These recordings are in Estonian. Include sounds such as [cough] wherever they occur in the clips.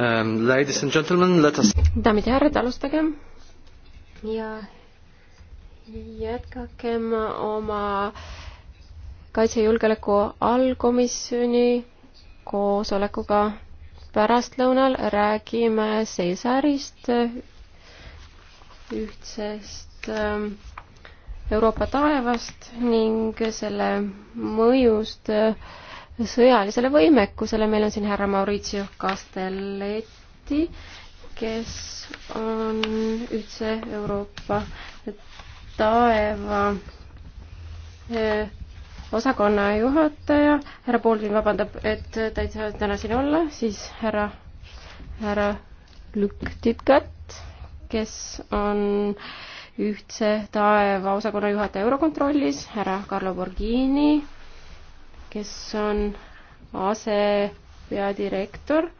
Um, ladies and gentlemen, let us... daamid ja härrad, alustagem ja jätkakem oma kaitsejulgeoleku allkomisjoni koosolekuga pärastlõunal räägime Cesarist, ühtsest ähm, Euroopa taevast ning selle mõjust äh, sõjalisele võimekusele. meil on siin härra Maurizio Castelletti, kes on üldse Euroopa taeva eh, osakonna juhataja. härra Poolvin vabandab, et ta ei saa täna siin olla, siis härra, härra Lükk Titkat, kes on ühtse taeva osakonna juhataja Eurokontrollis, härra Carlo Borghini kes on asepeadirektor äh,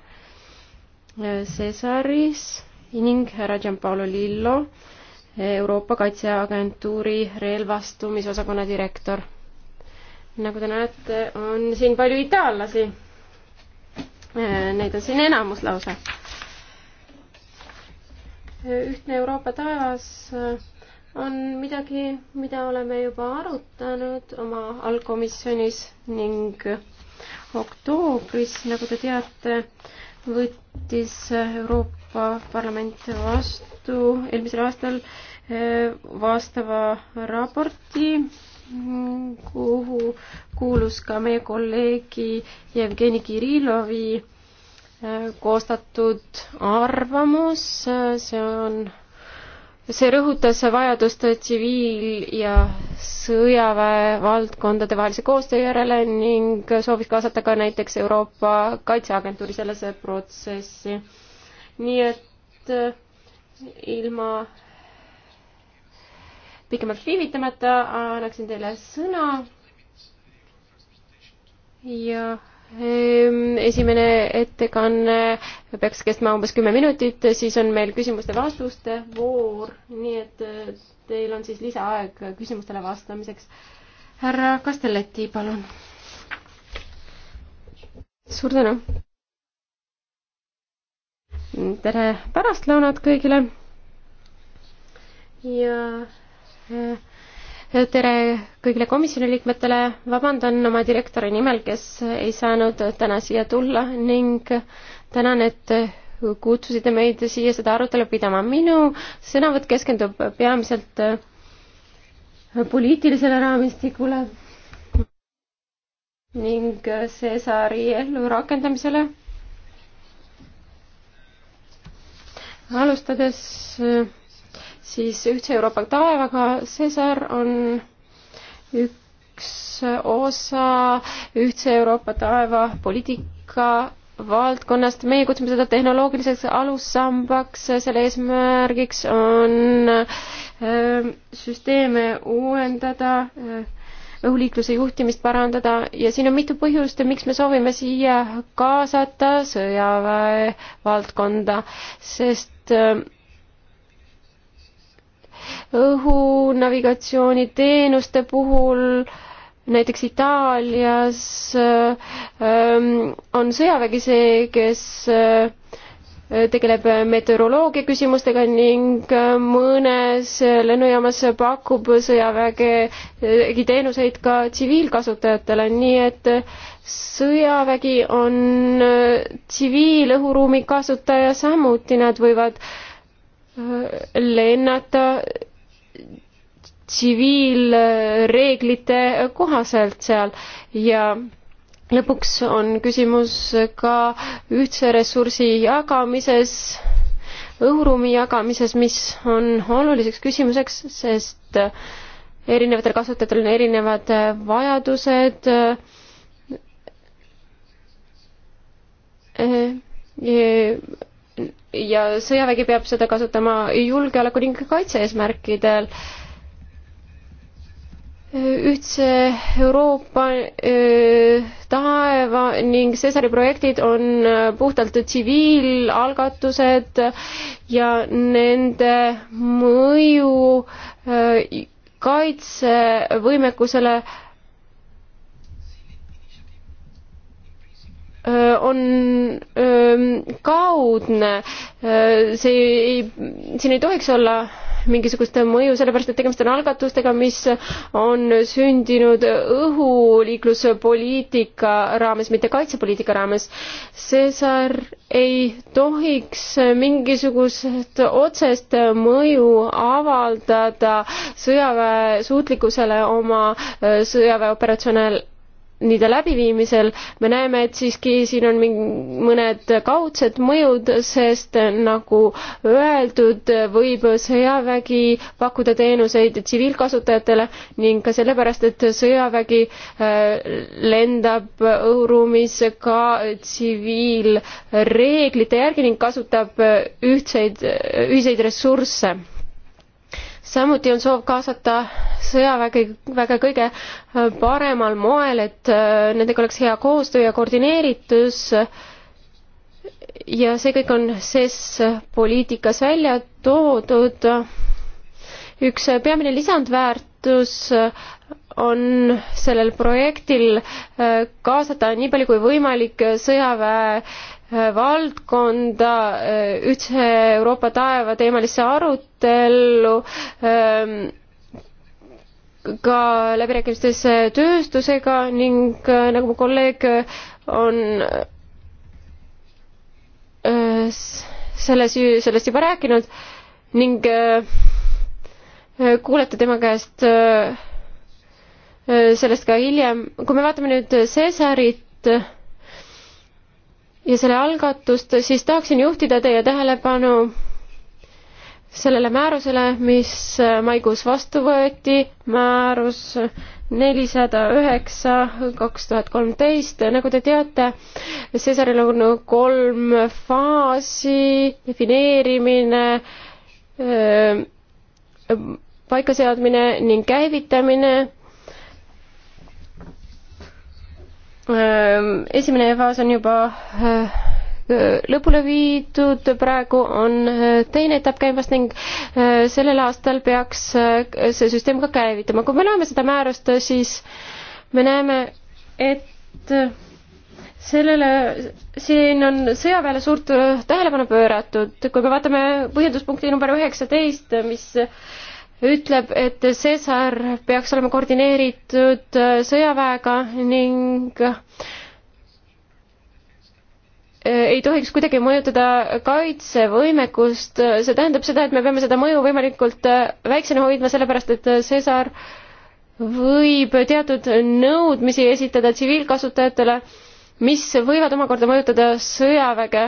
Cesaris ning härra Gianpaolo Lillo, äh, Euroopa Kaitseagentuuri relvastumisosakonna direktor. nagu te näete, on siin palju itaallasi. Äh, neid on siin enamus lausa. ühtne Euroopa taevas on midagi, mida oleme juba arutanud oma allkomisjonis ning oktoobris, nagu te teate, võttis Euroopa Parlament vastu eelmisel aastal eh, vastava raporti, kuhu kuulus ka meie kolleegi Jevgeni Kirillovi eh, koostatud arvamus, see on see rõhutas vajadust tsiviil- ja sõjaväe valdkondade vahelise koostöö järele ning soovis kaasata ka näiteks Euroopa Kaitseagentuuri sellesse protsessi. nii et eh, ilma pikemalt viivitamata annaksin teile sõna ja Ehm, esimene ettekanne peaks kestma umbes kümme minutit, siis on meil küsimuste-vastuste voor, nii et eh, teil on siis lisaaeg küsimustele vastamiseks. härra Kastelleti, palun. suur tänu. tere pärastlõunat kõigile. ja äh, tere kõigile komisjoni liikmetele, vabandan oma direktori nimel, kes ei saanud täna siia tulla ning tänan, et kutsusite meid siia seda arutelu pidama. minu sõnavõtt keskendub peamiselt poliitilisele raamistikule ning Cesari ellurakendamisele. alustades siis Ühtse Euroopa taevaga, Cesar on üks osa Ühtse Euroopa taeva poliitika valdkonnast, meie kutsume seda tehnoloogiliseks alussambaks, selle eesmärgiks on ähm, süsteeme uuendada, äh, õhuliikluse juhtimist parandada ja siin on mitu põhjust, miks me soovime siia kaasata sõjaväe valdkonda, sest ähm, õhunavigatsiooniteenuste puhul näiteks Itaalias ähm, on sõjavägi see, kes äh, tegeleb meteoroloogia küsimustega ning äh, mõnes lennujaamas pakub sõjavägi äh, teenuseid ka tsiviilkasutajatele, nii et sõjavägi on tsiviilõhuruumi kasutaja samuti, nad võivad lennata tsiviilreeglite kohaselt seal ja lõpuks on küsimus ka ühtse ressursi jagamises, õhuruumi jagamises, mis on oluliseks küsimuseks, sest erinevatel kasutajatel on erinevad vajadused. ja sõjavägi peab seda kasutama julgeoleku ning kaitse eesmärkidel ühtse Euroopa äh, taeva ning Cesari projektid on äh, puhtalt tsiviilalgatused ja nende mõju äh, kaitsevõimekusele on kaudne, see ei, siin ei tohiks olla mingisugust mõju, sellepärast et tegemist on algatustega, mis on sündinud õhuliikluspoliitika raames, mitte kaitsepoliitika raames. Cesar ei tohiks mingisugust otsest mõju avaldada sõjaväe suutlikkusele oma sõjaväeoperatsioone nende läbiviimisel me näeme, et siiski siin on mingi, mõned kaudsed mõjud, sest nagu öeldud, võib sõjavägi pakkuda teenuseid tsiviilkasutajatele ning ka sellepärast, et sõjavägi äh, lendab õhuruumis ka tsiviilreeglite järgi ning kasutab ühtseid, ühiseid ressursse samuti on soov kaasata sõjaväge väga kõige äh, paremal moel, et äh, nendega oleks hea koostöö ja koordineeritus. ja see kõik on SES poliitikas välja toodud. üks peamine lisandväärtus on sellel projektil äh, kaasata nii palju kui võimalik sõjaväe valdkonda eh, ühtse Euroopa taeva teemalisse arutellu ehm, ka läbirääkimistes eh, tööstusega ning eh, nagu mu kolleeg on selles, sellest juba rääkinud ning kuulete tema käest sellest ka hiljem. kui me vaatame nüüd Cesarit, ja selle algatust, siis tahaksin juhtida teie tähelepanu sellele määrusele, mis maikuus vastu võeti, määrus nelisada üheksa kaks tuhat kolmteist, nagu te teate, Cesaril on kolm faasi, defineerimine, paikaseadmine ning käivitamine Ehm, esimene faas on juba eh, eh, lõpule viidud, praegu on eh, teine etapp käimas ning sellel aastal peaks see süsteem ka käivitama. kui me loeme seda määrust, siis me näeme, et sellele, siin on sõjaväele suurt tähelepanu pööratud, kui me vaatame põhjenduspunkti number üheksateist, mis ütleb, et Cesar peaks olema koordineeritud sõjaväega ning äh, ei tohiks kuidagi mõjutada kaitsevõimekust, see tähendab seda, et me peame seda mõju võimalikult äh, väiksena hoidma, sellepärast et äh, Cesar võib teatud nõudmisi esitada tsiviilkasutajatele, mis võivad omakorda mõjutada sõjaväge,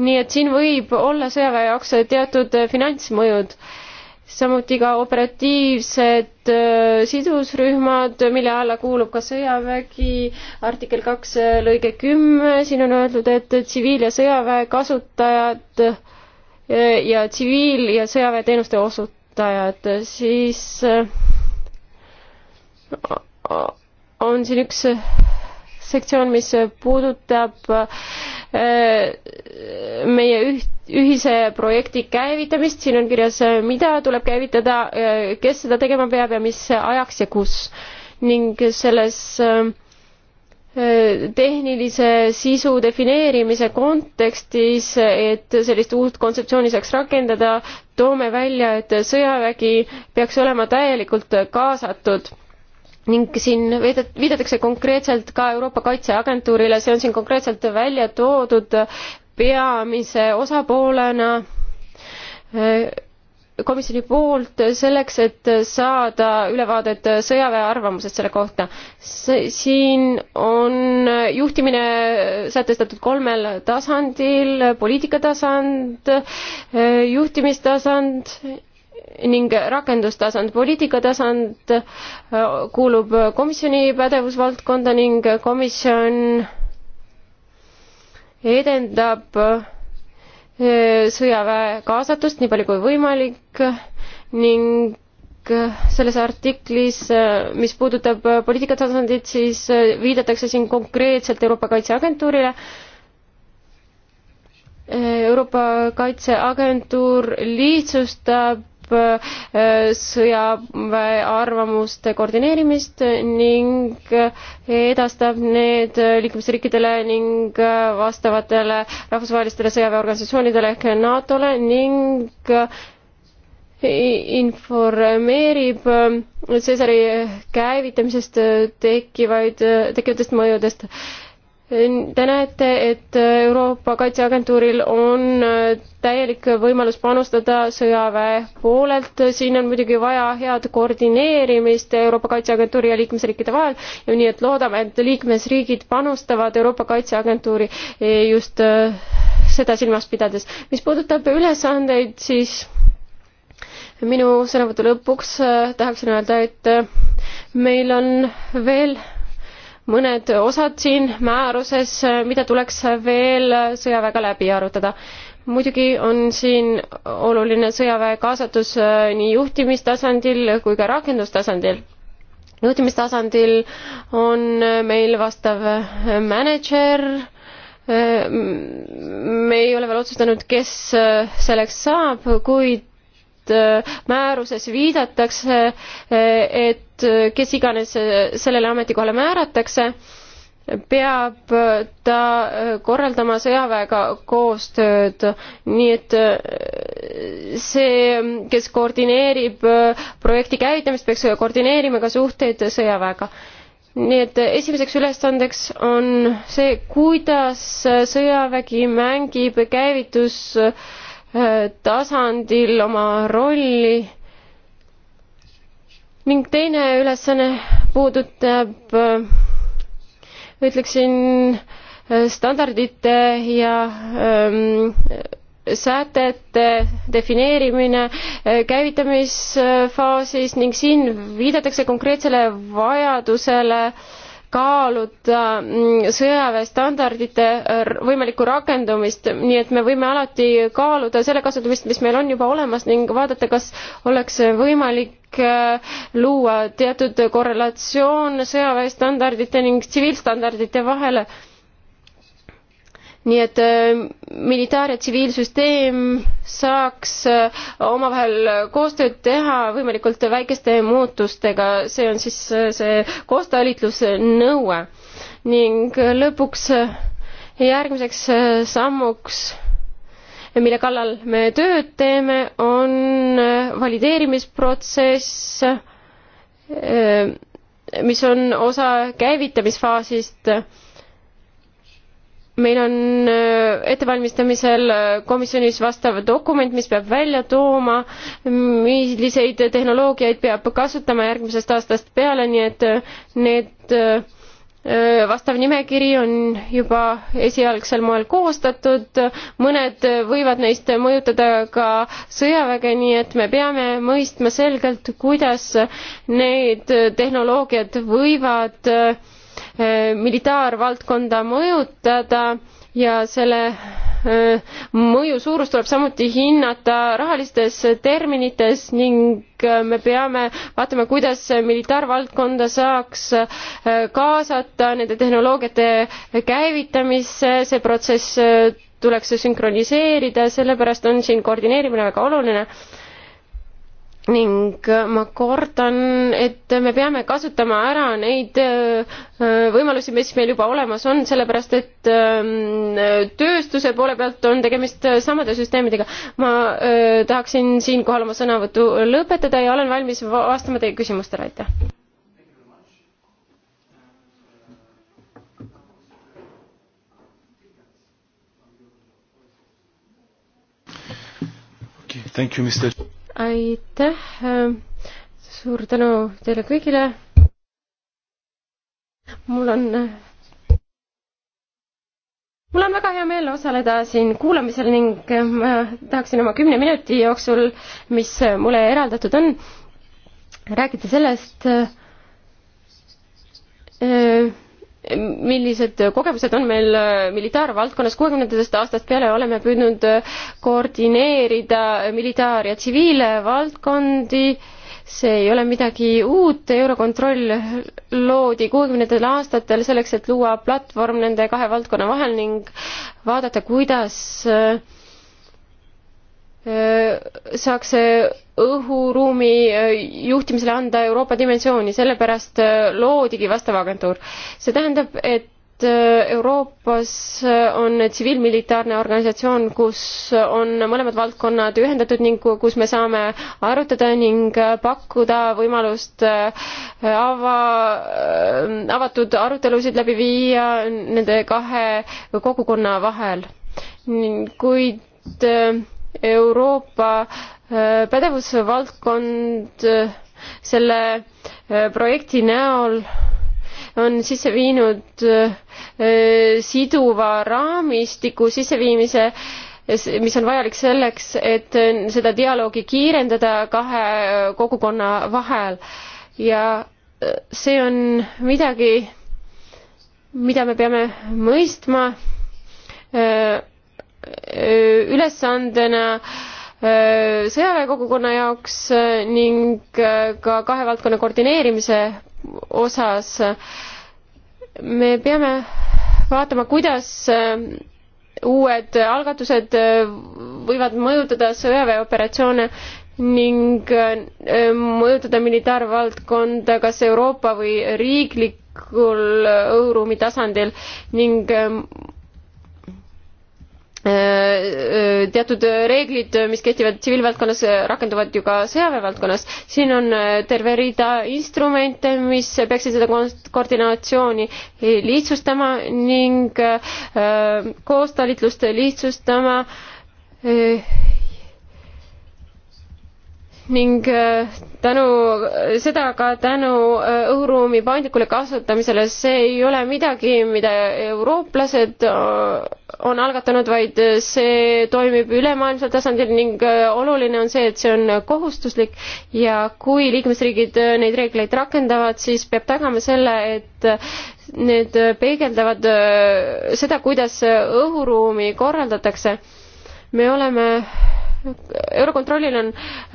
nii et siin võib olla sõjaväe jaoks teatud finantsmõjud samuti ka operatiivsed äh, sidusrühmad, mille alla kuulub ka sõjavägi. artikkel kaks äh, lõige kümme, siin on öeldud, et tsiviil- ja sõjaväe kasutajad äh, ja tsiviil- ja sõjaväeteenuste osutajad, siis on siin üks sektsioon, mis puudutab äh, meie üht, ühise projekti käivitamist, siin on kirjas, mida tuleb käivitada, äh, kes seda tegema peab ja mis ajaks ja kus. ning selles äh, tehnilise sisu defineerimise kontekstis, et sellist uut kontseptsiooni saaks rakendada, toome välja, et sõjavägi peaks olema täielikult kaasatud ning siin viidatakse konkreetselt ka Euroopa Kaitseagentuurile, see on siin konkreetselt välja toodud peamise osapoolena eh, komisjoni poolt selleks, et saada ülevaadet sõjaväe arvamusest selle kohta. siin on juhtimine sätestatud kolmel tasandil, poliitika tasand, eh, juhtimistasand ning rakendustasand, poliitikatasand äh, kuulub komisjoni pädevusvaldkonda ning komisjon edendab äh, sõjaväe kaasatust nii palju kui võimalik ning selles artiklis, äh, mis puudutab poliitikatasandit, siis viidatakse siin konkreetselt Euroopa Kaitseagentuurile. Euroopa Kaitseagentuur lihtsustab Äh, sõjaväe arvamuste koordineerimist ning äh, edastab need äh, liikmesriikidele ning vastavatele rahvusvahelistele sõjaväeorganisatsioonidele ehk NATO-le ning informeerib Cäsari käivitamisest tekkivaid, tekkivatest mõjudest Te näete, et Euroopa Kaitseagentuuril on äh, täielik võimalus panustada sõjaväe poolelt, siin on muidugi vaja head koordineerimist Euroopa Kaitseagentuuri ja liikmesriikide vahel ja nii et loodame, et liikmesriigid panustavad Euroopa Kaitseagentuuri eh, just äh, seda silmas pidades. mis puudutab ülesandeid, siis minu sõnavõtu lõpuks äh, tahaksin öelda, et meil on veel mõned osad siin määruses, mida tuleks veel sõjaväega läbi arutada. muidugi on siin oluline sõjaväe kaasatus äh, nii juhtimistasandil kui ka rakendustasandil. juhtimistasandil on meil vastav mänedžer, äh, me ei ole veel otsustanud, kes äh, selleks saab, kuid et äh, määruses viidatakse, äh, et äh, kes iganes sellele ametikohale määratakse, peab ta korraldama sõjaväega koostööd, nii et see, kes koordineerib projekti käivitamist, peaks koordineerima ka suhteid sõjaväega nii et esimeseks ülesandeks on see, kuidas sõjavägi mängib käivitus äh, tasandil oma rolli ning teine ülesanne puudutab ütleksin standardite ja öö, sätete defineerimine käivitamisfaasis ning siin viidatakse konkreetsele vajadusele öö, kaaluda äh, sõjaväe standardite äh, võimalikku rakendumist, nii et me võime alati kaaluda selle kasutamist, mis meil on juba olemas ning vaadata, kas oleks võimalik äh, luua teatud korrelatsioon sõjaväe standardite ning tsiviilstandardite vahele nii et äh, militaar- ja tsiviilsüsteem saaks äh, omavahel äh, koostööd teha võimalikult väikeste muutustega, see on siis see koostalitlusnõue. ning lõpuks järgmiseks sammuks, mille kallal me tööd teeme, on valideerimisprotsess, mis on osa käivitamisfaasist meil on äh, ettevalmistamisel äh, komisjonis vastav dokument, mis peab välja tooma, milliseid tehnoloogiaid peab kasutama järgmisest aastast peale, nii et äh, need vastav nimekiri on juba esialgsel moel koostatud, mõned võivad neist mõjutada ka sõjaväge, nii et me peame mõistma selgelt, kuidas need tehnoloogiad võivad Äh, militaarvaldkonda mõjutada ja selle äh, mõju suurust tuleb samuti hinnata rahalistes terminites ning äh, me peame vaatama, kuidas militaarvaldkonda saaks kaasata nende tehnoloogiate käivitamisse, see protsess tuleks sünkroniseerida, sellepärast on siin koordineerimine väga oluline ning ma kordan, et me peame kasutama ära neid äh, võimalusi, mis meil juba olemas on, sellepärast et ähm, tööstuse poole pealt on tegemist äh, samade süsteemidega. ma äh, tahaksin siinkohal oma sõnavõtu lõpetada ja olen valmis vastama teie küsimustele, aitäh. Okay, thank you, Mr aitäh, suur tänu teile kõigile. mul on, mul on väga hea meel osaleda siin kuulamisel ning ma tahaksin oma kümne minuti jooksul, mis mulle eraldatud on, rääkida sellest äh,, millised kogemused on meil äh, militaarvaldkonnas kuuekümnendatest aastast peale oleme püüdnud äh, koordineerida militaar ja tsiviilvaldkondi see ei ole midagi uut eurokontroll loodi kuuekümnendatel aastatel selleks et luua platvorm nende kahe valdkonna vahel ning vaadata kuidas äh, Äh, saaks äh, õhuruumi äh, juhtimisele anda Euroopa dimensiooni, sellepärast loodigi vastav agentuur. see tähendab, et Euroopas on tsiviilmilitaarne organisatsioon, kus on mõlemad valdkonnad ühendatud ning kus me saame arutada ning pakkuda võimalust ava, avatud arutelusid läbi viia nende kahe kogukonna vahel. kuid Euroopa äh, pädevusvaldkond äh, selle äh, projekti näol on sisse viinud siduva raamistiku sisseviimise, mis on vajalik selleks, et seda dialoogi kiirendada kahe kogukonna vahel ja see on midagi, mida me peame mõistma ülesandena sõjaväekogukonna jaoks ning ka kahe valdkonna koordineerimise osas. me peame vaatama, kuidas uued algatused võivad mõjutada sõjaväeoperatsioone ning mõjutada militaarvaldkonda kas Euroopa või riiklikul õhuruumi tasandil ning Äh, äh, teatud reeglid, mis kehtivad tsiviilvaldkonnas, rakenduvad ju ka sõjaväevaldkonnas. siin on äh, terve rida instrumente, mis peaksid seda koordinatsiooni lihtsustama ning koostalitlust lihtsustama ning äh, tänu, seda ka tänu äh, õhuruumi paindlikule kasutamisele, see ei ole midagi, mida eurooplased äh, on algatanud, vaid see toimib ülemaailmsel tasandil ning oluline on see, et see on kohustuslik ja kui liikmesriigid neid reegleid rakendavad, siis peab tagama selle, et need peegeldavad seda, kuidas õhuruumi korraldatakse. me oleme Eurokontrollil on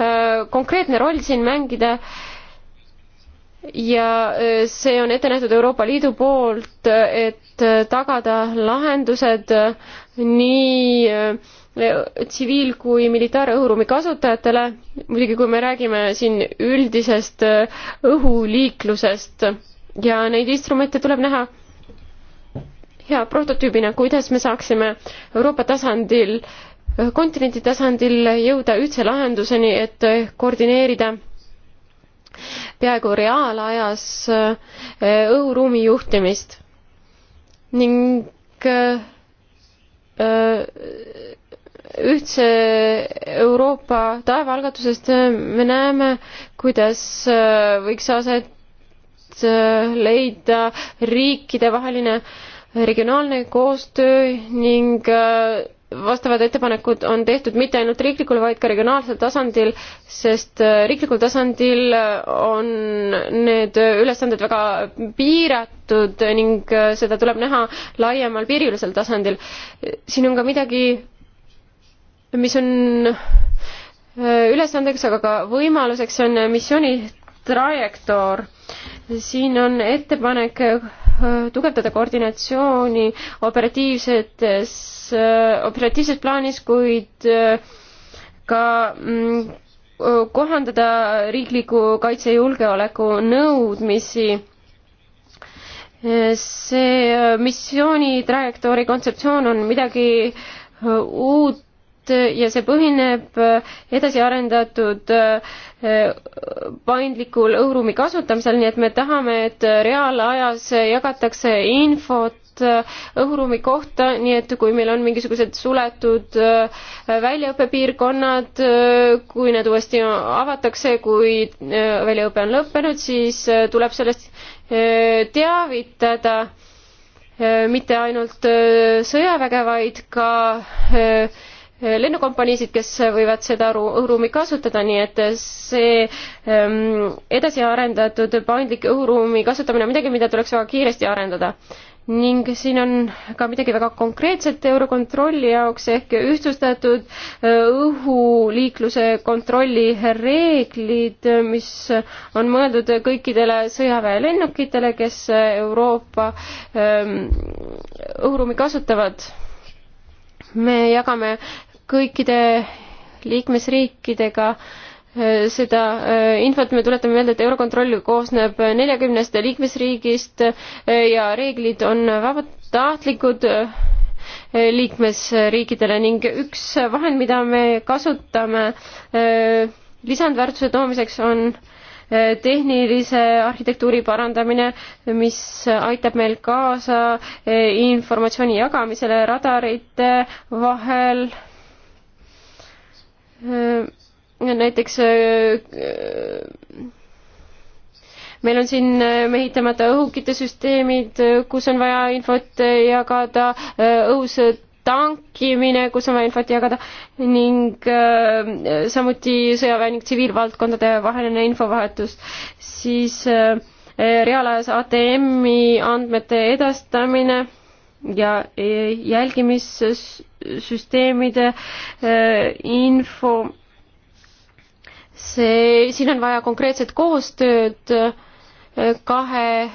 äh, konkreetne roll siin mängida ja äh, see on ette nähtud Euroopa Liidu poolt, et äh, tagada lahendused nii tsiviil- kui militaarõhuruumi kasutajatele, muidugi kui me räägime siin üldisest õhuliiklusest ja neid instrumente tuleb näha hea prototüübina, kuidas me saaksime Euroopa tasandil kontinendi tasandil jõuda ühtse lahenduseni, et koordineerida peaaegu reaalajas äh, õhuruumi juhtimist ning äh, ühtse Euroopa taevaalgatusest me näeme, kuidas äh, võiks aset leida riikidevaheline regionaalne koostöö ning vastavad ettepanekud on tehtud mitte ainult riiklikul, vaid ka regionaalsel tasandil, sest äh, riiklikul tasandil äh, on need ülesanded väga piiratud ning äh, seda tuleb näha laiemal piiriülesel tasandil. siin on ka midagi, mis on ülesandeks, aga ka võimaluseks, see on missiooni trajektoor. siin on ettepanek tugevdada koordinatsiooni operatiivsetes, operatiivses plaanis, kuid äh, ka mm, kohandada riikliku kaitsejulgeoleku nõudmisi see missiooni trajektoori kontseptsioon on midagi äh, uut, raport ja see põhineb edasiarendatud eh, paindlikul õhuruumi kasutamisel, nii et me tahame, et reaalajas jagatakse infot eh, õhuruumi kohta, nii et kui meil on mingisugused suletud eh, väljaõppepiirkonnad, kui need uuesti avatakse, kui väljaõpe on lõppenud, siis tuleb sellest teavitada mitte ainult sõjaväge, vaid ka Eh, lennukompaniisid, kes võivad seda õhuruumi kasutada, nii et see ehm, edasiarendatud paindlik õhuruumi kasutamine on midagi, mida tuleks väga kiiresti arendada. ning siin on ka midagi väga konkreetset Eurokontrolli jaoks ehk ühtsustatud eh, õhuliikluse kontrolli reeglid, mis on mõeldud kõikidele sõjaväelennukitele, kes Euroopa ehm, õhuruumi kasutavad me jagame kõikide liikmesriikidega äh, seda äh, infot me tuletame meelde, et Eurokontroll koosneb neljakümnest liikmesriigist äh, ja reeglid on vabatahtlikud liikmesriikidele ning üks vahend, mida me kasutame lisandväärtuse toomiseks, on tehnilise arhitektuuri parandamine, mis aitab meil kaasa informatsiooni jagamisele radarite vahel Äh, näiteks äh, äh, meil on siin mehitamata õhukite süsteemid, kus on vaja infot jagada, õhus tankimine, kus on vaja infot jagada ning samuti sõjaväe ning tsiviilvaldkondade vaheline infovahetus, siis reaalajas ATM-i andmete edastamine ja e, jälgimissüsteemide e, info. see, siin on vaja konkreetset koostööd e, kahe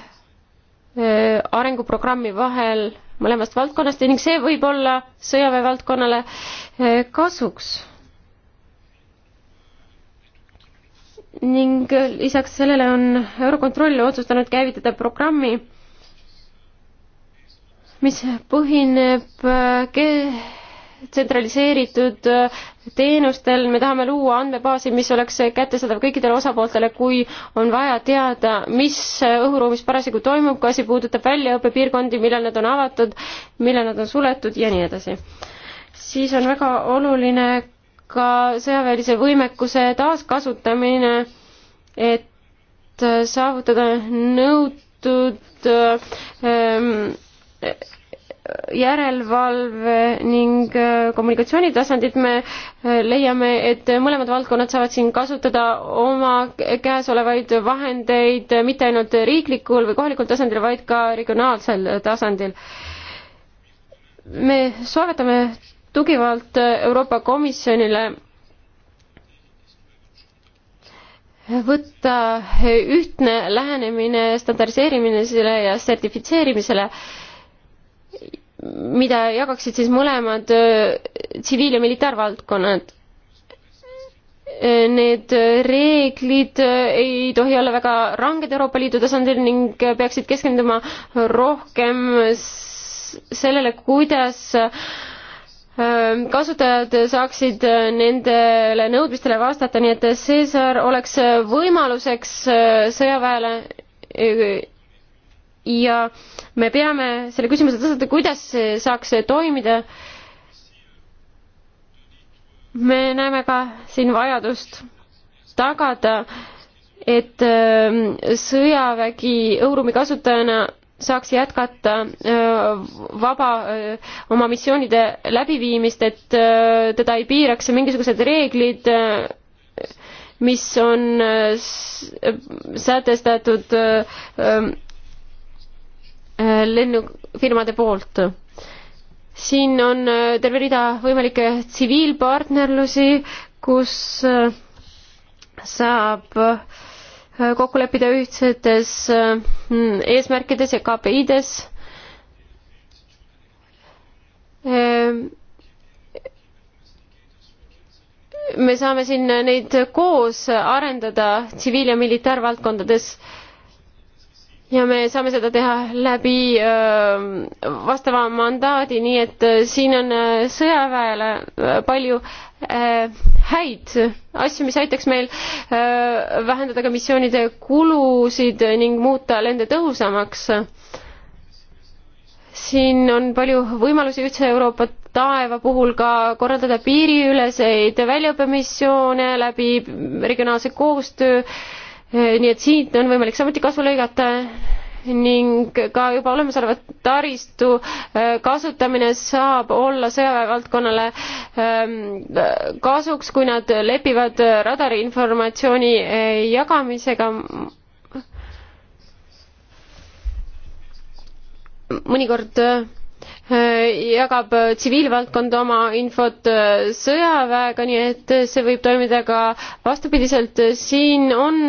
arenguprogrammi vahel mõlemast valdkonnast ning see võib olla sõjaväe valdkonnale kasuks. ning lisaks sellele on Eurokontroll otsustanud käivitada programmi mis põhineb äh, tsentraliseeritud äh, teenustel, me tahame luua andmebaasi, mis oleks kättesaadav kõikidele osapooltele, kui on vaja teada, mis äh, õhuruumis parasjagu toimub, kui asi puudutab väljaõppepiirkondi, millal nad on avatud, millal nad on suletud ja nii edasi. siis on väga oluline ka sõjaväelise võimekuse taaskasutamine, et saavutada nõutud ähm, järelevalve ning äh, kommunikatsioonitasandit me äh, leiame, et mõlemad valdkonnad saavad siin kasutada oma käesolevaid vahendeid äh, mitte ainult riiklikul või kohalikul tasandil, vaid ka regionaalsel tasandil. me soovitame tugevalt Euroopa Komisjonile võtta ühtne lähenemine standardiseerimisele ja sertifitseerimisele äh, mida jagaksid siis mõlemad äh, tsiviil- ja militaarvaldkonnad. Äh, need äh, reeglid ei tohi olla väga ranged Euroopa Liidu tasandil ning peaksid keskenduma rohkem sellele, kuidas kasutajad saaksid nendele nõudmistele vastata, nii et Cesar oleks võimaluseks sõjaväele ja me peame selle küsimuse tõstata, kuidas see saaks toimida. me näeme ka siin vajadust tagada, et ähm, sõjavägi õurumi kasutajana saaks jätkata äh, vaba äh, oma missioonide läbiviimist, et äh, teda ei piiraks mingisugused reeglid, mis on sätestatud ähm, Äh, lennufirmade poolt. siin on äh, terve rida võimalikke tsiviilpartnerlusi, kus äh, saab kokku leppida ühtsetes eesmärkides ja KPI-des me saame siin neid koos arendada tsiviil ja militaarvaldkondades ja me saame seda teha läbi ähm, vastava mandaadi, nii et äh, siin on äh, sõjaväele äh, palju häid asju, mis aitaks meil vähendada ka missioonide kulusid ning muuta lende tõhusamaks. siin on palju võimalusi ühtse Euroopa taeva puhul ka korraldada piiriüleseid väljaõppemissioone läbi regionaalse koostöö äh, Äh, nii et siit on võimalik samuti kasu lõigata ning ka juba olemasoleva taristu äh, kasutamine saab olla sõjaväevaldkonnale ähm, kasuks, kui nad lepivad radariinformatsiooni äh, jagamisega. mõnikord jagab tsiviilvaldkond oma infot äh, sõjaväega, nii et see võib toimida ka vastupidiselt. siin on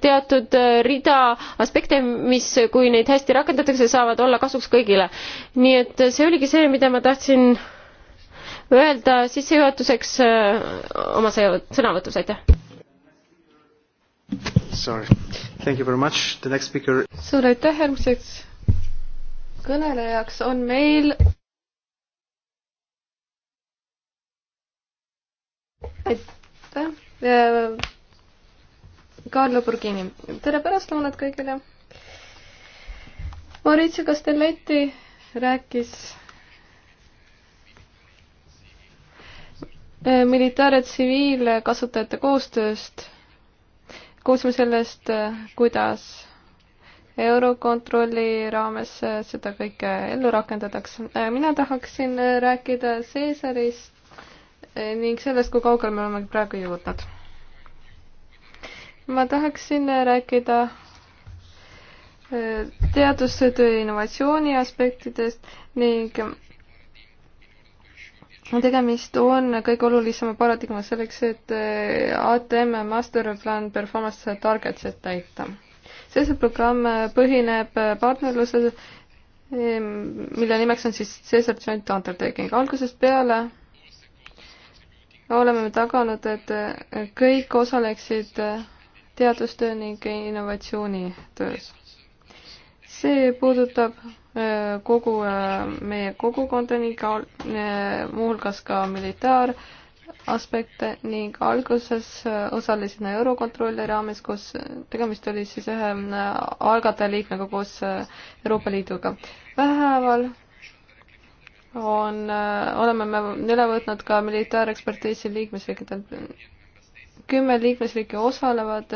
teatud äh, rida aspekte, mis, kui neid hästi rakendatakse, saavad olla kasuks kõigile. nii et see oligi see, mida ma tahtsin öelda sissejuhatuseks äh, oma sõnavõtus, aitäh. suur aitäh, järgmiseks kõnelejaks on meil aitäh. Äh, Carlo Burgini, tere pärastlõunat kõigile. Maurizio Castelletti rääkis äh, militaar- ja tsiviilkasutajate koostööst. kuulsime sellest, äh, kuidas Eurokontrolli raames äh, seda kõike ellu rakendatakse. Äh, mina tahaksin äh, rääkida Caesarist ning sellest, kui kaugel me oleme praegu jõudnud. ma tahaksin rääkida teadustöö innovatsiooni aspektidest ning tegemist on kõige olulisema paradigma selleks, et ATM masterplan performance targetsed täita see, see programm äh, põhineb äh, partnerlusel, äh, mille nimeks on siis Cesar Joint Undertaking. algusest peale oleme me taganud, et kõik osaleksid teadustöö ning innovatsioonitöös. see puudutab kogu meie kogukonda ning muuhulgas ka militaar- aspekte ning alguses äh, osalesin Eurokontrolli raames, kus äh, tegemist oli siis ühe äh, algatajaliikmega koos Euroopa Liiduga. vähehaaval on, oleme me üle võtnud ka militaarekspertiisi liikmesriikidel. kümme liikmesriiki osalevad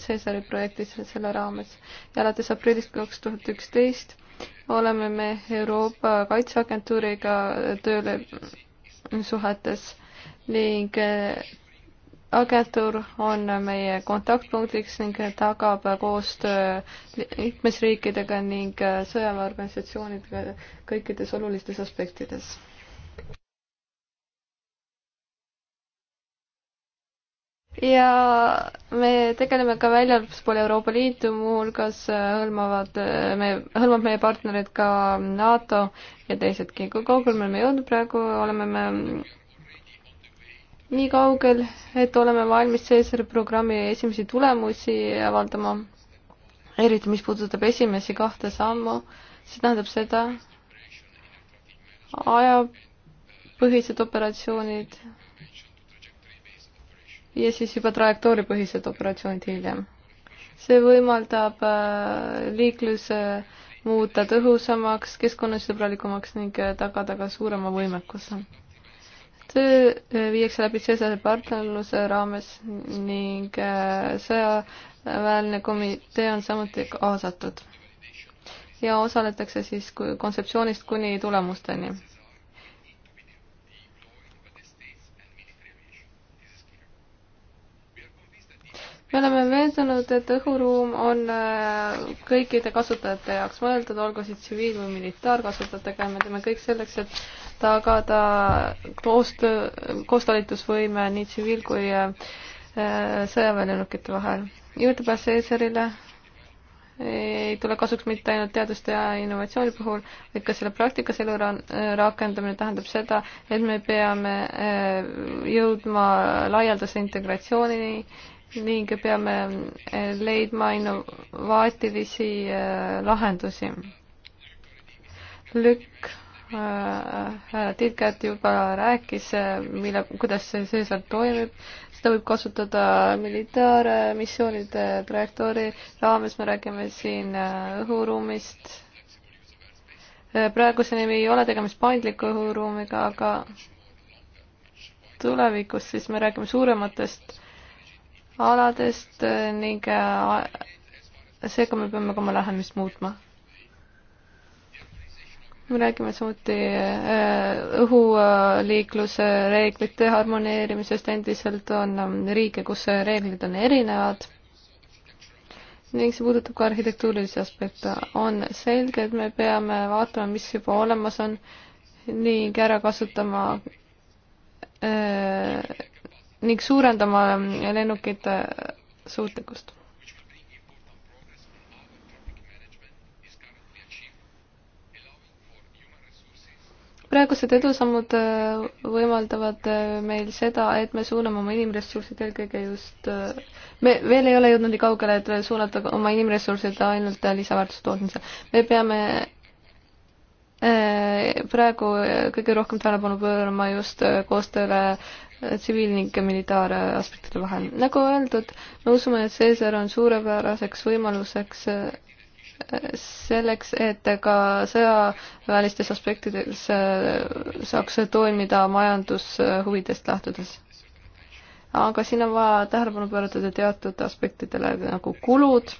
Cäsari projektis selle raames ja alates aprillist kaks tuhat üksteist oleme me Euroopa Kaitseagentuuriga tööle suhetes ning eh, agentuur on meie kontaktpunktiks ning tagab koostöö liikmesriikidega ning eh, sõjaväeorganisatsioonidega kõikides olulistes aspektides. ja me tegeleme ka väljaspool Euroopa Liitu, muuhulgas eh, hõlmavad me, hõlmab meie partnerid ka NATO ja teisedki. kui kaugel me oleme jõudnud praegu, oleme me nii kaugel, et oleme valmis Caesari programmi esimesi tulemusi avaldama, eriti mis puudutab esimesi kahte sammu, see tähendab seda, ajapõhised operatsioonid ja siis juba trajektooripõhised operatsioonid hiljem. see võimaldab äh, liikluse muuta tõhusamaks, keskkonnasõbralikumaks ning äh, tagada ka suurema võimekuse töö äh, viiakse läbi sõjalise partnerluse raames ning äh, sõjaväeline komitee on samuti kaasatud ja osaletakse siis kontseptsioonist kuni tulemusteni me oleme veendunud, et õhuruum on äh, kõikide kasutajate jaoks mõeldud, olgu siis tsiviil- või militaarkasutajatega ja me teeme kõik selleks, et tagada koostöö, koostalitusvõime nii tsiviil- kui äh, äh, sõjaväelennukite vahel. juurdepääs Eeserile ei tule kasuks mitte ainult teaduste ja innovatsiooni puhul, vaid ka selle praktikas elu rakendamine tähendab seda, et me peame jõudma laialdase integratsioonini ning peame eh, leidma innovaatilisi eh, lahendusi. Lükk eh, härra Tilkat juba rääkis, mille, kuidas see seesvõrd toimib, seda võib kasutada militaarmissioonide trajektoori raames, me räägime siin õhuruumist. praeguseni ei ole tegemist paindliku õhuruumiga, aga tulevikus siis me räägime suurematest aladest äh, ning äh, seega me peame ka oma lähenemist muutma. me räägime samuti äh, õhuliikluse reeglite harmoneerimisest, endiselt on ähm, riike, kus reeglid on erinevad ning see puudutab ka arhitektuurilisi aspekte. on selge, et me peame vaatama, mis juba olemas on ning ära kasutama äh, ning suurendama lennukite suutlikkust. praegused edusammud äh, võimaldavad äh, meil seda, et me suuname oma inimressursid eelkõige just, äh, me veel ei ole jõudnud nii kaugele, et suunata oma inimressursid ainult lisaväärtuse tootmisele. me peame praegu kõige rohkem tähelepanu pöörama just koostööle tsiviil- ning militaaraspektide vahel. nagu öeldud, me usume, et Caesar on suurepäraseks võimaluseks eh, selleks, et ka sõjaväelistes aspektides eh, saaks toimida majandushuvidest lähtudes. aga siin on vaja tähelepanu pöörata teatud aspektidele nagu kulud,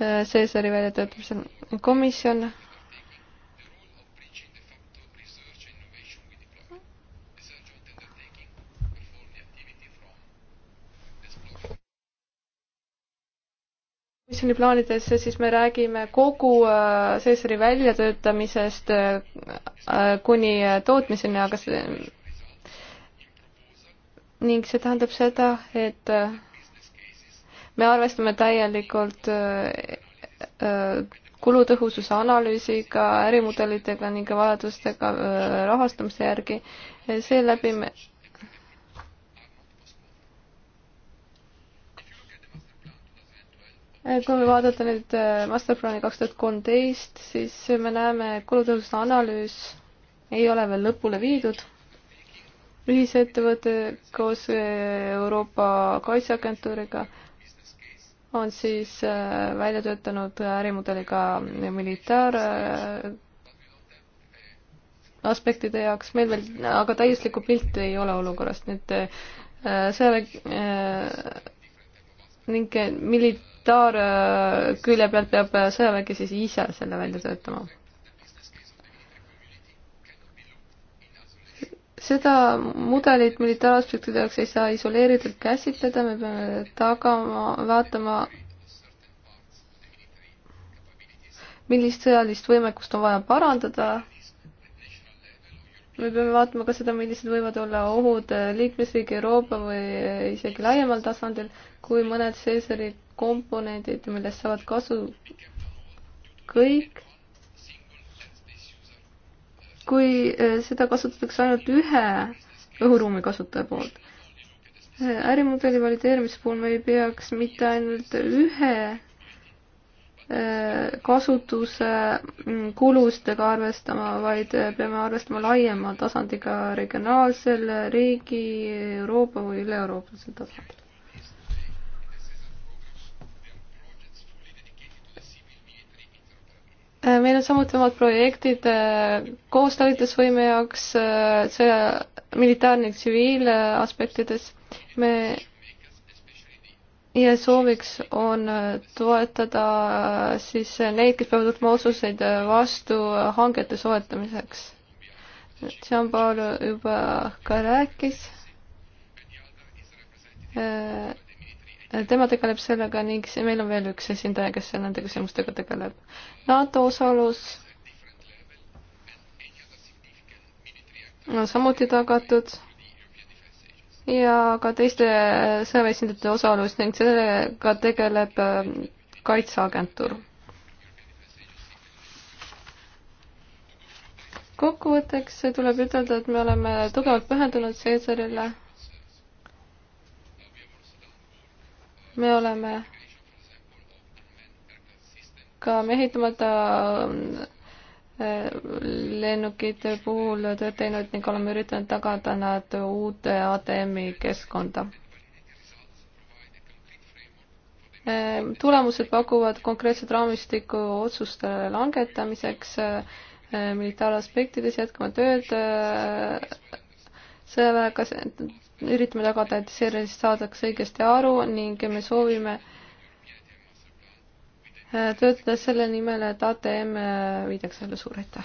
eh, Caesari väljatöötamisel komisjon komisjoni plaanidesse, siis me räägime kogu seesari äh, väljatöötamisest äh, äh, kuni tootmiseni, aga see ning see tähendab seda, et me arvestame täielikult kulutõhususe analüüsiga, ärimudelitega ning vajadustega rahastamise järgi. seeläbi me Äh, kui me vaadata nüüd äh, Masterplani kaks tuhat kolmteist, siis me näeme, et kulutõhususte analüüs ei ole veel lõpule viidud. ühisettevõte koos äh, Euroopa Kaitseagentuuriga on siis välja töötanud ärimudeliga militaar aspektide jaoks, meil veel, aga täiuslikku pilti ei ole olukorrast, nii et sõjaväe ning milit-, humanitaarkülje äh, pealt peab äh, sõjavägi siis ise selle välja töötama. seda mudelit militaaraspektide jaoks ei saa isoleeritult käsitleda, me peame tagama, vaatama, millist sõjalist võimekust on vaja parandada me peame vaatama ka seda, millised võivad olla ohud äh, liikmesriigi, Euroopa või isegi laiemal tasandil, kui mõned Caesari komponendid, millest saavad kasu kõik. kui äh, seda kasutatakse ainult ühe õhuruumi kasutaja poolt. Äh, ärimudeli valideerimise puhul me ei peaks mitte ainult ühe äh, kasutuse mm, kulustega arvestama, vaid peame arvestama laiema tasandiga regionaalsel, riigi, Euroopa või üle-euroopalisel tasandil. Äh, meil on samuti omad projektid äh, koostalitlusvõime jaoks äh, sõja, militaar- ning tsiviilaspektides. me ja sooviks on toetada siis neid, kes peavad võtma otsuseid vastu hangete soetamiseks. Jean-Paul juba ka rääkis tema tegeleb sellega ning meil on veel üks esindaja, kes nende küsimustega tegeleb. NATO osalus on samuti tagatud ja ka teiste sõjaväeesindajate osalus ning sellega tegeleb ähm, kaitseagentuur. kokkuvõtteks tuleb ütelda, et me oleme tugevalt pühendunud Seesarile me oleme ka mehitamata ähm, lennukite puhul tööd teinud ning oleme üritanud tagada nad uute ATM-i keskkonda. Ähm, tulemused pakuvad konkreetset raamistikku otsuste langetamiseks äh, militaaraspektides, jätkame tööd äh, sõjaväega üritame tagada, et sellest saadakse õigesti aru ning me soovime äh, töötada selle nimel, et ATM äh, viidaks jälle suur aitäh.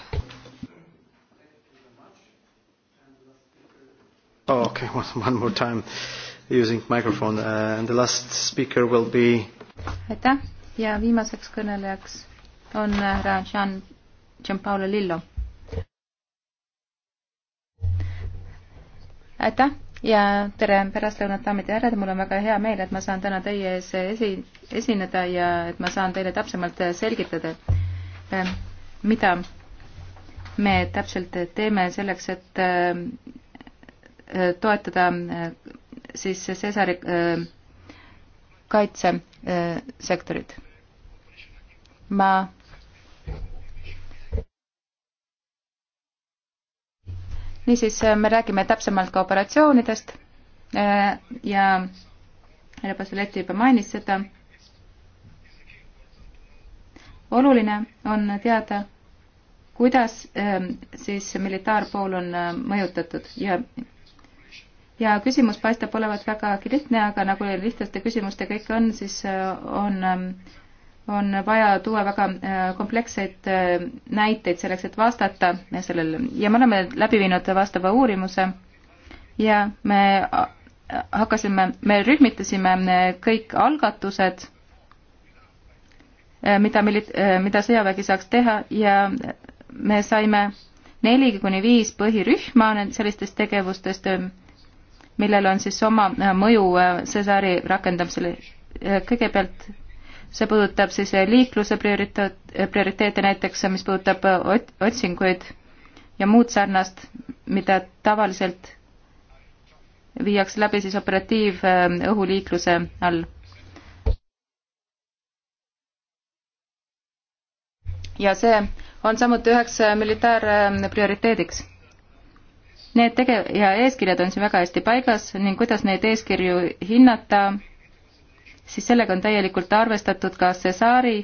Oh, okay, [laughs] one, one more time using microphone uh, and the last speaker will be. aitäh ja viimaseks kõnelejaks on äh, härra Jean, Gianpaolo Lillo. aitäh ja tere pärastlõunat, daamid ja härrad, mul on väga hea meel, et ma saan täna teie ees esi, esineda ja et ma saan teile täpsemalt selgitada, eh, mida me täpselt teeme selleks, et eh, toetada eh, siis Cesari kaitsesektorit. ma niisiis, äh, me räägime täpsemalt ka operatsioonidest äh, ja härra Pasoleti juba mainis seda. oluline on teada, kuidas ähm, siis militaarpool on äh, mõjutatud ja ja küsimus paistab olevat vägagi lihtne, aga nagu lihtlaste küsimustega ikka on, siis on ähm, on vaja tuua väga äh, kompleksseid äh, näiteid selleks, et vastata sellele ja me oleme läbi viinud vastava uurimuse ja me äh, hakkasime, me rühmitasime kõik algatused, mida, mida sõjavägi saaks teha ja me saime neli kuni viis põhirühma sellistest tegevustest, millel on siis oma mõju Cesari rakendamisele. kõigepealt see puudutab siis eh, liikluse prioriteet, eh, prioriteete näiteks, mis puudutab eh, otsinguid ja muud sarnast, mida tavaliselt viiakse läbi siis operatiivõhuliikluse all. ja see on samuti üheks militaarprioriteediks. Need tege- ja eeskirjad on siin väga hästi paigas ning kuidas neid eeskirju hinnata, siis sellega on täielikult arvestatud ka Cesari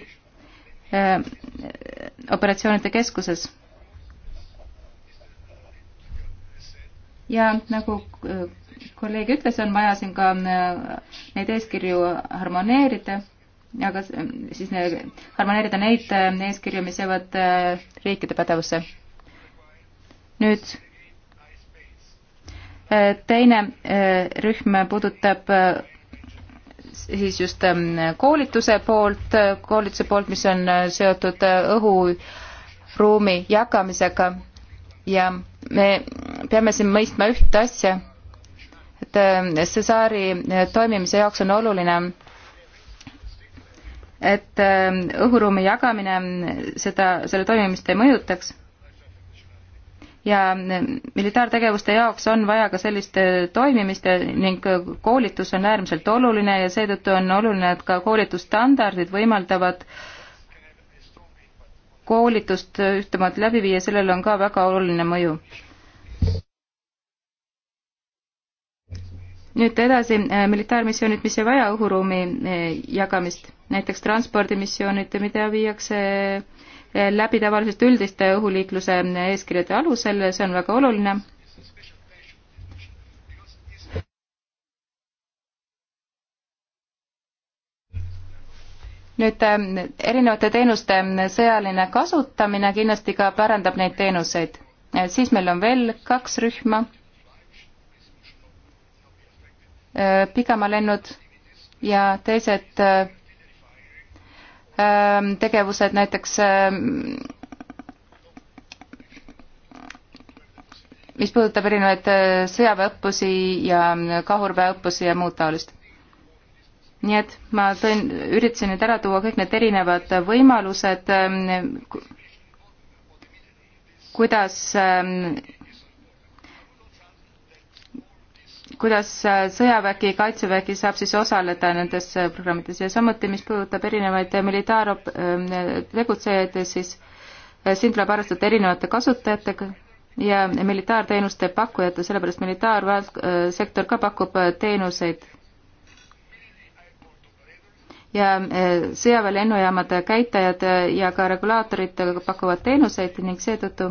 äh, operatsioonide keskuses. ja nagu äh, kolleeg ütles, on vaja siin ka äh, neid eeskirju harmoneerida, aga siis ne, harmoneerida neid eeskirju, mis jäävad riikide pädevusse. nüüd teine rühm puudutab siis just ähm, koolituse poolt, koolituse poolt, mis on äh, seotud äh, õhuruumi jagamisega ja me peame siin mõistma ühte asja, et ähm, Cesari äh, toimimise jaoks on oluline, et ähm, õhuruumi jagamine seda, selle toimimist ei mõjutaks ja militaartegevuste jaoks on vaja ka sellist äh, toimimist ning koolitus on äärmiselt oluline ja seetõttu on oluline, et ka koolitusstandardid võimaldavad koolitust äh, ühtemoodi läbi viia, sellel on ka väga oluline mõju. nüüd edasi, äh, militaarmissioonid, mis ei vaja õhuruumi jagamist, näiteks transpordimissioonid, mida viiakse läbi tavaliselt üldiste õhuliikluse eeskirjade alusel, see on väga oluline. nüüd äh, erinevate teenuste sõjaline kasutamine kindlasti ka pärandab neid teenuseid. Äh, siis meil on veel kaks rühma. Äh, pikamalennud ja teised Ähm, tegevused, näiteks ähm, mis puudutab erinevaid äh, sõjaväeõppusi ja ähm, kahurväeõppusi ja muud taolist. nii et ma tõin, üritasin nüüd ära tuua kõik need erinevad võimalused, kuidas kuidas äh, sõjavägi, kaitsevägi saab siis osaleda nendes äh, programmides ja samuti, mis puudutab erinevaid äh, militaarop-, ähm, tegutsejaid, siis siin tuleb arvestada erinevate kasutajatega ja militaarteenuste pakkujate, sellepärast militaarsektor ka pakub teenuseid. ja sõjaväe lennujaamade käitajad ja ka regulaatorid pakuvad teenuseid ning seetõttu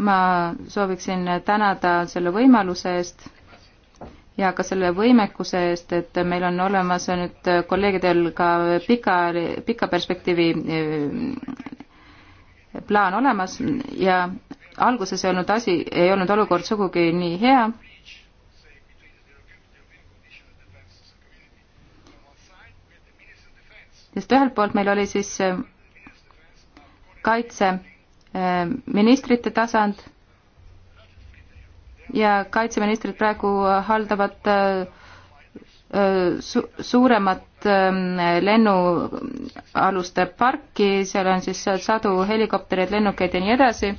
ma sooviksin tänada selle võimaluse eest ja ka selle võimekuse eest, et meil on olemas nüüd kolleegidel ka pika, pika perspektiivi eh, plaan olemas ja alguses ei olnud asi, ei olnud olukord sugugi nii hea. sest ühelt poolt meil oli siis eh, kaitse Äh, ministrite tasand ja kaitseministrid praegu haldavad äh, äh, su-, suuremat ähm, lennualuste parki, seal on siis sadu helikoptereid, lennukeid ja nii edasi.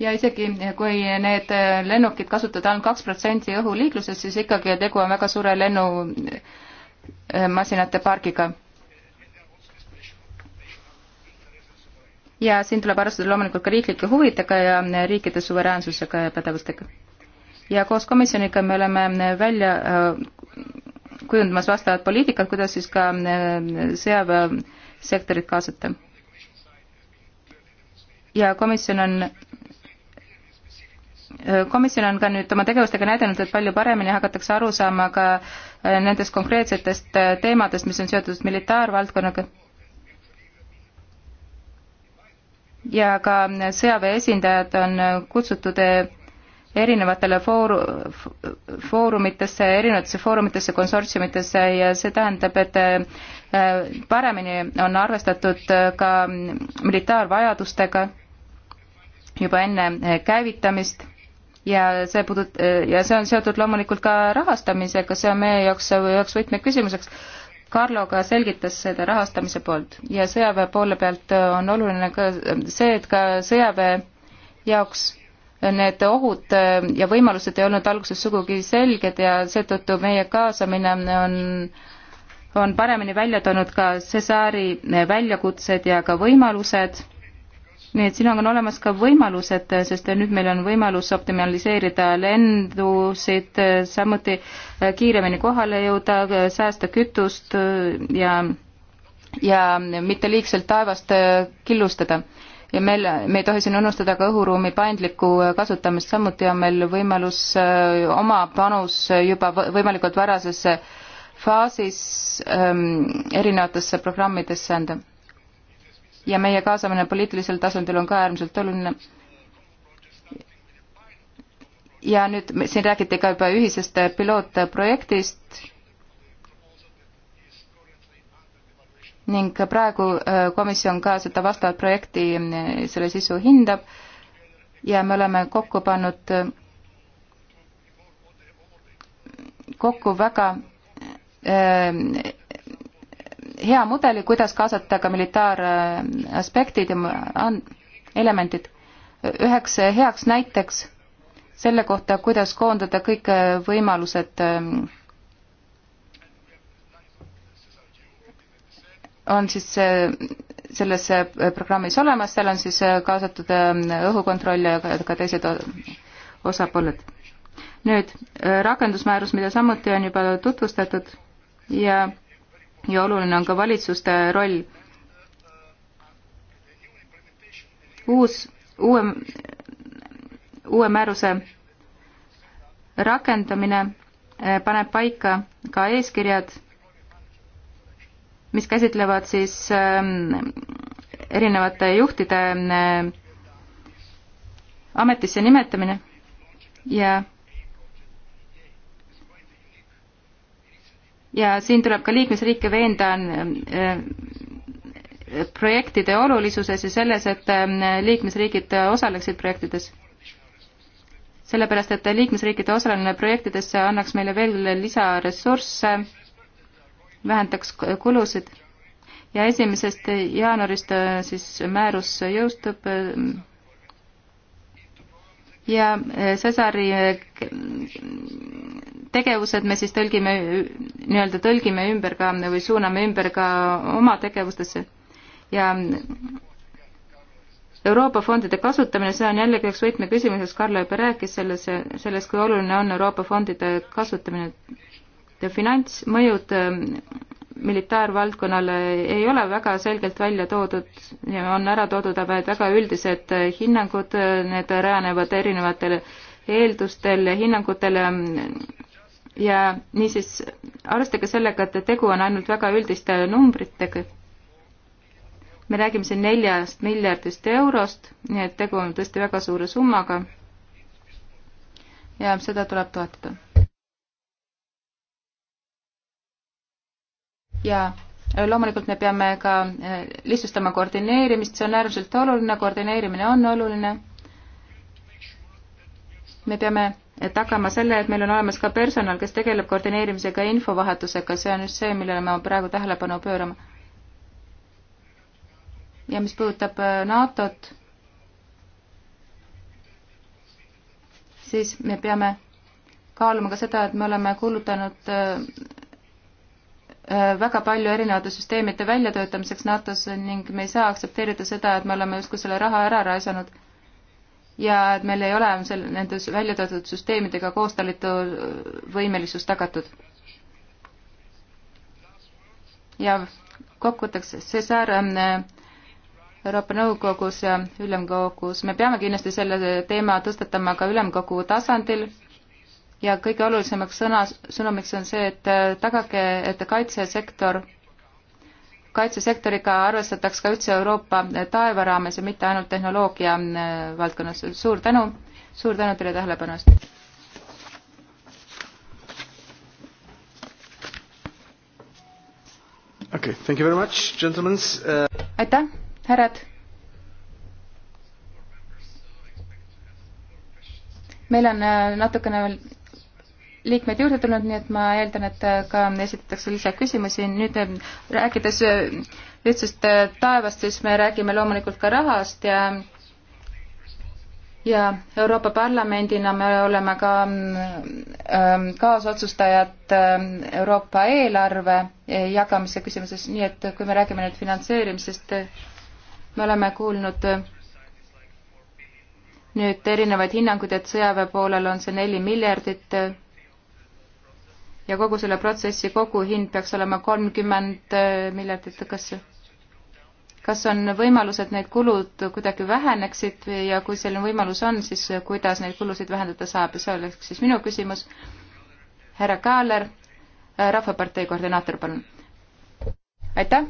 ja isegi, kui need lennukid kasutada ainult kaks protsenti õhuliikluses, siis ikkagi tegu on väga suure lennumasinate pargiga ja siin tuleb arvestada loomulikult ka riiklike huvidega ja riikide suveräänsusega ja pädevustega. ja koos komisjoniga me oleme välja äh, kujundamas vastavat poliitikat, kuidas siis ka äh, sõjaväesektorit äh, kaasata. ja komisjon on komisjon on ka nüüd oma tegevustega näidanud, et palju paremini hakatakse aru saama ka nendest konkreetsetest teemadest, mis on seotud militaarvaldkonnaga ja ka sõjaväe esindajad on kutsutud erinevatele fooru-, foorumitesse, erinevatesse foorumitesse, konsortsiumitesse ja see tähendab, et äh, paremini on arvestatud ka militaarvajadustega juba enne äh, käivitamist ja see pudut- ja see on seotud loomulikult ka rahastamisega, see on meie jaoks üheks võtmeküsimuseks Karlo ka selgitas seda rahastamise poolt ja sõjaväe poole pealt äh, on oluline ka see, et ka sõjaväe jaoks äh, need ohud äh, ja võimalused ei olnud alguses sugugi selged ja seetõttu meie kaasamine on, on paremini välja toonud ka Cesari väljakutsed ja ka võimalused nii et siin on olemas ka võimalused, sest nüüd meil on võimalus optimaliseerida lendusid, samuti äh, kiiremini kohale jõuda, äh, säästa kütust äh, ja, ja mitte liigselt taevast killustada. ja meil, me ei tohi siin unustada ka õhuruumi paindlikku kasutamist, samuti on meil võimalus oma panus juba võimalikult varasesse faasis ähm, erinevatesse programmidesse anda ja meie kaasamine poliitilisel tasandil on ka äärmiselt oluline. ja nüüd siin räägiti ka juba ühisest pilootprojektist ning praegu äh, komisjon ka seda vastavat projekti, äh, selle sisu hindab ja me oleme kokku pannud äh, kokku väga hea mudeli, kuidas kaasata ka militaaraspektid ja elemendid. üheks heaks näiteks selle kohta, kuidas koondada kõik võimalused ähm, on siis äh, selles äh, programmis olemas, seal on siis äh, kaasatud ähm, õhukontroll ja ka teised osapooled. nüüd rakendusmäärus, mida samuti on juba tutvustatud ja ja oluline on ka valitsuste roll. uus, uue, uue määruse rakendamine eh, paneb paika ka eeskirjad, mis käsitlevad siis eh, erinevate juhtide eh, ametisse nimetamine ja ja siin tuleb ka liikmesriike veenda äh, projektide olulisuses ja selles, et äh, liikmesriigid osaleksid projektides. sellepärast, et liikmesriikide osalemine projektidesse annaks meile veel lisaressursse, vähendaks kulusid ja esimesest jaanuarist äh, siis määrus jõustub ja eh, Cesari eh, tegevused me siis tõlgime, nii-öelda tõlgime ümber ka või suuname ümber ka oma tegevustesse ja Euroopa fondide kasutamine, see on jällegi üks võtmeküsimuseks, Karlo juba rääkis selles, sellest, kui oluline on Euroopa fondide kasutamine. finantsmõjud eh, militaarvaldkonnal ei ole väga selgelt välja toodud ja on ära toodud vaid väga üldised hinnangud, need rajanevad erinevatel eeldustel ja hinnangutel ja niisiis arvestage sellega, et tegu on ainult väga üldiste numbritega. me räägime siin neljast miljardist eurost, nii et tegu on tõesti väga suure summaga ja seda tuleb toetada ja äh, loomulikult me peame ka äh, lihtsustama koordineerimist, see on äärmiselt oluline, koordineerimine on oluline. me peame äh, tagama selle, et meil on olemas ka personal, kes tegeleb koordineerimisega ja infovahetusega, see on just see, millele ma praegu tähelepanu pöörama. ja mis puudutab NATO-t, siis me peame kaaluma ka seda, et me oleme kuulutanud Äh, väga palju erinevate süsteemide väljatöötamiseks NATO-s ning me ei saa aktsepteerida seda, et me oleme justkui selle raha ära raisanud ja et meil ei ole seal nendes väljatöötatud süsteemidega koostalitu võimelisus tagatud. ja kokkuvõtteks, Cesar ähm, Euroopa Nõukogus ja Ülemkogus, me peame kindlasti selle teema tõstatama ka Ülemkogu tasandil ja kõige olulisemaks sõna, sõnumiks on see, et äh, tagage, et kaitsesektor, kaitsesektoriga arvestataks ka üldse Euroopa äh, taeva raames ja mitte ainult tehnoloogia äh, valdkonnas. suur tänu, suur tänu teile tähelepanu eest! Okay, thank you very much, gentlemen uh.... aitäh, härrad. meil on natukene veel liikmeid juurde tulnud, nii et ma eeldan, et ka esitatakse lisaküsimusi. nüüd eh, rääkides eh, ühtsest eh, taevast, siis me räägime loomulikult ka rahast ja ja Euroopa Parlamendina me oleme ka ähm, kaasotsustajad ähm, Euroopa eelarve jagamise küsimuses, nii et kui me räägime nüüd finantseerimisest, me oleme kuulnud nüüd erinevaid hinnanguid, et sõjaväe poolel on see neli miljardit ja kogu selle protsessi koguhind peaks olema kolmkümmend äh, miljardit, kas kas on võimalus, et need kulud kuidagi väheneksid ja kui selline võimalus on, siis kuidas neid kulusid vähendada saab ja see oleks siis minu küsimus. härra Kaaler, äh, Rahvapartei koordinaator, palun. aitäh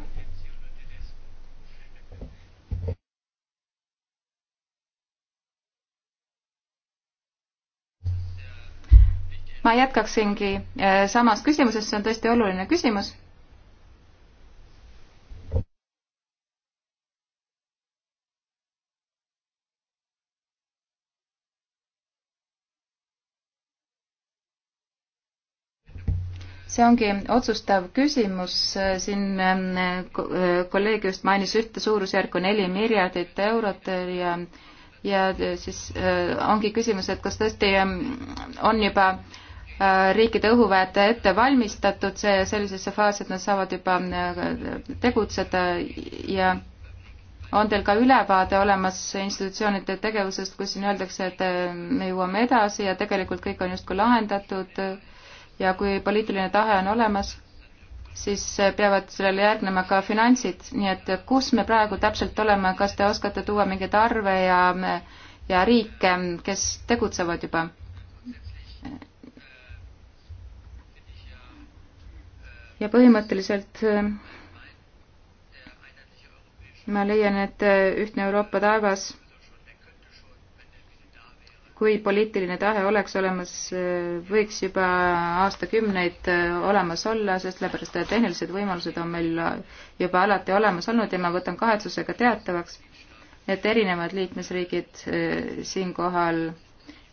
ma jätkaksingi äh, samas küsimuses, see on tõesti oluline küsimus. see ongi otsustav küsimus, siin äh, kolleeg just mainis ühte suurusjärku neli miljardit eurot ja ja siis äh, ongi küsimus, et kas tõesti ähm, on juba äh, Äh, riikide õhuväed ette valmistatud see, sellisesse faasi, et nad saavad juba äh, tegutseda ja on teil ka ülevaade olemas institutsioonide tegevusest, kus siin öeldakse, et äh, me jõuame edasi ja tegelikult kõik on justkui lahendatud ja kui poliitiline tahe on olemas, siis peavad sellele järgnema ka finantsid, nii et kus me praegu täpselt oleme, kas te oskate tuua mingeid arve ja, ja riike, kes tegutsevad juba? ja põhimõtteliselt äh, ma leian, et äh, ühtne Euroopa taevas, kui poliitiline tahe oleks olemas, äh, võiks juba aastakümneid olemas olla, sest sellepärast, et tehnilised võimalused on meil juba alati olemas olnud ja ma võtan kahetsusega teatavaks, et erinevad liikmesriigid siinkohal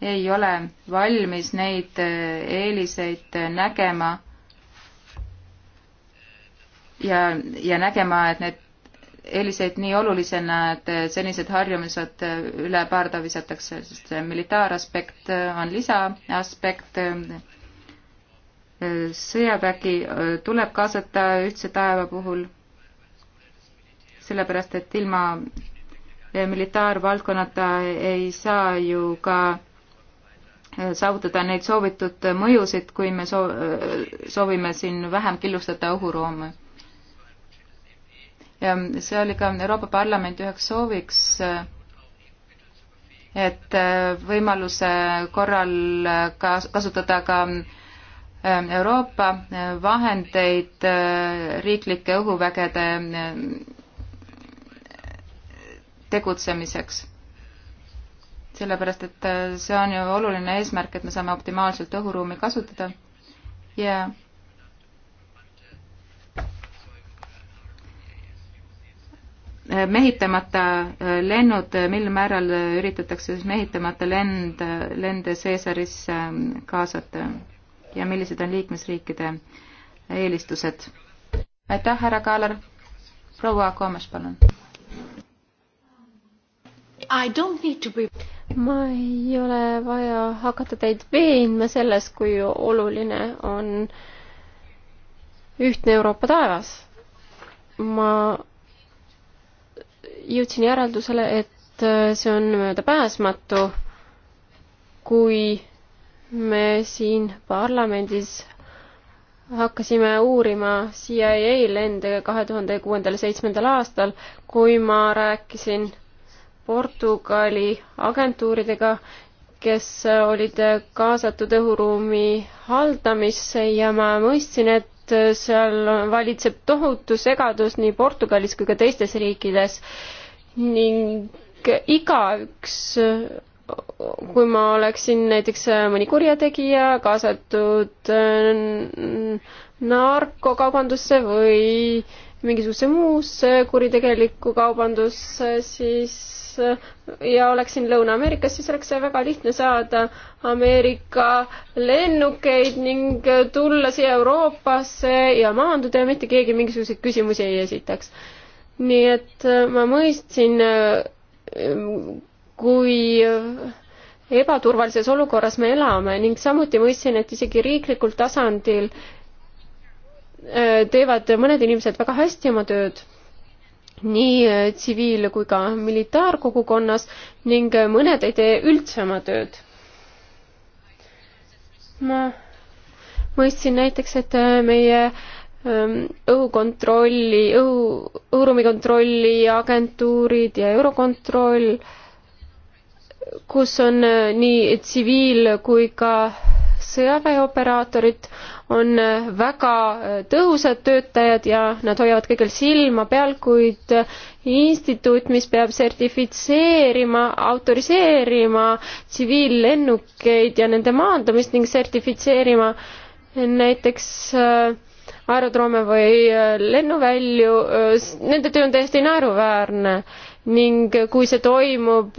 ei ole valmis neid eeliseid nägema ja, ja nägema, et need eeliseid nii olulisena, et senised harjumused üle parda visatakse, sest see militaaraspekt on lisaaspekt. sõjavägi tuleb kaasata ühtse taeva puhul, sellepärast et ilma militaarvaldkonnata ei saa ju ka saavutada neid soovitud mõjusid, kui me soovime siin vähem killustada õhuruume ja see oli ka Euroopa Parlamendi üheks sooviks, et äh, võimaluse korral ka kasutada ka äh, Euroopa äh, vahendeid riiklike õhuvägede tegutsemiseks. sellepärast, et see on ju oluline eesmärk, et me saame optimaalselt õhuruumi kasutada ja yeah Eh, mehitamata eh, lennud, eh, mil määral üritatakse siis mehitamata lend, lende Caesarisse mm, kaasata ja millised on liikmesriikide eelistused? aitäh, härra Kaalar. proua Koomas, palun. Be... ma ei ole vaja hakata teid veenma selles, kui oluline on ühtne Euroopa taevas. ma jõudsin järeldusele, et äh, see on möödapääsmatu, kui me siin parlamendis hakkasime uurima CIA lende kahe tuhande kuuendal ja seitsmendal aastal, kui ma rääkisin Portugali agentuuridega, kes olid kaasatud õhuruumi haldamisse ja ma mõistsin, et et äh, seal valitseb tohutu segadus nii Portugalis kui ka teistes riikides ning igaüks, äh, kui ma oleksin näiteks äh, mõni kurjategija kaasatud narkokaubandusse või äh, mingisugusesse muusse kuritegelikku kaubandusse, siis ja oleksin Lõuna-Ameerikas, siis oleks väga lihtne saada Ameerika lennukeid ning tulla siia Euroopasse ja maanduda ja mitte keegi mingisuguseid küsimusi ei esitaks. nii et äh, ma mõistsin, äh, kui ebaturvalises olukorras me elame ning samuti mõistsin, et isegi riiklikul tasandil Äh, teevad mõned inimesed väga hästi oma tööd nii äh, tsiviil kui ka militaarkogukonnas ning äh, mõned ei tee üldse oma tööd. ma mõistsin näiteks, et meie ähm, õhukontrolli, õhu, õhuruumi kontrolli agentuurid ja Eurokontroll, kus on nii tsiviil kui ka sõjaväeoperaatorid on väga tõhusad töötajad ja nad hoiavad kõigil silma peal, kuid instituut, mis peab sertifitseerima, autoriseerima tsiviillennukeid ja nende maandumist ning sertifitseerima näiteks äh, aerodroome või äh, lennuvälju, äh, nende töö on täiesti naeruväärne ning kui see toimub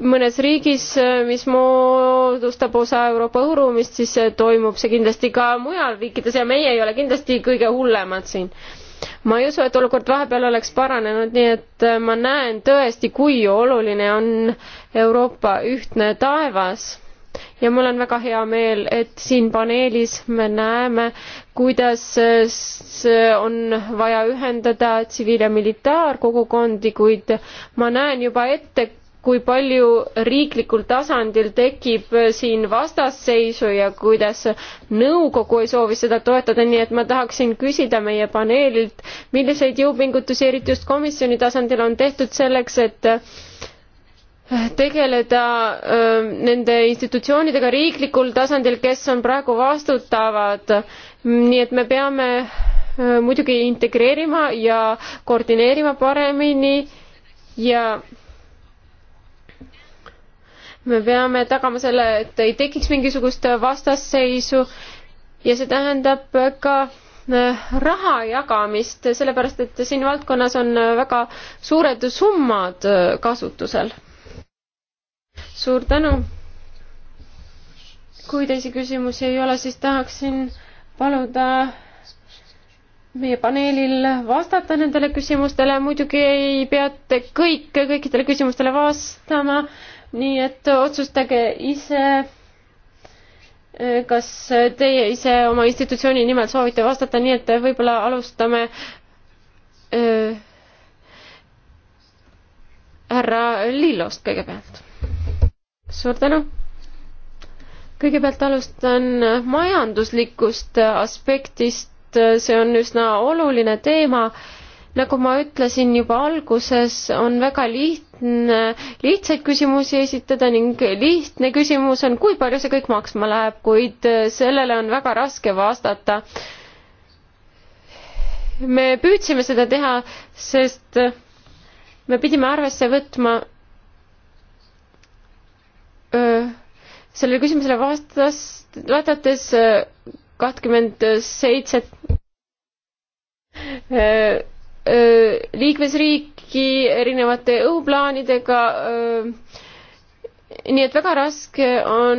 mõnes riigis, äh, mis moodustab osa Euroopa õhuruumist, siis äh, toimub see kindlasti ka mujal riikides ja meie ei ole kindlasti kõige hullemad siin. ma ei usu, et olukord vahepeal oleks paranenud, nii et äh, ma näen tõesti, kui oluline on Euroopa ühtne taevas ja mul on väga hea meel, et siin paneelis me näeme, kuidas on vaja ühendada tsiviil- ja militaarkogukondi, kuid ma näen juba ette, kui palju riiklikul tasandil tekib äh, siin vastasseisu ja kuidas nõukogu ei soovi seda toetada, nii et ma tahaksin küsida meie paneelilt, milliseid jõupingutusi, eriti just komisjoni tasandil, on tehtud selleks, et äh, tegeleda äh, nende institutsioonidega riiklikul tasandil, kes on praegu vastutavad. nii et me peame muidugi integreerima ja koordineerima paremini ja me peame tagama selle, et ei tekiks mingisugust vastasseisu ja see tähendab ka äh, raha jagamist, sellepärast et siin valdkonnas on äh, väga suured summad äh, kasutusel. suur tänu. kui teisi küsimusi ei ole, siis tahaksin paluda meie paneelil vastata nendele küsimustele, muidugi ei peate kõik kõikidele küsimustele vastama nii et otsustage ise, kas teie ise oma institutsiooni nimel soovite vastata, nii et võib-olla alustame äh, härra Lillost kõigepealt. suur tänu kõigepealt alustan majanduslikust aspektist, see on üsna oluline teema nagu ma ütlesin juba alguses, on väga lihtne, lihtsaid küsimusi esitada ning lihtne küsimus on, kui palju see kõik maksma läheb, kuid sellele on väga raske vastata. me püüdsime seda teha, sest me pidime arvesse võtma öö, sellele küsimusele vastas, vaadates kakskümmend seitse liikmesriiki erinevate õhuplaanidega. nii et väga raske on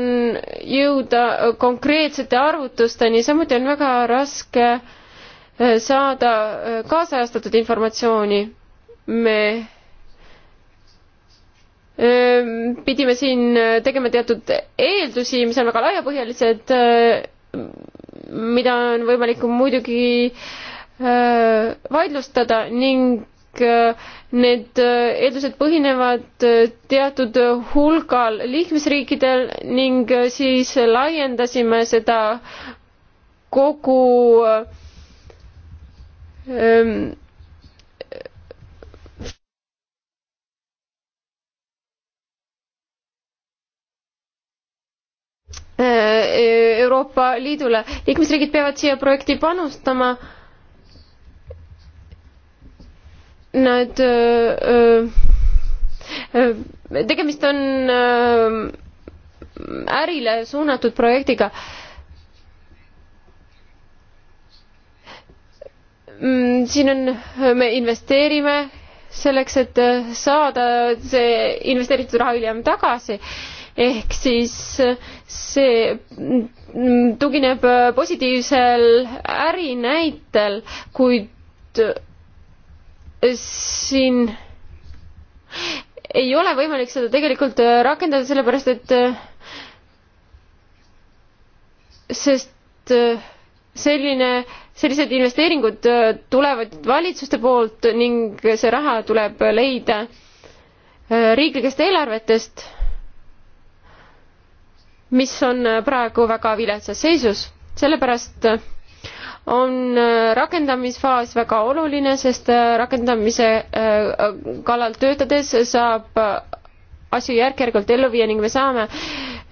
jõuda konkreetsete arvutusteni, samuti on väga raske saada kaasajastatud informatsiooni. me pidime siin tegema teatud eeldusi, mis on väga laiapõhjalised, mida on võimalik muidugi äh, Äh, vaidlustada ning äh, need äh, eeldused põhinevad teatud hulgal liikmesriikidel ning siis laiendasime seda kogu ähm, Euroopa Liidule. liikmesriigid peavad siia projekti panustama nad öö, äh, öö, äh, äh, tegemist on öö, ärile suunatud projektiga. Mm, siin on, me investeerime selleks, et saada see investeeritud raha hiljem tagasi ehk siis see mm, tugineb positiivsel ärinäitel, kuid siin ei ole võimalik seda tegelikult äh, rakendada, sellepärast et äh, sest äh, selline, sellised investeeringud tulevad valitsuste poolt ning see raha tuleb leida riiklikest eelarvetest, mis on praegu väga viletsas seisus, sellepärast on äh, rakendamisfaas väga oluline, sest äh, rakendamise äh, kallal töötades saab asju järk-järgult ellu viia ning me saame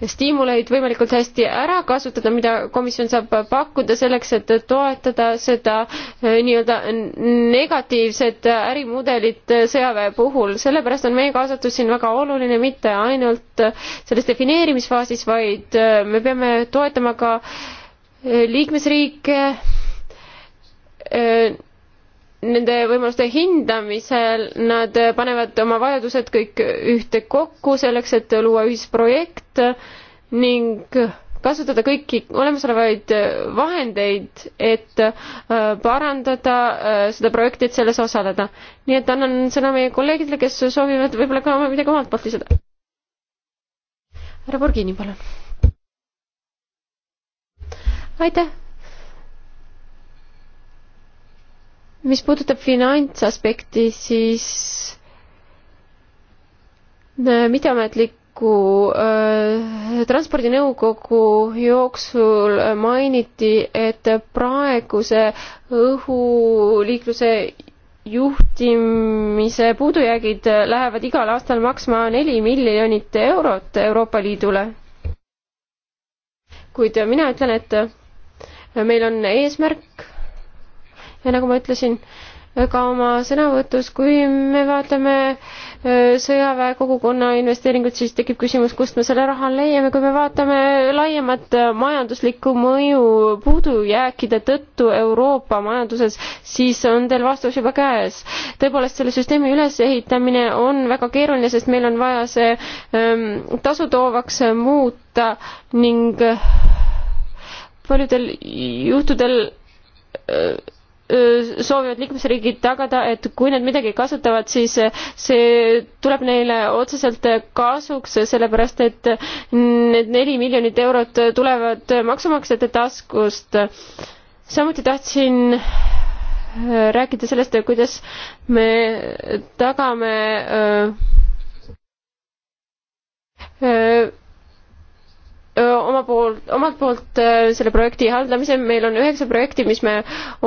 stiimuleid võimalikult hästi ära kasutada, mida komisjon saab pakkuda selleks, et toetada seda nii-öelda negatiivset ärimudelit sõjaväe puhul. sellepärast on meie kaasatus siin väga oluline, mitte ainult selles defineerimisfaasis, vaid me peame toetama ka liikmesriike Äh, nende võimaluste hindamisel nad panevad oma vajadused kõik ühte kokku selleks, et luua ühisprojekt ning kasutada kõiki olemasolevaid vahendeid, et äh, parandada äh, seda projekti, et selles osaleda. nii et annan sõna meie kolleegidele, kes soovivad võib-olla ka midagi omalt poolt lisada. härra Borgini, palun. aitäh mis puudutab finantsaspekti, siis äh, mitteametliku äh, transpordinõukogu jooksul mainiti, et praeguse õhuliikluse juhtimise puudujäägid lähevad igal aastal maksma neli miljonit eurot Euroopa Liidule. kuid mina ütlen, et meil on eesmärk ja nagu ma ütlesin ka oma sõnavõtus, kui me vaatame äh, sõjaväe kogukonna investeeringut, siis tekib küsimus, kust me selle raha leiame, kui me vaatame laiemat äh, majanduslikku mõju puudujääkide tõttu Euroopa majanduses, siis on teil vastus juba käes. tõepoolest, selle süsteemi ülesehitamine on väga keeruline, sest meil on vaja see ähm, tasutoovaks muuta ning äh, paljudel juhtudel soovivad liikmesriigid tagada, et kui nad midagi kasutavad, siis äh, see tuleb neile otseselt kasuks, sellepärast et need neli miljonit eurot tulevad maksumaksjate taskust. samuti tahtsin äh, rääkida sellest, kuidas me tagame öö, äh, öö, oma poolt, omalt poolt selle projekti haldamise, meil on üheksa projekti, mis me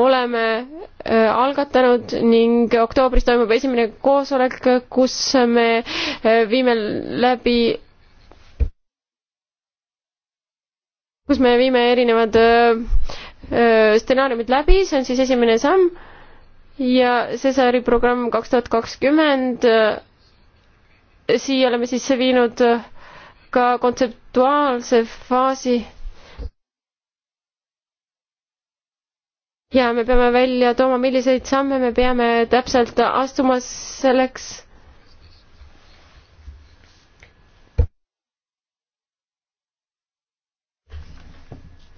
oleme algatanud ning oktoobris toimub esimene koosolek, kus me viime läbi kus me viime erinevad stsenaariumid läbi, see on siis esimene samm ja Cesari programm kaks tuhat kakskümmend, siia oleme sisse viinud öö, ka kontseptuaalse faasi. ja me peame välja tooma, milliseid samme me peame täpselt astuma selleks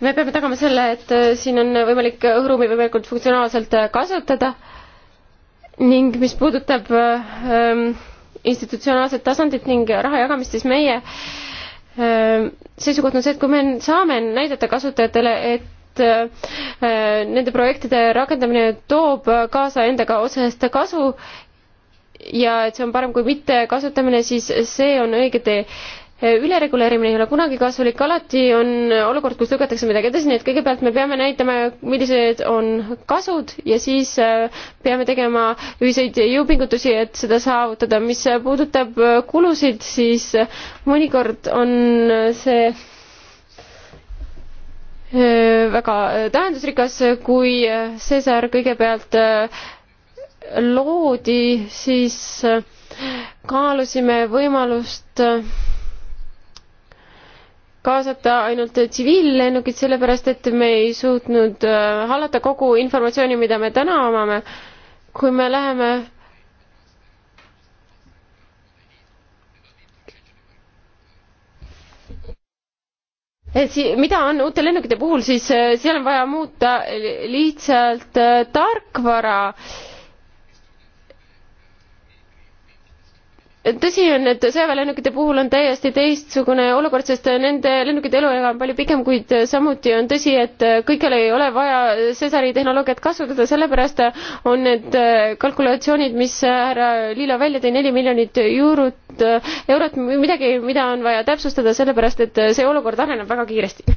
me peame tagama selle, et siin on võimalik õhuruumi võimalikult funktsionaalselt kasutada ning mis puudutab ähm, institutsionaalset tasandit ning raha jagamist, siis meie äh, seisukoht on see, et kui me saame näidata kasutajatele, et nende projektide rakendamine toob kaasa endaga otsest kasu ja et see on parem kui mitte kasutamine, siis see on õige tee ülereguleerimine ei ole kunagi kasulik, alati on olukord, kus lükatakse midagi edasi, nii et kõigepealt me peame näitama, millised on kasud ja siis äh, peame tegema ühiseid jõupingutusi, et seda saavutada. mis puudutab äh, kulusid, siis äh, mõnikord on see väga tähendusrikas, kui Cäsar kõigepealt loodi, siis kaalusime võimalust kaasata ainult tsiviillennukid, sellepärast et me ei suutnud äh, hallata kogu informatsiooni, mida me täna omame. kui me läheme et eh, si-, mida on uute lennukite puhul siis, äh, seal on vaja muuta lihtsalt äh, tarkvara äh, tõsi on, et sõjaväelennukite puhul on täiesti teistsugune olukord, sest nende lennukite eluiga on palju pikem, kuid samuti on tõsi, et kõikjal ei ole vaja Cesari tehnoloogiat kasutada, sellepärast on need kalkulatsioonid, mis härra Liilo välja tõi, neli miljonit eurot, eurot, midagi, mida on vaja täpsustada, sellepärast et see olukord areneb väga kiiresti.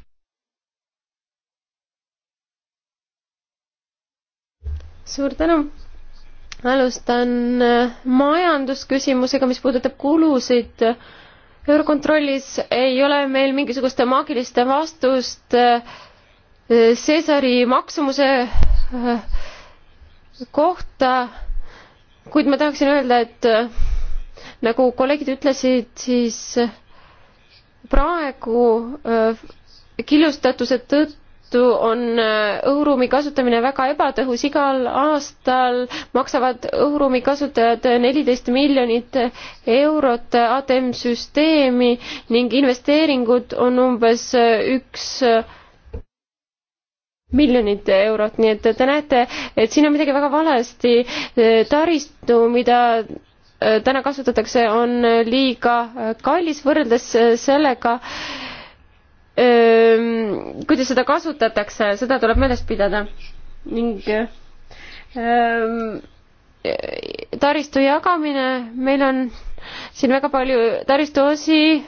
suur tänu! alustan äh, majandusküsimusega, mis puudutab kulusid. eurokontrollis ei ole meil mingisugust maagilist vastust äh, Cäsari maksumuse äh, kohta, kuid ma tahaksin öelda, et nagu kolleegid ütlesid, siis praegu killustatuse tõttu seetõttu on äh, õhuruumi kasutamine väga ebatõhus, igal aastal maksavad õhuruumi kasutajad neliteist miljonit eurot ATM-süsteemi ning investeeringud on umbes äh, üks äh, miljonit eurot, nii et te näete, et siin on midagi väga valesti. taristu, mida täna kasutatakse, on liiga kallis võrreldes sellega, kuidas seda kasutatakse, seda tuleb meeles pidada ning taristu jagamine, meil on siin väga palju taristuosi,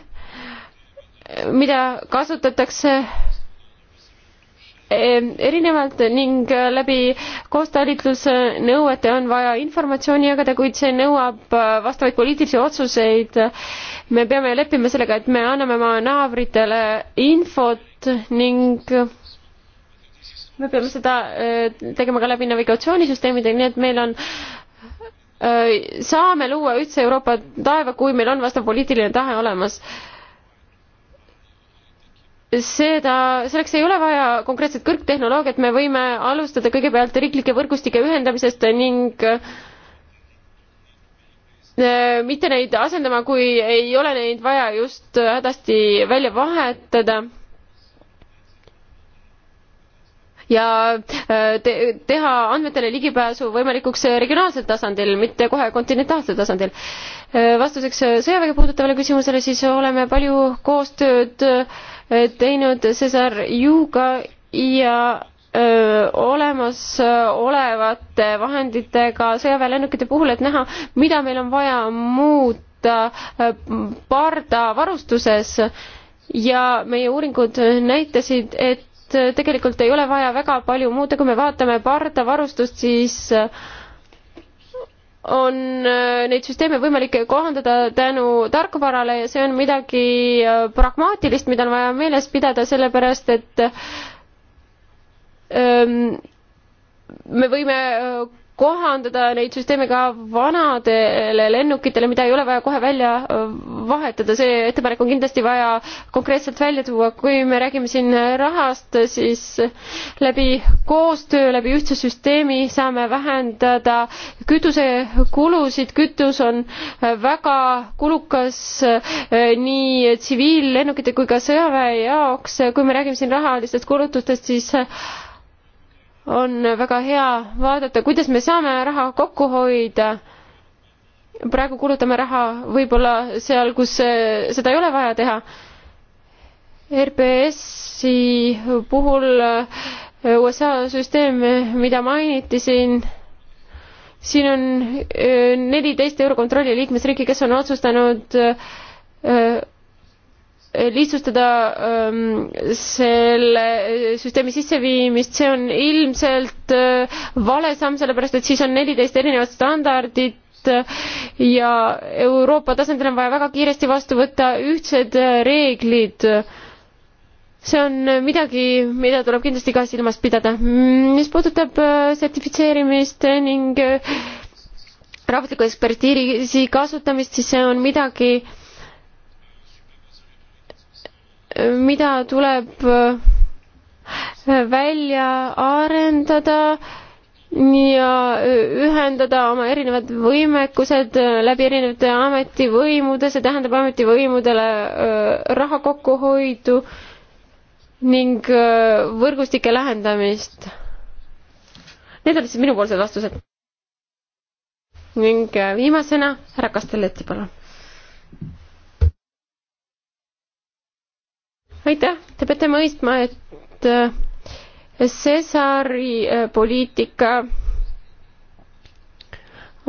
mida kasutatakse Ehm, erinevalt ning äh, läbi koostalitlusnõuete on vaja informatsiooni jagada, kuid see nõuab äh, vastavaid poliitilisi otsuseid. me peame leppima sellega, et me anname oma naabritele infot ning me peame seda äh, tegema ka läbi navigatsioonisüsteemidega, nii et meil on saame luua ühtse Euroopa taeva, kui meil on vastav poliitiline tahe olemas seda, selleks ei ole vaja konkreetset kõrgtehnoloogiat, me võime alustada kõigepealt riiklike võrgustike ühendamisest ning äh, mitte neid asendama, kui ei ole neid vaja just hädasti välja vahetada ja äh, te, teha andmetele ligipääsu võimalikuks regionaalsel tasandil, mitte kohe kontinentaalsel tasandil. Äh, vastuseks sõjaväge puudutavale küsimusele siis oleme palju koostööd äh, Äh, teinud Cesar Juga ja äh, olemasolevate äh, vahenditega sõjaväelennukite puhul, et näha, mida meil on vaja muuta pardavarustuses ja meie uuringud näitasid, et tegelikult ei ole vaja väga palju muuta, kui me vaatame pardavarustust, siis äh, on äh, neid süsteeme võimalik kohandada tänu tarkvarale ja see on midagi äh, pragmaatilist, mida on vaja meeles pidada, sellepärast et ähm, me võime äh, kohandada neid süsteeme ka vanadele lennukitele, mida ei ole vaja kohe välja äh, vahetada, see ettepanek on kindlasti vaja konkreetselt välja tuua. kui me räägime siin rahast, siis läbi koostöö, läbi ühtse süsteemi saame vähendada kütusekulusid, kütus on äh, väga kulukas äh, nii tsiviillennukite kui ka sõjaväe jaoks, kui me räägime siin rahalistest kulutustest, siis on väga hea vaadata, kuidas me saame raha kokku hoida. praegu kulutame raha võib-olla seal, kus eh, seda ei ole vaja teha. RBS-i puhul eh, USA süsteem, mida mainiti siin, siin on eh, neliteist Eurokontrolli liikmesriiki, kes on otsustanud lihtsustada ähm, selle süsteemi sisseviimist, see on ilmselt äh, vale samm, sellepärast et siis on neliteist erinevat standardit ja Euroopa tasandil on vaja väga kiiresti vastu võtta ühtsed äh, reeglid. see on äh, midagi, mida tuleb kindlasti ka silmas pidada. Mm, mis puudutab sertifitseerimist ning rahvusliku ekspertiisi kasutamist, siis see on midagi, mida tuleb äh, välja arendada ja äh, ühendada oma erinevad võimekused äh, läbi erinevate ametivõimude, see tähendab ametivõimudele raha kokkuhoidu ning võrgustike lähendamist. Need olid siis minupoolsed vastused. ning viimasena härra Kastelletti, palun aitäh, te peate mõistma, et äh, Cesari äh, poliitika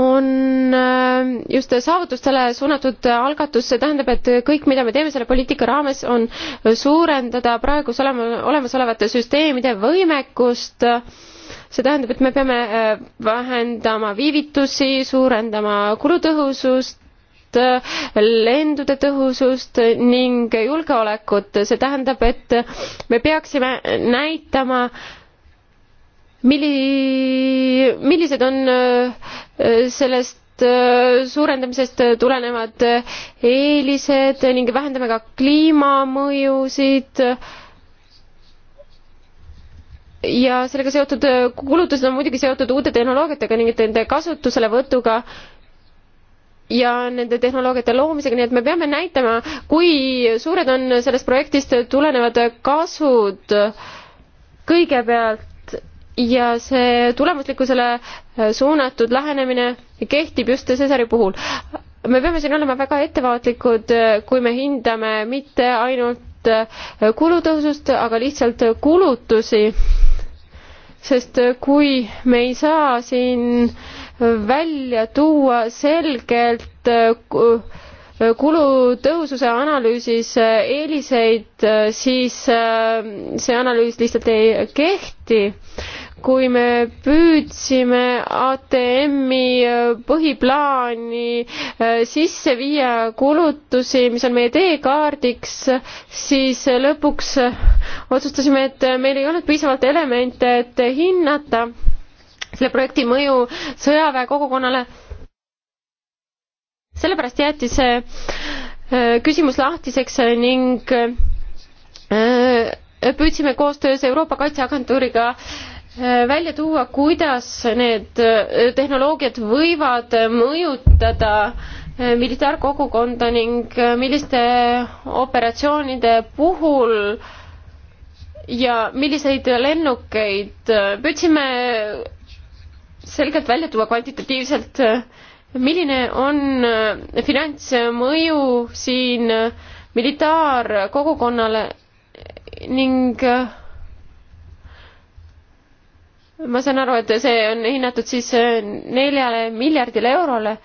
on äh, just saavutustele suunatud algatus, see tähendab, et kõik, mida me teeme selle poliitika raames, on suurendada praeguse olema, olemasolevate süsteemide võimekust. see tähendab, et me peame vähendama viivitusi, suurendama kulutõhusust, tõhusust, äh, lendude tõhusust ning julgeolekut. see tähendab, et me peaksime näitama, milli-, millised on äh, sellest äh, suurendamisest tulenevad eelised ning vähendame ka kliimamõjusid ja sellega seotud kulutused on muidugi seotud uute tehnoloogiatega ning nende kasutuselevõtuga ja nende tehnoloogiate loomisega, nii et me peame näitama, kui suured on sellest projektist tulenevad kasud kõigepealt ja see tulemuslikkusele suunatud lähenemine kehtib just Cesari puhul. me peame siin olema väga ettevaatlikud, kui me hindame mitte ainult kulutõusust, aga lihtsalt kulutusi. sest kui me ei saa siin äh, välja tuua selgelt äh, äh, kulutõhususe analüüsis äh, eeliseid, siis see analüüs lihtsalt ei kehti. kui me püüdsime ATM-i põhiplaani sisse viia kulutusi, mis on meie teekaardiks, siis lõpuks otsustasime, et meil ei olnud piisavalt elemente, et hinnata selle projekti mõju sõjaväekogukonnale. sellepärast jäeti see äh, küsimus lahtiseks ning äh, püüdsime koostöös Euroopa Kaitseagentuuriga äh, välja tuua, kuidas need tehnoloogiad võivad mõjutada militaarkogukonda ning milliste operatsioonide puhul ja milliseid lennukeid. püüdsime selgelt välja tuua kvantitatiivselt, äh, milline on äh, finantsmõju siin äh, militaarkogukonnale ning ma saan aru, et see on hinnatud siis neljale miljardile eurole.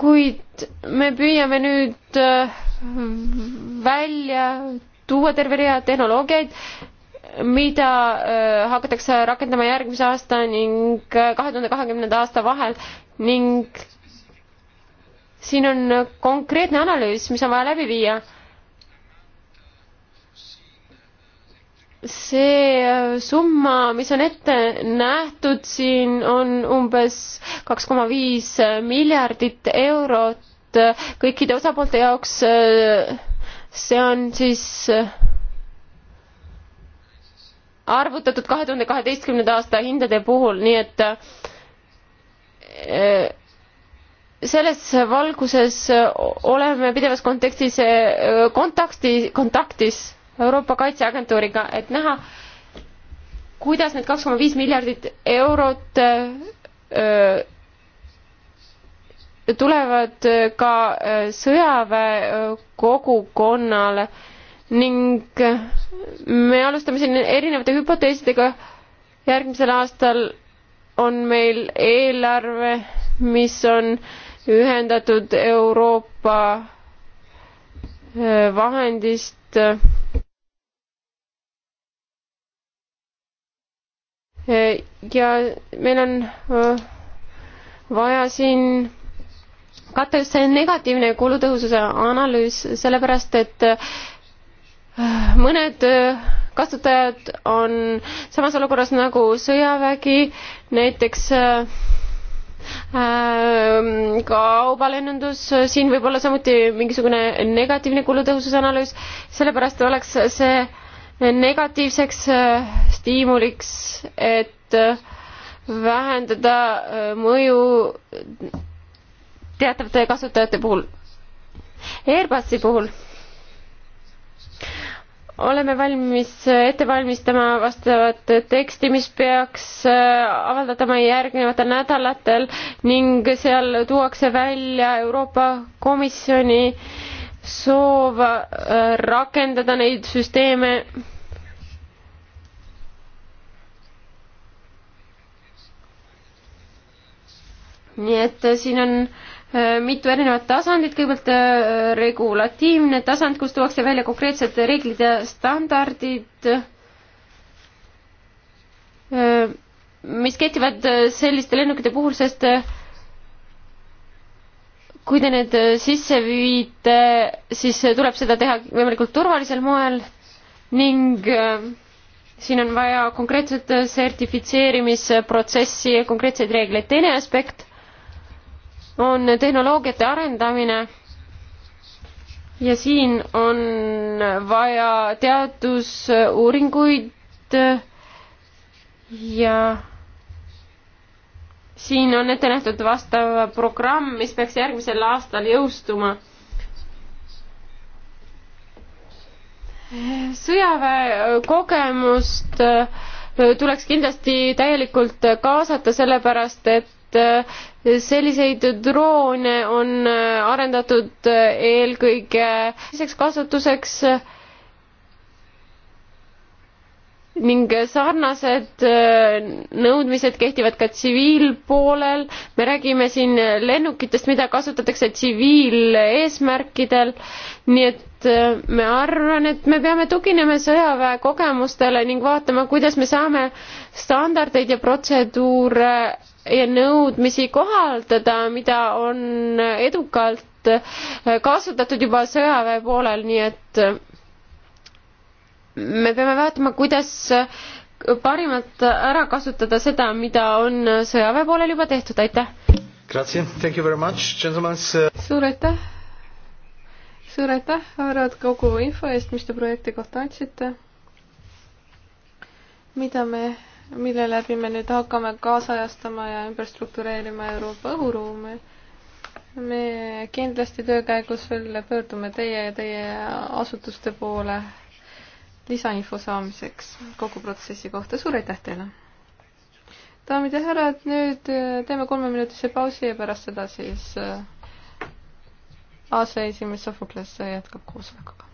kuid me püüame nüüd välja tuua terve rea tehnoloogiaid, mida äh, hakatakse rakendama järgmise aasta ning äh, kahe tuhande kahekümnenda aasta vahel ning siin on konkreetne analüüs, mis on vaja läbi viia. see äh, summa, mis on ette nähtud siin, on umbes kaks koma viis miljardit eurot kõikide osapoolte jaoks. see on siis äh, arvutatud kahe tuhande kaheteistkümnenda aasta hindade puhul, nii et eh, selles valguses oleme pidevas kontekstis, eh, kontakti, kontaktis Euroopa Kaitseagentuuriga, et näha, kuidas need kaks koma viis miljardit eurot öö, eh, tulevad ka sõjaväe kogukonnale ning me alustame siin erinevate hüpoteesidega. järgmisel aastal on meil eelarve, mis on ühendatud Euroopa eh, vahendist eh, ja meil on eh, vaja siin katta just see negatiivne kulutõhususe analüüs, sellepärast et mõned äh, kasutajad on samas olukorras nagu sõjavägi, näiteks äh, äh, kaubalennundus, siin võib olla samuti mingisugune negatiivne kulutõhususe analüüs, sellepärast oleks see negatiivseks stiimuliks, et vähendada mõju teatavate kasutajate puhul. Airbusi puhul oleme valmis äh, ette valmistama vastavat teksti, mis peaks äh, avaldatama järgnevatel nädalatel ning seal tuuakse välja Euroopa Komisjoni soov äh, rakendada neid süsteeme nii et siin on äh, Äh, mitu erinevat tasandit, kõigepealt äh, regulatiivne tasand, kus tuuakse välja konkreetsed reeglid ja standardid, äh, mis kehtivad selliste lennukite puhul, sest kui te need sisse viite, siis tuleb seda teha võimalikult turvalisel moel ning siin on vaja konkreetset sertifitseerimisprotsessi ja konkreetseid reegleid. teine aspekt on tehnoloogiate arendamine ja siin on vaja teadusuuringuid ja siin on ette nähtud vastav programm, mis peaks järgmisel aastal jõustuma. sõjaväe kogemust tuleks kindlasti täielikult kaasata, sellepärast et Äh, selliseid droone on äh, arendatud äh, eelkõige selliseks kasutuseks ning sarnased nõudmised kehtivad ka tsiviilpoolel. me räägime siin lennukitest, mida kasutatakse tsiviileesmärkidel, nii et me arvan, et me peame tuginema sõjaväe kogemustele ning vaatama, kuidas me saame standardeid ja protseduure ja nõudmisi kohaldada, mida on edukalt kasutatud juba sõjaväe poolel, nii et me peame vaatama, kuidas parimalt ära kasutada seda, mida on sõjaväe poolel juba tehtud, aitäh! suur aitäh! suur aitäh, Harald, kogu info eest, mis te projekti kohta andsite. mida me mille läbi me nüüd hakkame kaasajastama ja ümber struktureerima Euroopa õhuruumi. me kindlasti töö käigus veel pöördume teie ja teie asutuste poole lisainfo saamiseks kogu protsessi kohta, suur aitäh teile! daamid ja härrad, nüüd äh, teeme kolmeminutise pausi ja pärast seda siis äh, aseesimees Sofokles jätkab koosolekuga.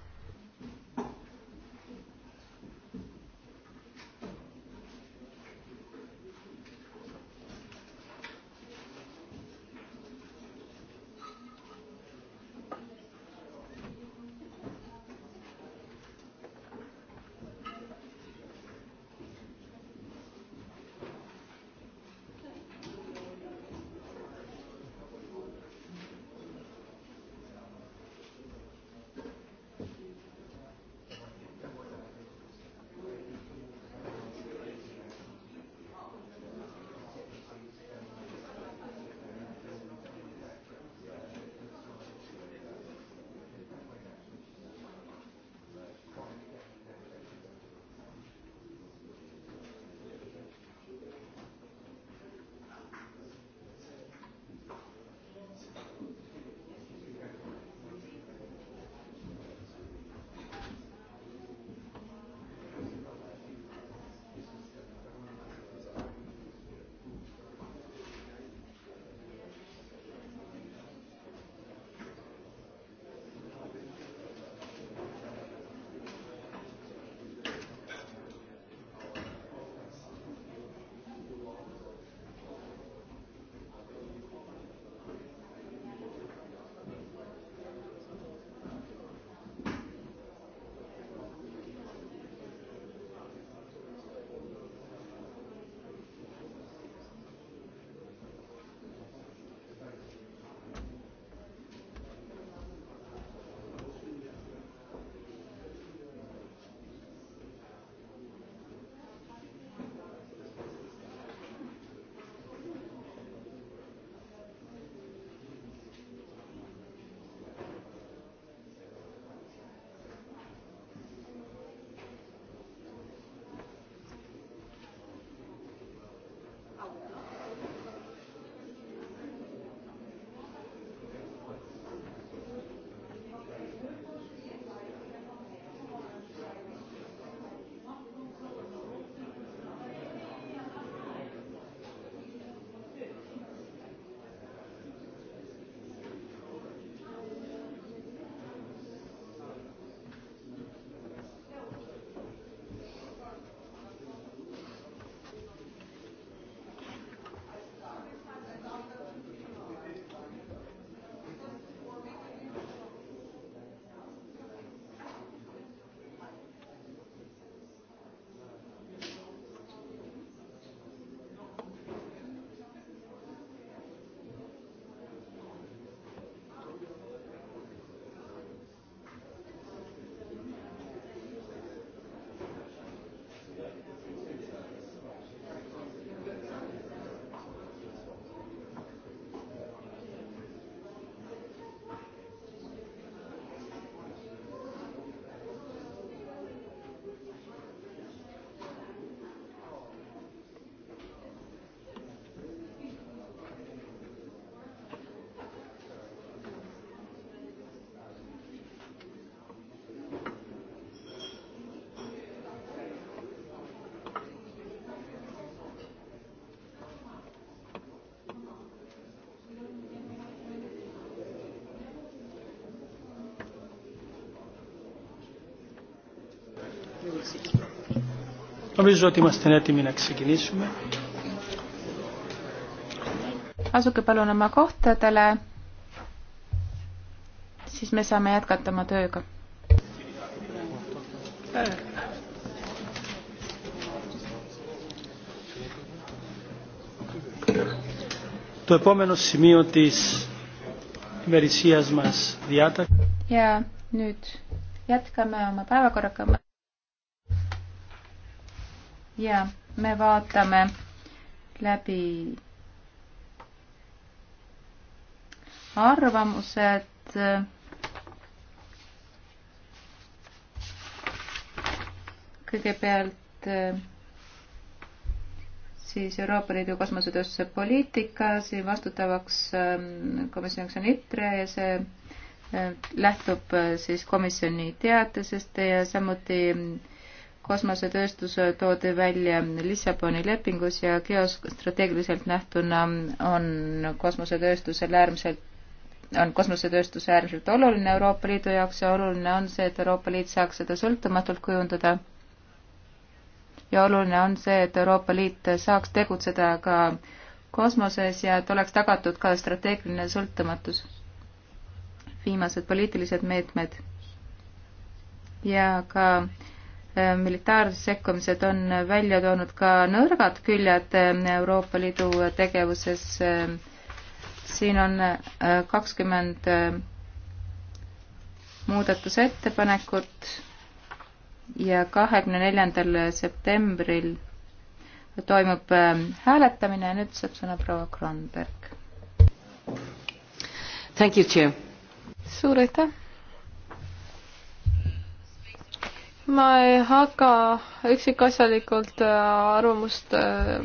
Νομίζω ότι είμαστε έτοιμοι να ξεκινήσουμε. Asuge palun oma kohtadele, siis me saame jätkata oma tööga. Το επόμενο σημείο της ημερησίας μας διάταξη. Ja nüüd jätkame oma päevakorraga ja me vaatame läbi arvamused kõigepealt eh, siis Euroopa Liidu kosmosetööstuse poliitika, siin vastutavaks eh, komisjoniks on ITRE ja see eh, lähtub siis komisjoni teatisest ja samuti mm, kosmosetööstus toodi välja Lissaboni lepingus ja geostrateegiliselt nähtuna on kosmosetööstusel äärmiselt on kosmosetööstus äärmiselt oluline Euroopa Liidu jaoks ja oluline on see, et Euroopa Liit saaks seda sõltumatult kujundada. ja oluline on see, et Euroopa Liit saaks tegutseda ka kosmoses ja et oleks tagatud ka strateegiline sõltumatus. viimased poliitilised meetmed ja ka äh, Äh, militaarsekkumised on välja toonud ka nõrgad küljed äh, Euroopa Liidu tegevuses. Äh, siin on kakskümmend muudatusettepanekut ja kahekümne neljandal septembril toimub hääletamine ja nüüd saab sõna proua Kronberg. suur aitäh! ma ei hakka üksikasjalikult äh, arvamust äh,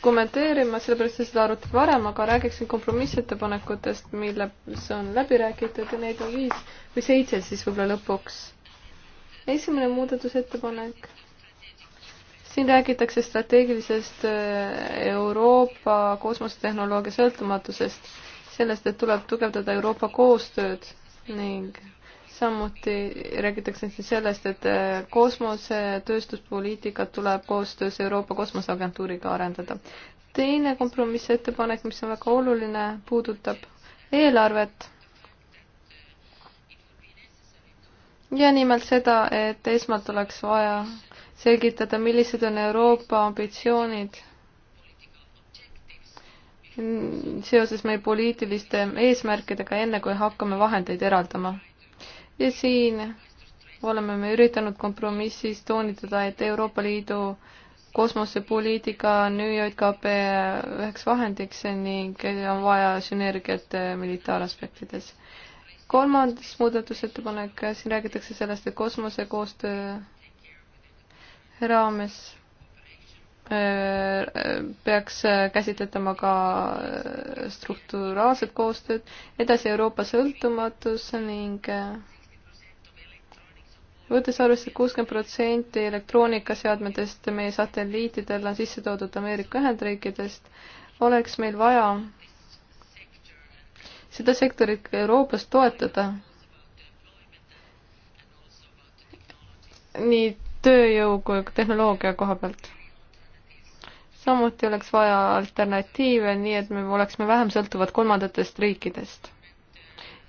kommenteerima, sellepärast et seda arutati varem, aga räägiksin kompromissettepanekutest, milles on läbi räägitud ja neid on viis või seitse siis võib-olla lõpuks. esimene muudatusettepanek. siin räägitakse strateegilisest äh, Euroopa kosmosetehnoloogia sõltumatusest, sellest, et tuleb tugevdada Euroopa koostööd ning samuti räägitakse siis sellest, et eh, kosmosetööstuspoliitikat tuleb koostöös Euroopa Kosmoseagentuuriga arendada. teine kompromissettepanek, mis on väga oluline, puudutab eelarvet. ja nimelt seda, et esmalt oleks vaja selgitada, millised on Euroopa ambitsioonid seoses meie poliitiliste eesmärkidega, enne kui hakkame vahendeid eraldama ja siin oleme me üritanud kompromissis toonitada, et Euroopa Liidu kosmosepoliitika on ÜJKP üheks vahendiks ning on vaja sünergiat äh, militaaraspektides. kolmandas muudatusettepanek, äh, siin räägitakse sellest, et kosmosekoostöö raames äh, peaks käsitletama ka strukturaalset koostööd, edasi Euroopa sõltumatus ning võttes arvesse, et kuuskümmend protsenti elektroonikaseadmetest meie satelliitidel on sisse toodud Ameerika Ühendriikidest, oleks meil vaja seda sektorit ka Euroopas toetada. nii tööjõu kui tehnoloogia koha pealt. samuti oleks vaja alternatiive, nii et me oleksime vähem sõltuvad kolmandatest riikidest.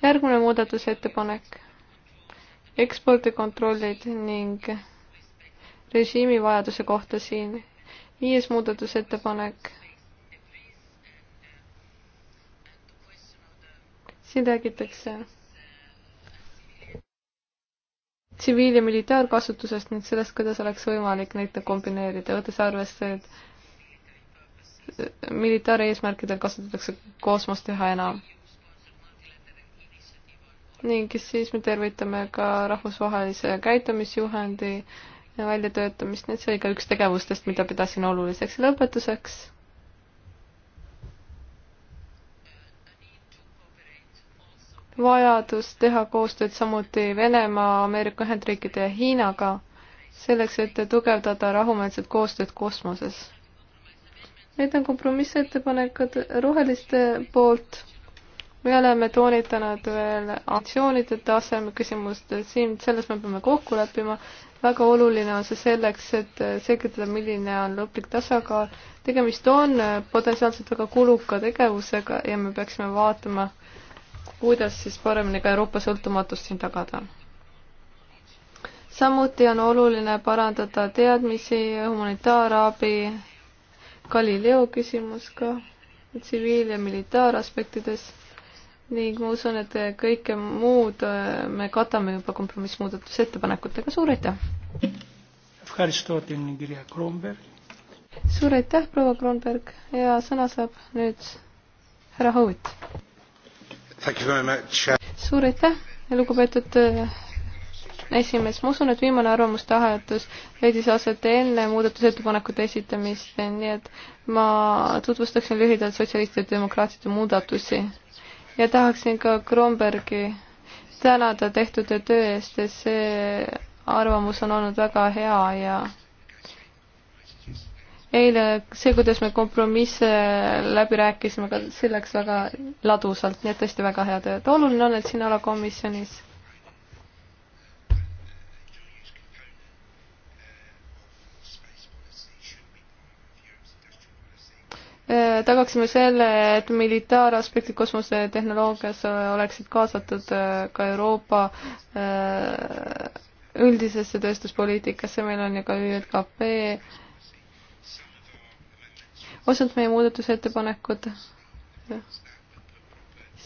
järgmine muudatusettepanek ekspordikontrollid ning režiimi vajaduse kohta siin. viies muudatusettepanek. siin räägitakse tsiviil- ja militaarkasutusest ning sellest, kuidas oleks võimalik neid kombineerida, võttes arvesse, et militaareesmärkidel kasutatakse kosmost üha enam ning siis me tervitame ka rahvusvahelise käitumisjuhendi väljatöötamist, nii et see oli ka üks tegevustest, mida pidasin oluliseks. lõpetuseks vajadus teha koostööd samuti Venemaa, Ameerika Ühendriikide ja Hiinaga selleks, et tugevdada rahumeelset koostööd kosmoses. Need on kompromissettepanekud roheliste poolt me oleme toonitanud veel aktsioonide taseme küsimust, siin selles me peame kokku leppima, väga oluline on see selleks, et selgitada, milline on lõplik tasakaal. tegemist on potentsiaalselt väga kuluka tegevusega ja me peaksime vaatama, kuidas siis paremini ka Euroopa sõltumatust siin tagada. samuti on oluline parandada teadmisi, humanitaarabi, Galileo küsimus ka, tsiviil- ja militaaraspektides ning ma usun, et kõike muud äh, me katame juba kompromissmuudatusettepanekutega, suur aitäh! suur aitäh, proua Kronberg ja sõna saab nüüd härra Howitt. suur aitäh, lugupeetud äh, esimees, ma usun, et viimane arvamuste ahetus leidis aset enne muudatusettepanekute esitamist, nii et ma tutvustaksin lühidalt sotsialistide ja demokraatide muudatusi ja tahaksin ka Krombergi tänada tehtud töö eest, et see arvamus on olnud väga hea ja eile see, kuidas me kompromisse läbi rääkisime, ka see läks väga ladusalt, nii et tõesti väga hea töö, et oluline on, et siin alakomisjonis Äh, tagaksime selle, et militaaraspektid kosmosetehnoloogias äh, oleksid kaasatud äh, ka Euroopa üldisesse tööstuspoliitikasse, meil on ju ka ÜLKP. osad meie muudatusettepanekud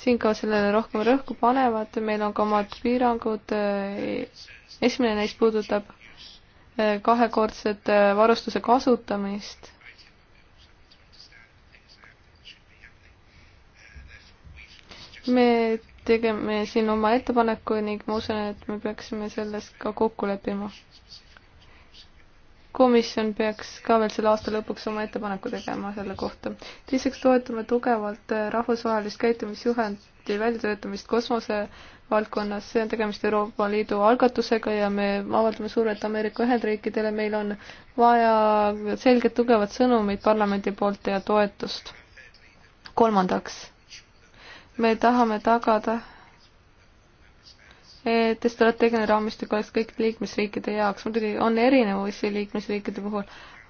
siin ka sellele rohkem rõhku panevad, meil on ka omad piirangud. esimene neist puudutab kahekordset varustuse kasutamist me tegeme siin oma ettepaneku ning ma usun, et me peaksime selles ka kokku leppima. komisjon peaks ka veel selle aasta lõpuks oma ettepaneku tegema selle kohta. teiseks toetame tugevalt rahvusvahelist käitumisjuhendi väljatöötamist kosmose valdkonnas, see on tegemist Euroopa Liidu algatusega ja me avaldame survet Ameerika Ühendriikidele, meil on vaja selget tugevat sõnumit parlamendi poolt ja toetust. kolmandaks me tahame tagada, et strateegiline raamistik oleks kõikide liikmesriikide jaoks, muidugi on erinevusi liikmesriikide puhul,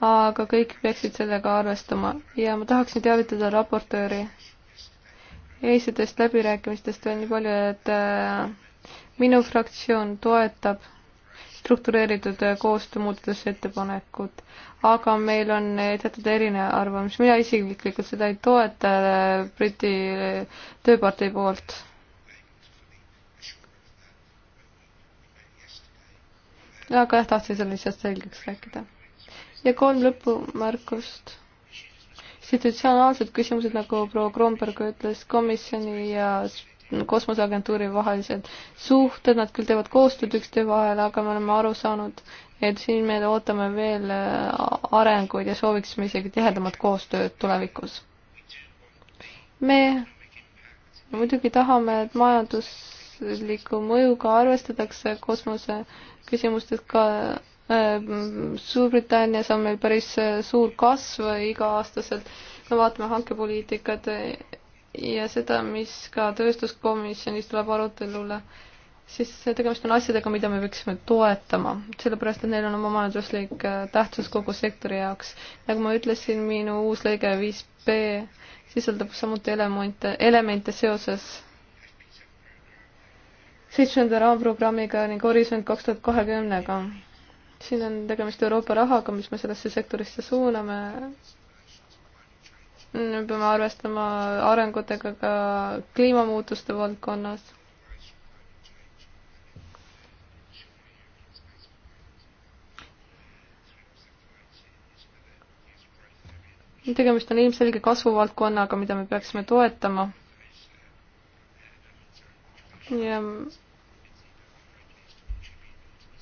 aga kõik peaksid sellega arvestama ja ma tahaksin teavitada raportööri eilsetest läbirääkimistest veel nii palju, et äh, minu fraktsioon toetab struktureeritud koostöö muudatusettepanekut, aga meil on teatud erinev arvamus, mina isiklikult seda ei toeta äh, Briti äh, tööpartei poolt. aga jah, tahtsin selle lihtsalt selgeks rääkida. ja kolm lõpumärkust. institutsionaalsed küsimused, nagu proua Kromberg ütles, komisjoni ja kosmoseagentuuri vahelised suhted, nad küll teevad koostööd üksteise vahel, aga me oleme aru saanud, et siin me ootame veel äh, arenguid ja sooviksime isegi tihedamat koostööd tulevikus. me muidugi tahame, et majandusliku mõjuga arvestatakse kosmose küsimustes ka äh, Suurbritannias on meil päris äh, suur kasv iga-aastaselt, me vaatame hankepoliitikat ja seda, mis ka tööstuskomisjonis tuleb arutelule, siis tegemist on asjadega, mida me peaksime toetama, sellepärast et neil on oma majanduslik äh, tähtsus kogu sektori jaoks. nagu ma ütlesin, minu uus lõige viis B sisaldab samuti elemente, elemente seoses seitsmenda raamprogrammiga ning Horisont kaks tuhat kahekümnega. siin on tegemist Euroopa rahaga, mis me sellesse sektorisse suuname me peame arvestama arengutega ka kliimamuutuste valdkonnas. tegemist on ilmselge kasvuvaldkonnaga, mida me peaksime toetama. ja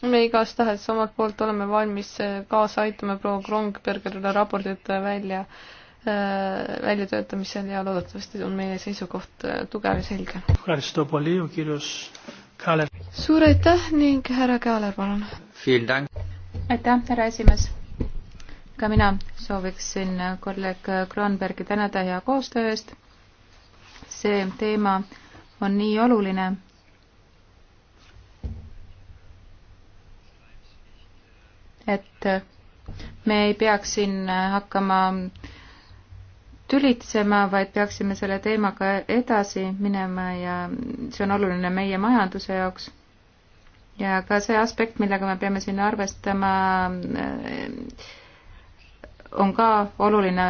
me igastahes omalt poolt oleme valmis kaasa aitama proua Krongbergerile raportit välja äh, Äh, väljatöötamisel ja loodetavasti on meie seisukoht äh, tugev ja selge. suur aitäh ning härra Kaaler, palun. aitäh, härra esimees. ka mina sooviksin kolleeg Kroonbergi tänada hea koostöö eest. see teema on nii oluline, et me ei peaks siin hakkama äh, tülitsema, vaid peaksime selle teemaga edasi minema ja see on oluline meie majanduse jaoks. ja ka see aspekt, millega me peame siin arvestama, äh, on ka oluline,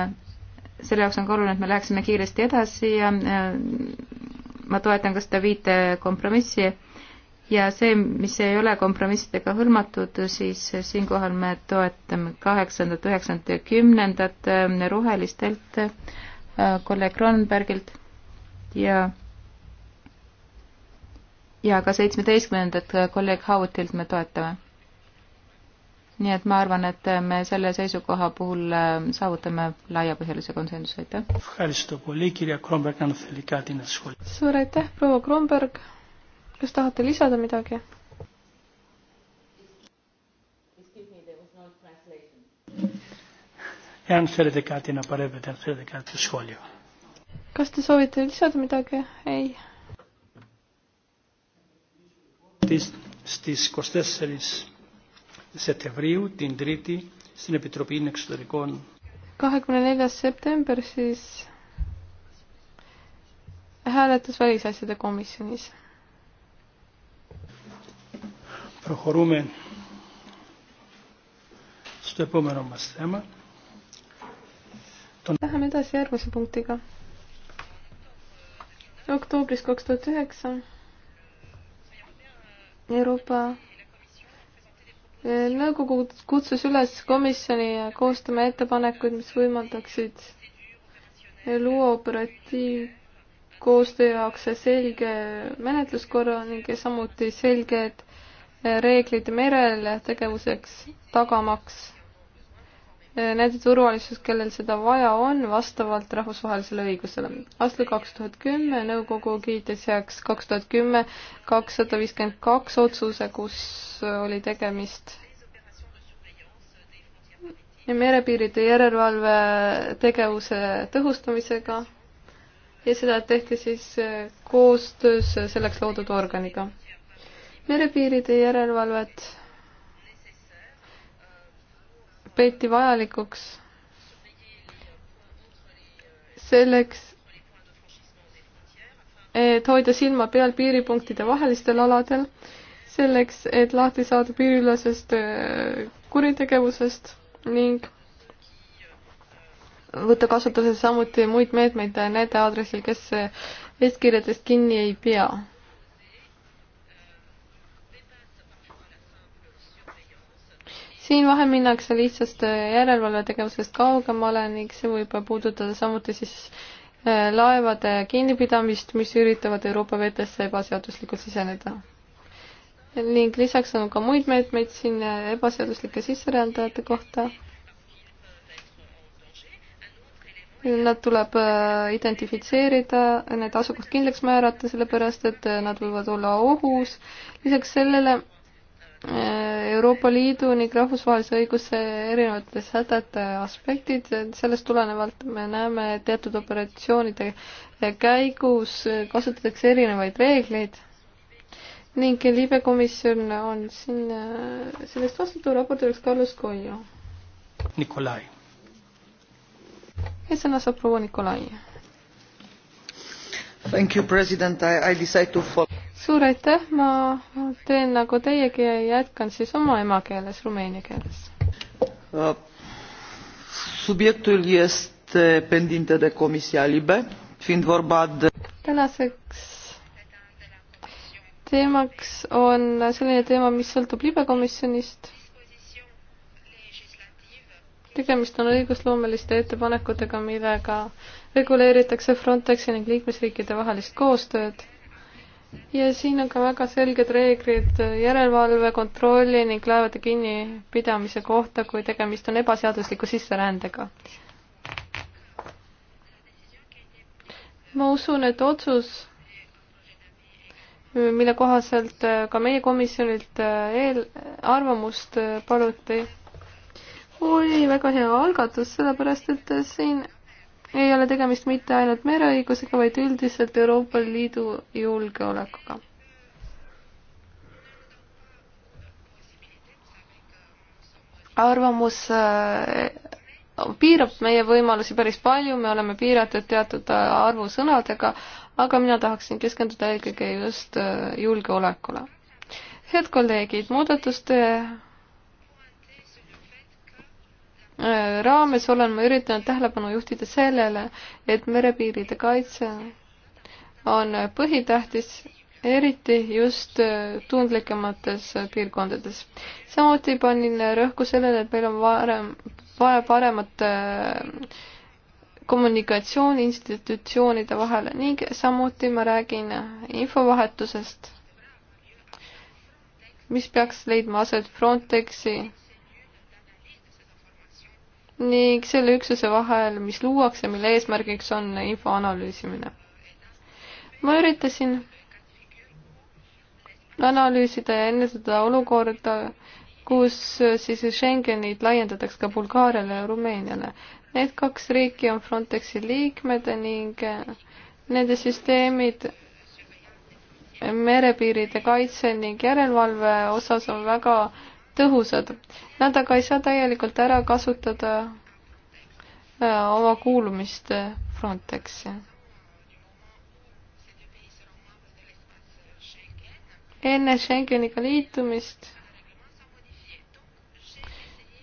selle jaoks on ka oluline, et me läheksime kiiresti edasi ja äh, ma toetan ka seda viite kompromissi ja see, mis ei ole kompromissidega hõlmatud, siis siinkohal me toetame kaheksandat, üheksandat ja kümnendat äh, rohelistelt äh, kolleeg Kronbergilt ja ja ka seitsmeteistkümnendat äh, kolleeg Hautilt me toetame. nii et ma arvan, et me selle seisukoha puhul saavutame laiapõhjalise konsensuse, aitäh. suur aitäh, proua Kronberg kas tahate lisada midagi? Εάν θέλετε κάτι να παρέμβετε, αν θέλετε κάτι σχόλιο. Kas te soovite lisada midagi? Ei. Στις 24 Σεπτεμβρίου, την Τρίτη, στην Επιτροπή Εξωτερικών. 24. September siis e hääletus välisasjade komisjonis Προχωρούμε στο επόμενο μας θέμα. Läheme edasi järgmise punktiga. oktoobris kaks tuhat üheksa Euroopa eh, nõukogu kutsus üles komisjoni eh, koostama ettepanekuid, mis võimaldaksid eh, luua operatiivkoostöö jaoks selge menetluskorra ning samuti selged reeglid merel tegevuseks tagamaks eh, nende turvalisus, kellel seda vaja on, vastavalt rahvusvahelisele õigusele. aastal kaks tuhat kümme nõukogu kiitis heaks kaks tuhat kümme kakssada viiskümmend kaks otsuse, kus oli tegemist merepiiride järelevalve tegevuse tõhustamisega ja seda tehti siis eh, koostöös selleks loodud organiga merepiiride järelevalvet peeti vajalikuks selleks, et hoida silma peal piiripunktide vahelistel aladel, selleks, et lahti saada piiriülesest äh, kuritegevusest ning võtta kasutusele samuti muid meetmeid nende aadressil, kes eeskirjadest kinni ei pea siin vahel minnakse lihtsast äh, järelevalvetegevusest kaugemale ning see võib puudutada samuti siis äh, laevade kinnipidamist, mis üritavad Euroopa vetesse ebaseaduslikult siseneda. ning lisaks on ka muid meetmeid siin äh, ebaseaduslike sisserändajate kohta. Nad tuleb identifitseerida, need asukoht kindlaks määrata, sellepärast et nad võivad olla ohus. lisaks sellele Euroopa Liidu ning rahvusvahelise õiguse erinevate sätete aspektid, sellest tulenevalt me näeme, et teatud operatsioonide käigus kasutatakse erinevaid reegleid ning libekomisjon on siin sellest vastutav raportööriks Carlos Coelho. Nikolai. ja sõna saab proua Nikolai. Thank you, president, I, I decide to follow suur aitäh, ma teen nagu teiegi ja jätkan siis oma emakeeles, rumeenia keeles. Subiectul este pendinte de Comisia Libe, fiind vorba de tänaseks teemaks on selline teema, mis sõltub libekomisjonist. tegemist on õigusloomeliste ettepanekutega, millega reguleeritakse Frontexi ning liikmesriikide vahelist koostööd ja siin on ka väga selged reeglid järelevalve, kontrolli ning laevade kinnipidamise kohta, kui tegemist on ebaseadusliku sisserändega. ma usun, et otsus, mille kohaselt ka meie komisjonilt eel, arvamust paluti, oli väga hea algatus, sellepärast et siin ei ole tegemist mitte ainult mereõigusega, vaid üldiselt Euroopa Liidu julgeolekuga. arvamus äh, piirab meie võimalusi päris palju, me oleme piiratud teatud arvu sõnadega, aga mina tahaksin keskenduda eelkõige just äh, julgeolekule. head kolleegid, muudatuste raames olen ma üritanud tähelepanu juhtida sellele, et merepiiride kaitse on põhitähtis, eriti just tundlikemates piirkondades. samuti panin rõhku sellele, et meil on varem, vaja paremat äh, kommunikatsiooni institutsioonide vahel ning samuti ma räägin infovahetusest, mis peaks leidma aset Frontexi ning selle üksuse vahel, mis luuakse, mille eesmärgiks on info analüüsimine. ma üritasin analüüsida ja ennetada olukorda, kus siis Schengenit laiendatakse ka Bulgaariale ja Rumeeniale. Need kaks riiki on Frontexi liikmed ning nende süsteemid merepiiride kaitse ning järelevalve osas on väga äh, tõhusad. Nad aga ei saa täielikult ära kasutada äh, oma kuulumist äh, Frontexi. enne Schengeniga liitumist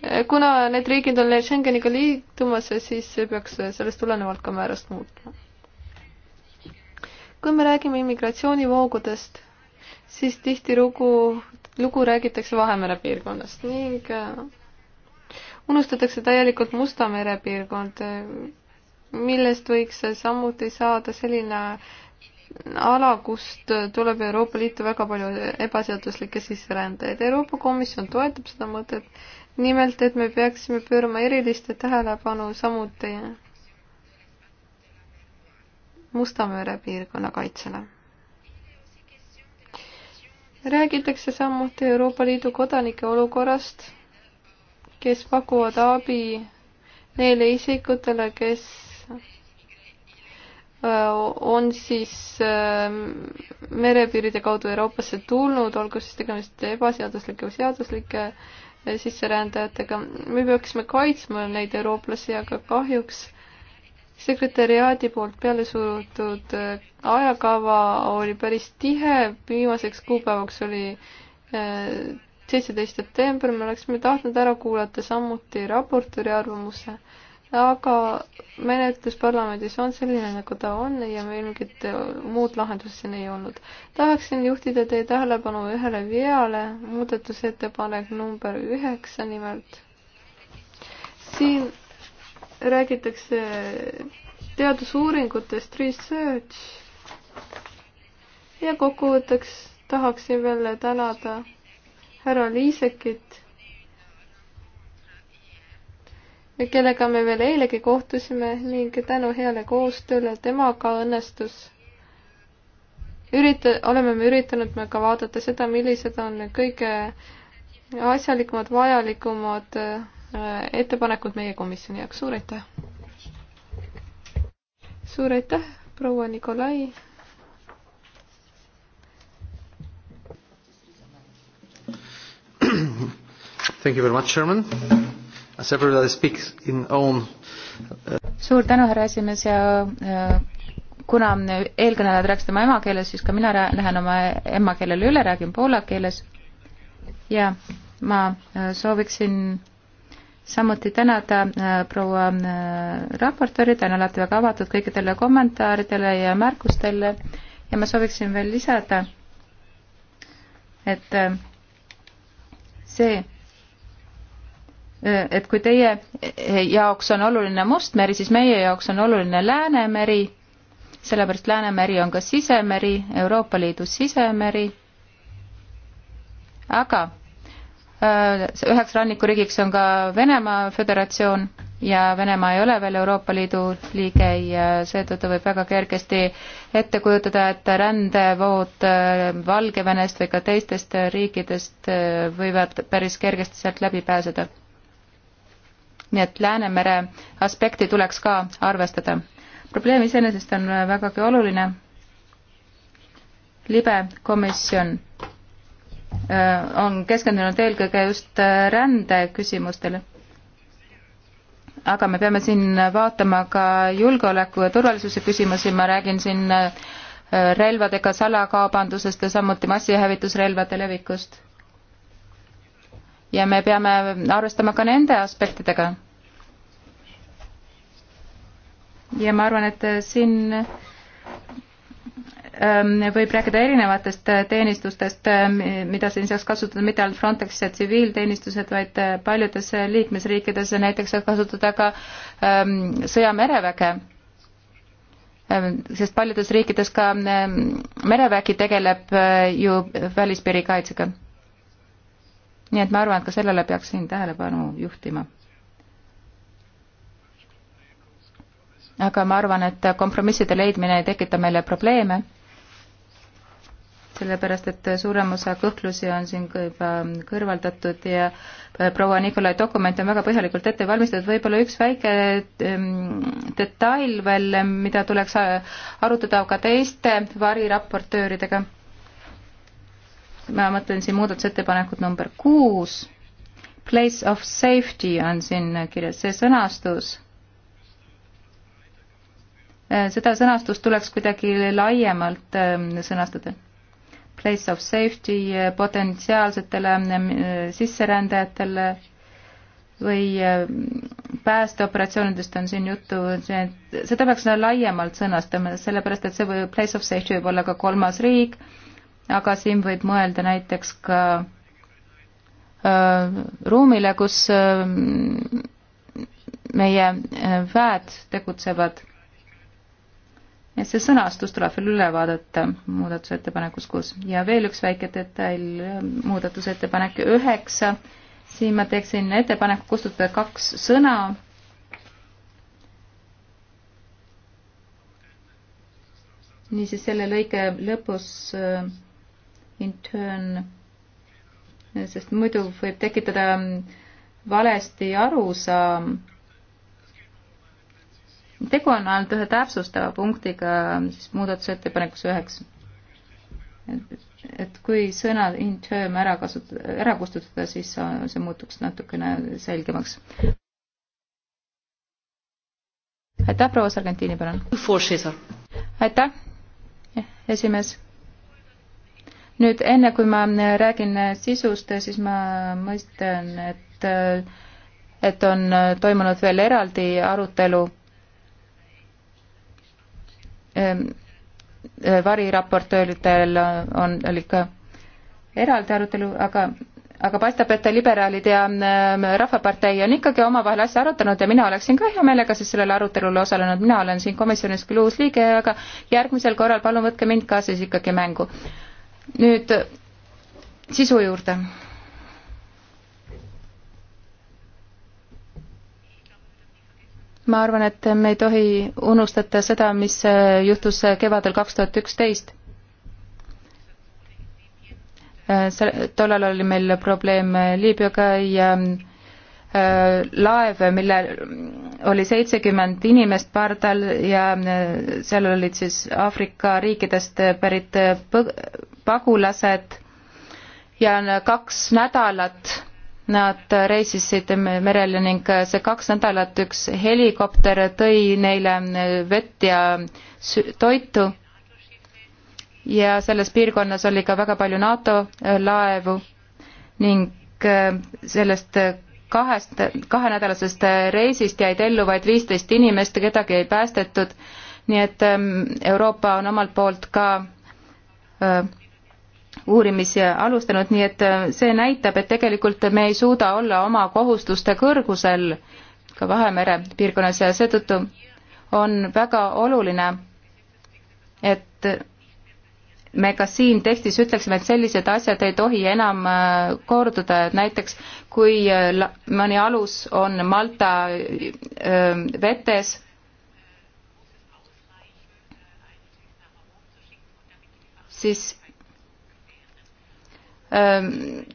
äh, kuna need riigid on Schengeniga liitumas, siis peaks sellest tulenevalt ka määrast muutma. kui me räägime immigratsioonivoogudest, siis tihtilugu lugu räägitakse Vahemere piirkonnast ning äh, unustatakse täielikult Musta mere piirkond, äh, millest võiks samuti saada selline ala, kust tuleb Euroopa Liitu väga palju ebaseaduslikke sisserändajaid. Euroopa Komisjon toetab seda mõtet, nimelt et me peaksime pöörama eriliste tähelepanu samuti Musta mere piirkonna kaitsele räägitakse samuti Euroopa Liidu kodanike olukorrast, kes pakuvad abi neile isikutele, kes äh, on siis äh, merepiiride kaudu Euroopasse tulnud, olgu siis tegemist ebaseaduslike või seaduslike äh, sisserändajatega. me peaksime kaitsma neid eurooplasi, aga kahjuks sekretäriaadi poolt peale surutud äh, ajakava oli päris tihe, viimaseks kuupäevaks oli äh, seitseteist september, me oleksime tahtnud ära kuulata samuti raportööri arvamuse, aga menetlus parlamendis on selline, nagu ta on ja meil mingit äh, muud lahendust siin ei olnud. tahaksin juhtida teie tähelepanu ühele veale, muudatusettepanek number üheksa nimelt. siin räägitakse teadusuuringutest, research ja kokkuvõtteks tahaksin veel tänada härra Liisekit, kellega me veel eilegi kohtusime ning tänu heale koostööle temaga õnnestus ürita-, oleme me üritanud me ka vaadata seda, millised on kõige asjalikumad, vajalikumad äh, Äh, ettepanekud meie komisjoni jaoks, suur aitäh! suur aitäh, proua Nikolai! Thank you very much, Chairman. As everybody speaks in own uh, suur tänu, härra esimees ja uh, kuna eelkõnelejad rääkisid oma emakeeles, siis ka mina lähen oma emakeelele üle, räägin poola keeles ja ma uh, sooviksin samuti tänada äh, proua äh, raportööri, ta on alati väga avatud kõikidele kommentaaridele ja märkustele ja ma sooviksin veel lisada, et äh, see, et kui teie jaoks on oluline Mustmeri, siis meie jaoks on oluline Läänemeri, sellepärast Läänemeri on ka sisemeri, Euroopa Liidu sisemeri, aga Äh, üheks rannikuriigiks on ka Venemaa Föderatsioon ja Venemaa ei ole veel Euroopa Liidu liige ja seetõttu võib väga kergesti ette kujutada, et rändevood äh, Valgevenest või ka teistest riikidest äh, võivad päris kergesti sealt läbi pääseda. nii et Läänemere aspekti tuleks ka arvestada. probleem iseenesest on vägagi oluline. libe komisjon Äh, on keskendunud eelkõige just äh, rändeküsimustele. aga me peame siin vaatama ka julgeoleku ja turvalisuse küsimusi, ma räägin siin äh, relvadega salakaubandusest ja samuti massihävitusrelvade levikust. ja me peame arvestama ka nende aspektidega. ja ma arvan, et siin Ähm, võib rääkida erinevatest äh, teenistustest, äh, mida siin saaks kasutada mitte ainult Frontex ja tsiviilteenistused, vaid äh, paljudes liikmesriikides näiteks saab kasutada ka ähm, sõjamereväge. Ähm, sest paljudes riikides ka merevägi tegeleb ju välispiiri kaitsega. nii et ma arvan, et ka sellele peaks siin tähelepanu juhtima aga ma arvan, et kompromisside leidmine ei tekita meile probleeme sellepärast et suurem osa kõhklusi on siin juba kõrvaldatud ja äh, proua Nikolai dokument on väga põhjalikult ette valmistatud, võib-olla üks väike ähm, detail veel, mida tuleks äh, arutada ka teiste variraportööridega. ma mõtlen siin muudatusettepanekut number kuus, place of safety on siin kirjas, see sõnastus äh, seda sõnastust tuleks kuidagi laiemalt ähm, sõnastada place of safety eh, potentsiaalsetele eh, eh, sisserändajatele või päästeoperatsioonidest on siin juttu, seda peaks laiemalt sõnastama, sellepärast et see või place of safety võib olla ka kolmas riik, aga siin võib mõelda näiteks ka äh, ruumile, kus äh, meie väed tegutsevad ja see sõnastus tuleb veel üle vaadata muudatusettepanekus kuus. ja veel üks väike detail, muudatusettepanek üheksa, siin ma teeksin ettepaneku kustutada kaks sõna. niisiis selle lõike lõpus äh, in turn, sest muidu võib tekitada valesti arusaam tegu on ainult ühe täpsustava punktiga siis muudatusettepanekus üheksa. et kui sõna in term ära kasutada, ära kustutada, siis see muutuks natukene selgemaks. aitäh, proua Sargentini, palun. aitäh, esimees. nüüd enne, kui ma räägin sisust, siis ma mõistan, et et on toimunud veel eraldi arutelu Ehm, eh, variraportööridel on, oli ka eraldi arutelu, aga aga paistab, et liberaalid ja ehm, Rahvapartei on ikkagi omavahel asja arutanud ja mina oleksin ka hea meelega siis sellele arutelule osalenud, mina olen siin komisjonis küll uus liige, aga järgmisel korral palun võtke mind ka siis ikkagi mängu. nüüd sisu juurde ma arvan, et me ei tohi unustada seda, mis äh, juhtus äh, kevadel kaks tuhat üksteist. Äh, tollal oli meil probleem Liibüaga ja laev, millel oli seitsekümmend inimest pardal ja seal olid siis Aafrika riikidest pärit pagulased ja kaks nädalat Nad reisisid merel ning see kaks nädalat üks helikopter tõi neile vett ja toitu ja selles piirkonnas oli ka väga palju NATO laevu ning äh, sellest kahest, kahenädalasest reisist jäid ellu vaid viisteist inimest, kedagi ei päästetud, nii et ähm, Euroopa on omalt poolt ka äh, uurimisi alustanud, nii et äh, see näitab, et tegelikult me ei suuda olla oma kohustuste kõrgusel ka Vahemere piirkonnas ja seetõttu on väga oluline, et me ka siin tekstis ütleksime, et sellised asjad ei tohi enam äh, korduda, et näiteks kui äh, mõni alus on Malta vetes, siis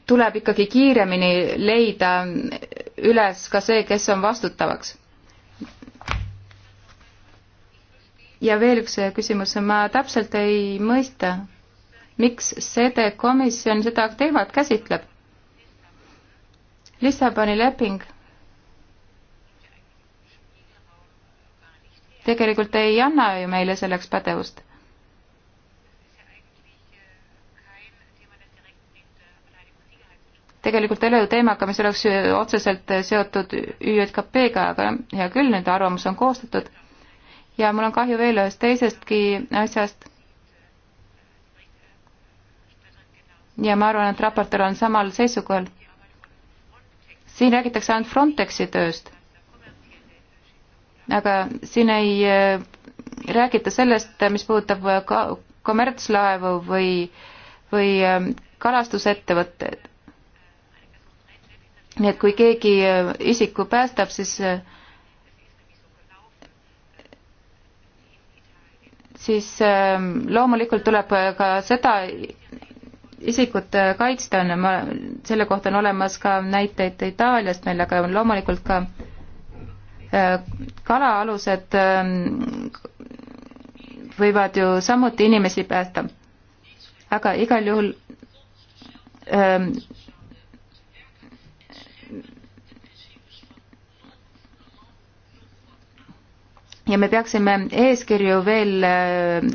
tuleb ikkagi kiiremini leida üles ka see, kes on vastutavaks. ja veel üks küsimus, ma täpselt ei mõista, miks sede komisjon seda teemat käsitleb? Lissaboni leping tegelikult ei anna ju meile selleks pädevust tegelikult ei ole ju teemaga, mis oleks otseselt seotud ÜJKP-ga, aga hea küll, nende arvamus on koostatud. ja mul on kahju veel ühest teisestki asjast. ja ma arvan, et raportöör on samal seisukohal. siin räägitakse ainult Frontexi tööst. aga siin ei äh, räägita sellest, mis puudutab äh, ka kommertslaevu või, või äh, kalastusettevõtteid nii et kui keegi äh, isiku päästab, siis äh, siis ähm, loomulikult tuleb äh, ka seda isikut kaitsta, ma, selle kohta on olemas ka näiteid Itaaliast meil, aga loomulikult ka kalaalused ähm, võivad ju samuti inimesi päästa. aga igal juhul ähm, ja me peaksime eeskirju veel äh,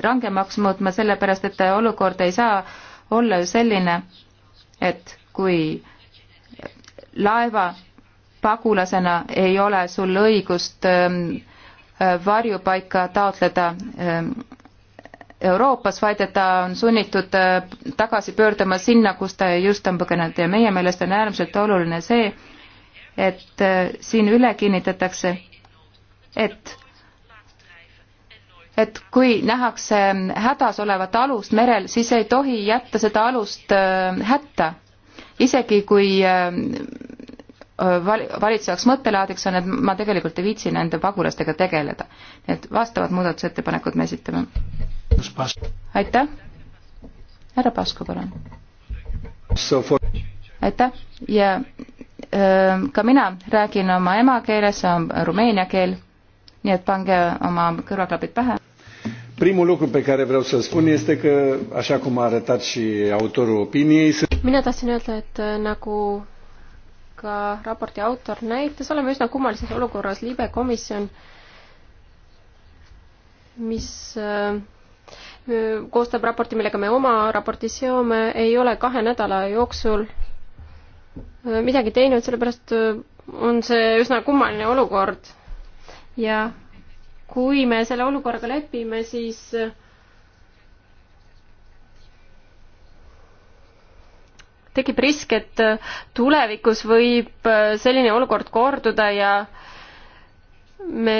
rangemaks muutma, sellepärast et olukord ei saa olla ju selline, et kui laeva pagulasena ei ole sul õigust ähm, äh, varjupaika taotleda ähm, Euroopas, vaid et ta on sunnitud äh, tagasi pöörduma sinna, kus ta just on põgenenud ja meie meelest on äärmiselt oluline see, et siin üle kinnitatakse, et et kui nähakse hädas olevat alust merel, siis ei tohi jätta seda alust äh, hätta. isegi kui äh, äh, val-, valitsevaks mõttelaadiks on, et ma tegelikult ei viitsi nende pagulastega tegeleda. et vastavad muudatusettepanekud me esitame. aitäh. härra Pasko, palun. aitäh ja öö, ka mina räägin oma emakeeles, see on rumeenia keel, nii et pange oma kõrvaklapid pähe. Primul lucru pe care vreau să-l spun este că, așa cum a arătat și autorul opiniei... Mina tahtsin öelda, et nagu ka raporti autor näitas, oleme üsna kummalises olukorras libe komisjon, mis koostab uh, raporti, millega me oma raporti seome, ei ole kahe nädala jooksul uh, midagi teinud, sellepärast on uh, see üsna kummaline olukord ja kui me selle olukorraga lepime, siis tekib risk, et tulevikus võib selline olukord korduda ja me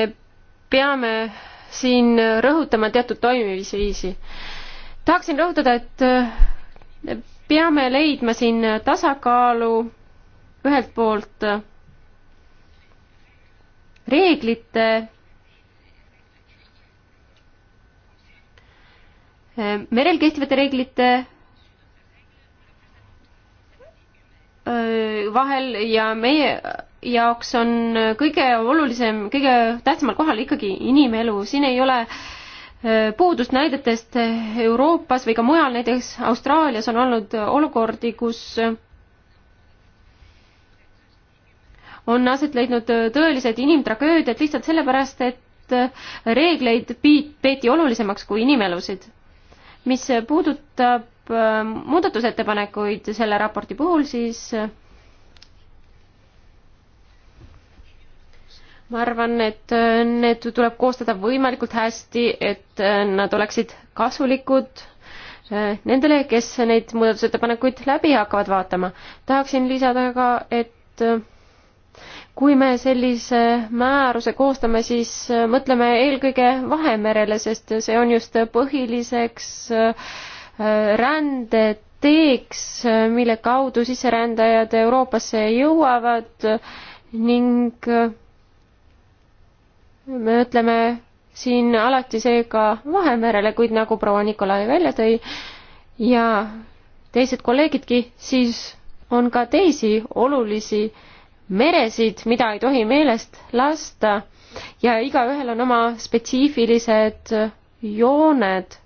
peame siin rõhutama teatud toimimisviisi. tahaksin rõhutada, et peame leidma siin tasakaalu ühelt poolt reeglite Äh, merel kehtivate reeglite äh, vahel ja meie jaoks on kõige olulisem, kõige tähtsamal kohal ikkagi inimelu, siin ei ole äh, puudust näidetest Euroopas või ka mujal, näiteks Austraalias on olnud olukordi, kus on aset leidnud tõelised inimtragöödiad lihtsalt sellepärast, et reegleid peeti olulisemaks kui inimelusid mis puudutab äh, muudatusettepanekuid selle raporti puhul, siis äh, ma arvan, et äh, need tuleb koostada võimalikult hästi, et nad oleksid kasulikud nendele, kes neid muudatusettepanekuid läbi hakkavad vaatama. tahaksin lisada ka, et kui me sellise määruse koostame, siis äh, mõtleme eelkõige Vahemerele, sest see on just põhiliseks äh, rändeteeks, äh, mille kaudu sisserändajad Euroopasse jõuavad ning me ütleme siin alati seega Vahemerele, kuid nagu proua Nikolai välja tõi ja teised kolleegidki, siis on ka teisi olulisi äh, meresid, mida ei tohi meelest lasta ja igaühel on oma spetsiifilised jooned.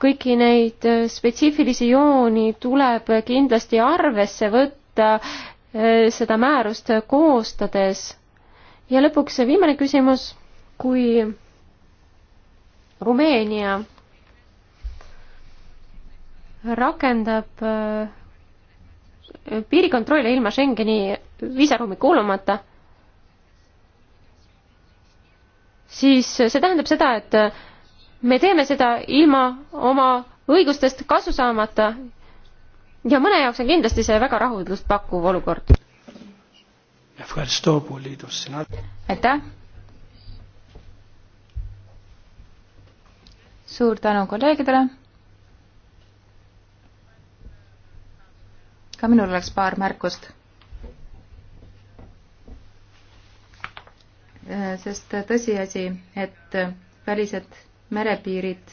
kõiki neid spetsiifilisi jooni tuleb kindlasti arvesse võtta eh, seda määrust koostades. ja lõpuks viimane küsimus, kui Rumeenia rakendab eh, piirikontrolle ilma Schengeni viisaruumi kuulumata, siis see tähendab seda, et me teeme seda ilma oma õigustest kasu saamata ja mõne jaoks on kindlasti see väga rahuldust pakkuv olukord. aitäh! suur tänu kolleegidele! ka minul oleks paar märkust. sest tõsiasi, et välised merepiirid,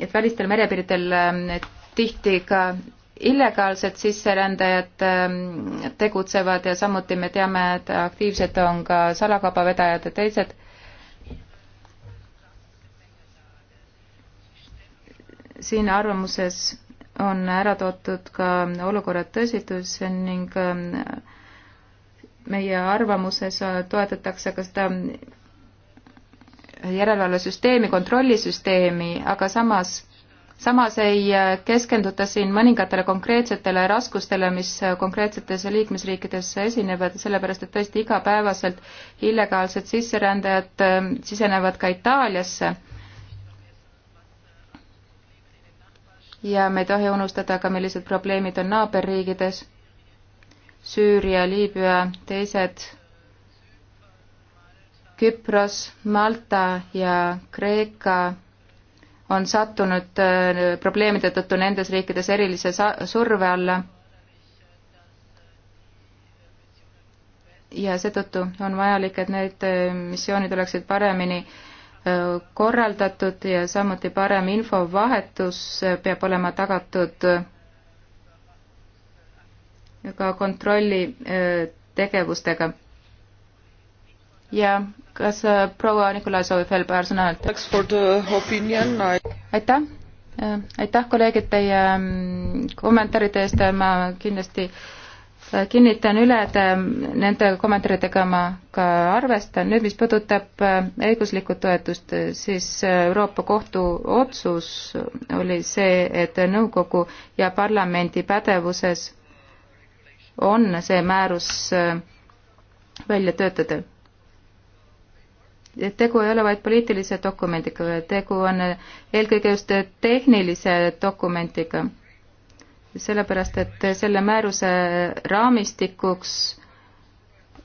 et välistel merepiiridel tihti ka illegaalsed sisserändajad ähm, tegutsevad ja samuti me teame, et aktiivsed on ka salakaubavedajad ja teised siin arvamuses on ära toodud ka olukorra tõsidus ning äh, meie arvamuses äh, toetatakse ka seda järelevalvesüsteemi, kontrollisüsteemi, aga samas, samas ei äh, keskenduta siin mõningatele konkreetsetele raskustele, mis konkreetsetes liikmesriikides esinevad, sellepärast et tõesti igapäevaselt illegaalsed sisserändajad sisenevad ka Itaaliasse ja me ei tohi unustada ka, millised probleemid on naaberriigides, Süüria, Liibüa, teised, Küpros, Malta ja Kreeka on sattunud äh, probleemide tõttu nendes riikides erilise surve alla ja seetõttu on vajalik, et need äh, missioonid oleksid paremini äh, korraldatud ja samuti parem infovahetus peab olema tagatud ka kontrolli tegevustega. ja kas proua Nikolai soovib veel paar sõna öelda? aitäh, aitäh kolleegid teie mm, kommentaaride eest, ma kindlasti äh, kinnitan üle, et äh, nende kommentaaridega ma ka arvestan. nüüd, mis puudutab äh, õiguslikku toetust, siis äh, Euroopa Kohtu otsus oli see, et nõukogu ja parlamendi pädevuses on see määrus välja töötada. et tegu ei ole vaid poliitilise dokumendiga, tegu on eelkõige just tehnilise dokumendiga sellepärast et selle määruse raamistikuks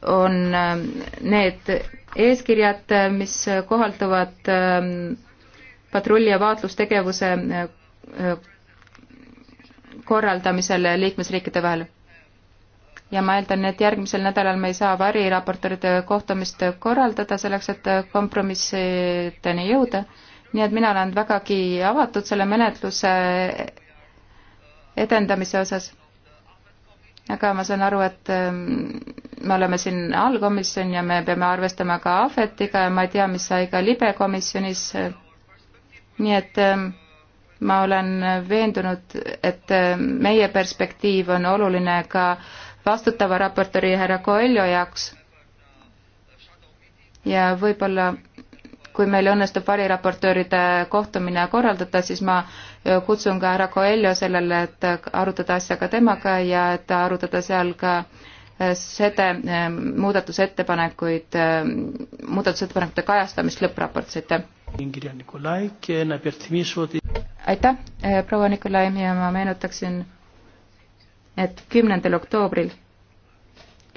on ähm, need eeskirjad, mis kohalduvad ähm, patrulli- ja vaatlustegevuse äh, äh, korraldamisel liikmesriikide vahel. ja ma eeldan, et järgmisel nädalal me ei saa variraportorite kohtumist korraldada selleks, et kompromissideni jõuda, nii et mina olen vägagi avatud selle menetluse edendamise osas. aga ma saan aru, et ähm, me oleme siin allkomisjon ja me peame arvestama ka Ahvetiga ja ma ei tea, mis sai ka libe komisjonis. nii et ähm, ma olen veendunud, et ähm, meie perspektiiv on oluline ka vastutava raportööri härra Coelho jaoks. ja võib-olla kui meil õnnestub variraportööride kohtumine korraldada, siis ma äh, kutsun ka härra Coelho sellele, et äh, arutada asja ka temaga ja et arutada seal ka äh, sede muudatusettepanekuid, muudatusettepanekute kajastamist lõppraportis, aitäh! aitäh, proua Nikolai ja ma meenutaksin, et kümnendal oktoobril,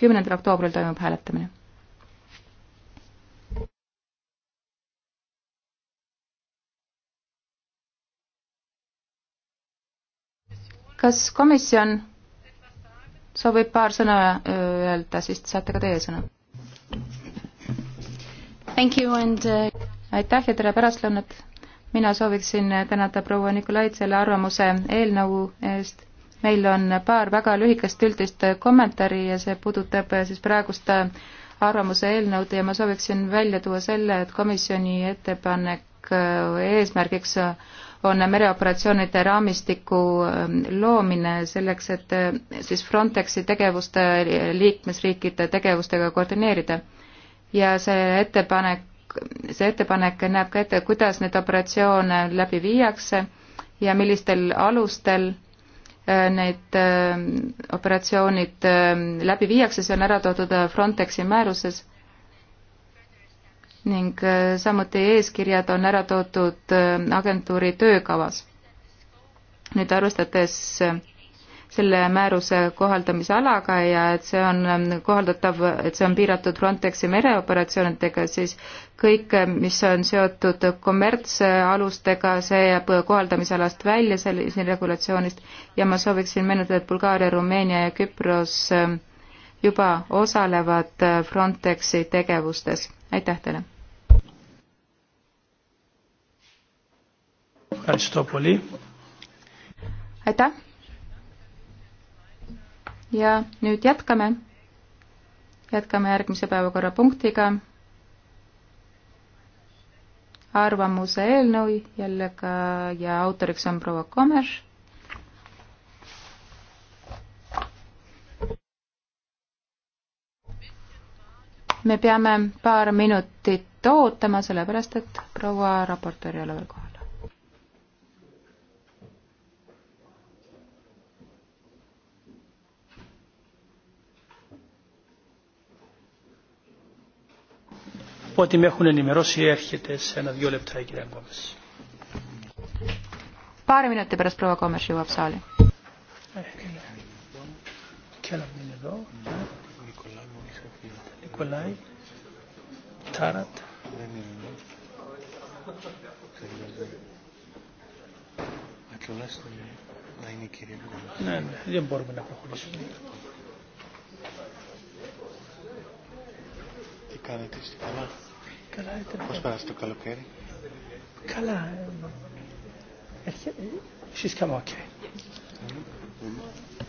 kümnendal oktoobril toimub hääletamine kas komisjon soovib paar sõna äh, öelda, siis saate ka teie sõna. And... Äh, aitäh ja tere pärastlõunat! mina sooviksin tänada proua Nikolait selle arvamuse eelnõu eest. meil on paar väga lühikest üldist kommentaari ja see puudutab äh, siis praegust arvamuse eelnõud ja ma sooviksin välja tuua selle, et komisjoni ettepanek eesmärgiks on mereoperatsioonide raamistiku ähm, loomine selleks, et äh, siis Frontexi tegevuste liikmesriikide tegevustega koordineerida. ja see ettepanek, see ettepanek näeb ka ette, kuidas neid operatsioone läbi viiakse ja millistel alustel äh, need äh, operatsioonid läbi viiakse, see on ära toodud Frontexi määruses ning äh, samuti eeskirjad on ära toodud äh, agentuuri töökavas. nüüd arvestades äh, selle määruse kohaldamise alaga ja et see on ähm, kohaldatav, et see on piiratud Frontexi mereoperatsioonidega, siis kõik, mis on seotud kommertsalustega, see jääb kohaldamisalast välja sellisest regulatsioonist ja ma sooviksin meenutada, et Bulgaaria, Rumeenia ja Küpros juba osalevad Frontexi tegevustes aitäh teile! aitäh! ja nüüd jätkame. jätkame järgmise päevakorrapunktiga. arvamuse eelnõu jälle ka ja autoriks on proua Komes me peame paar minutit ootama, sellepärast et proua raportöör ei ole veel kohal. Ό,τι με έχουν ενημερώσει έρχεται σε ένα-δύο λεπτά η κυρία Γκόμες. Πάρε μήνα την περασπρόβα Γκόμες, εγώ αψάλη. Και να μην εδώ. Ναι. Nikolai Tarat. Ναι, ναι, δεν μπορούμε να προχωρήσουμε. Τι κάνετε, είστε καλά. Καλά, ήταν. Πώς πέρασε το καλοκαίρι. Καλά. Έρχεται. She's come okay. Mm-hmm.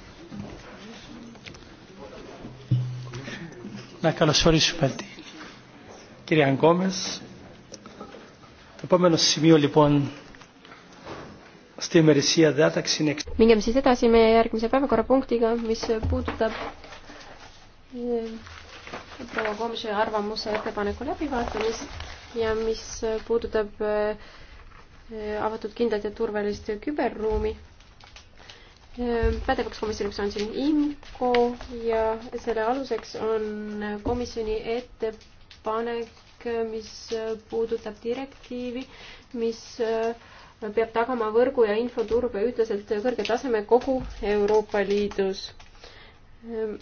να καλωσορίσουμε την κυρία Γκόμες. Το επόμενο σημείο λοιπόν στη ημερησία διάταξη είναι... Mingem siis edasi meie järgmise päevakorrapunktiga, mis puudutab eh, proua Komše arvamuse ettepaneku läbivaatamist ja mis puudutab eh, eh, avatud kindlat ja turvalist küberruumi Ehm, pädevaks komisjoniks on siin IMCO ja selle aluseks on komisjoni ettepanek, mis puudutab direktiivi, mis äh, peab tagama võrgu ja infoturbe ühtlaselt kõrge taseme kogu Euroopa Liidus. Ehm,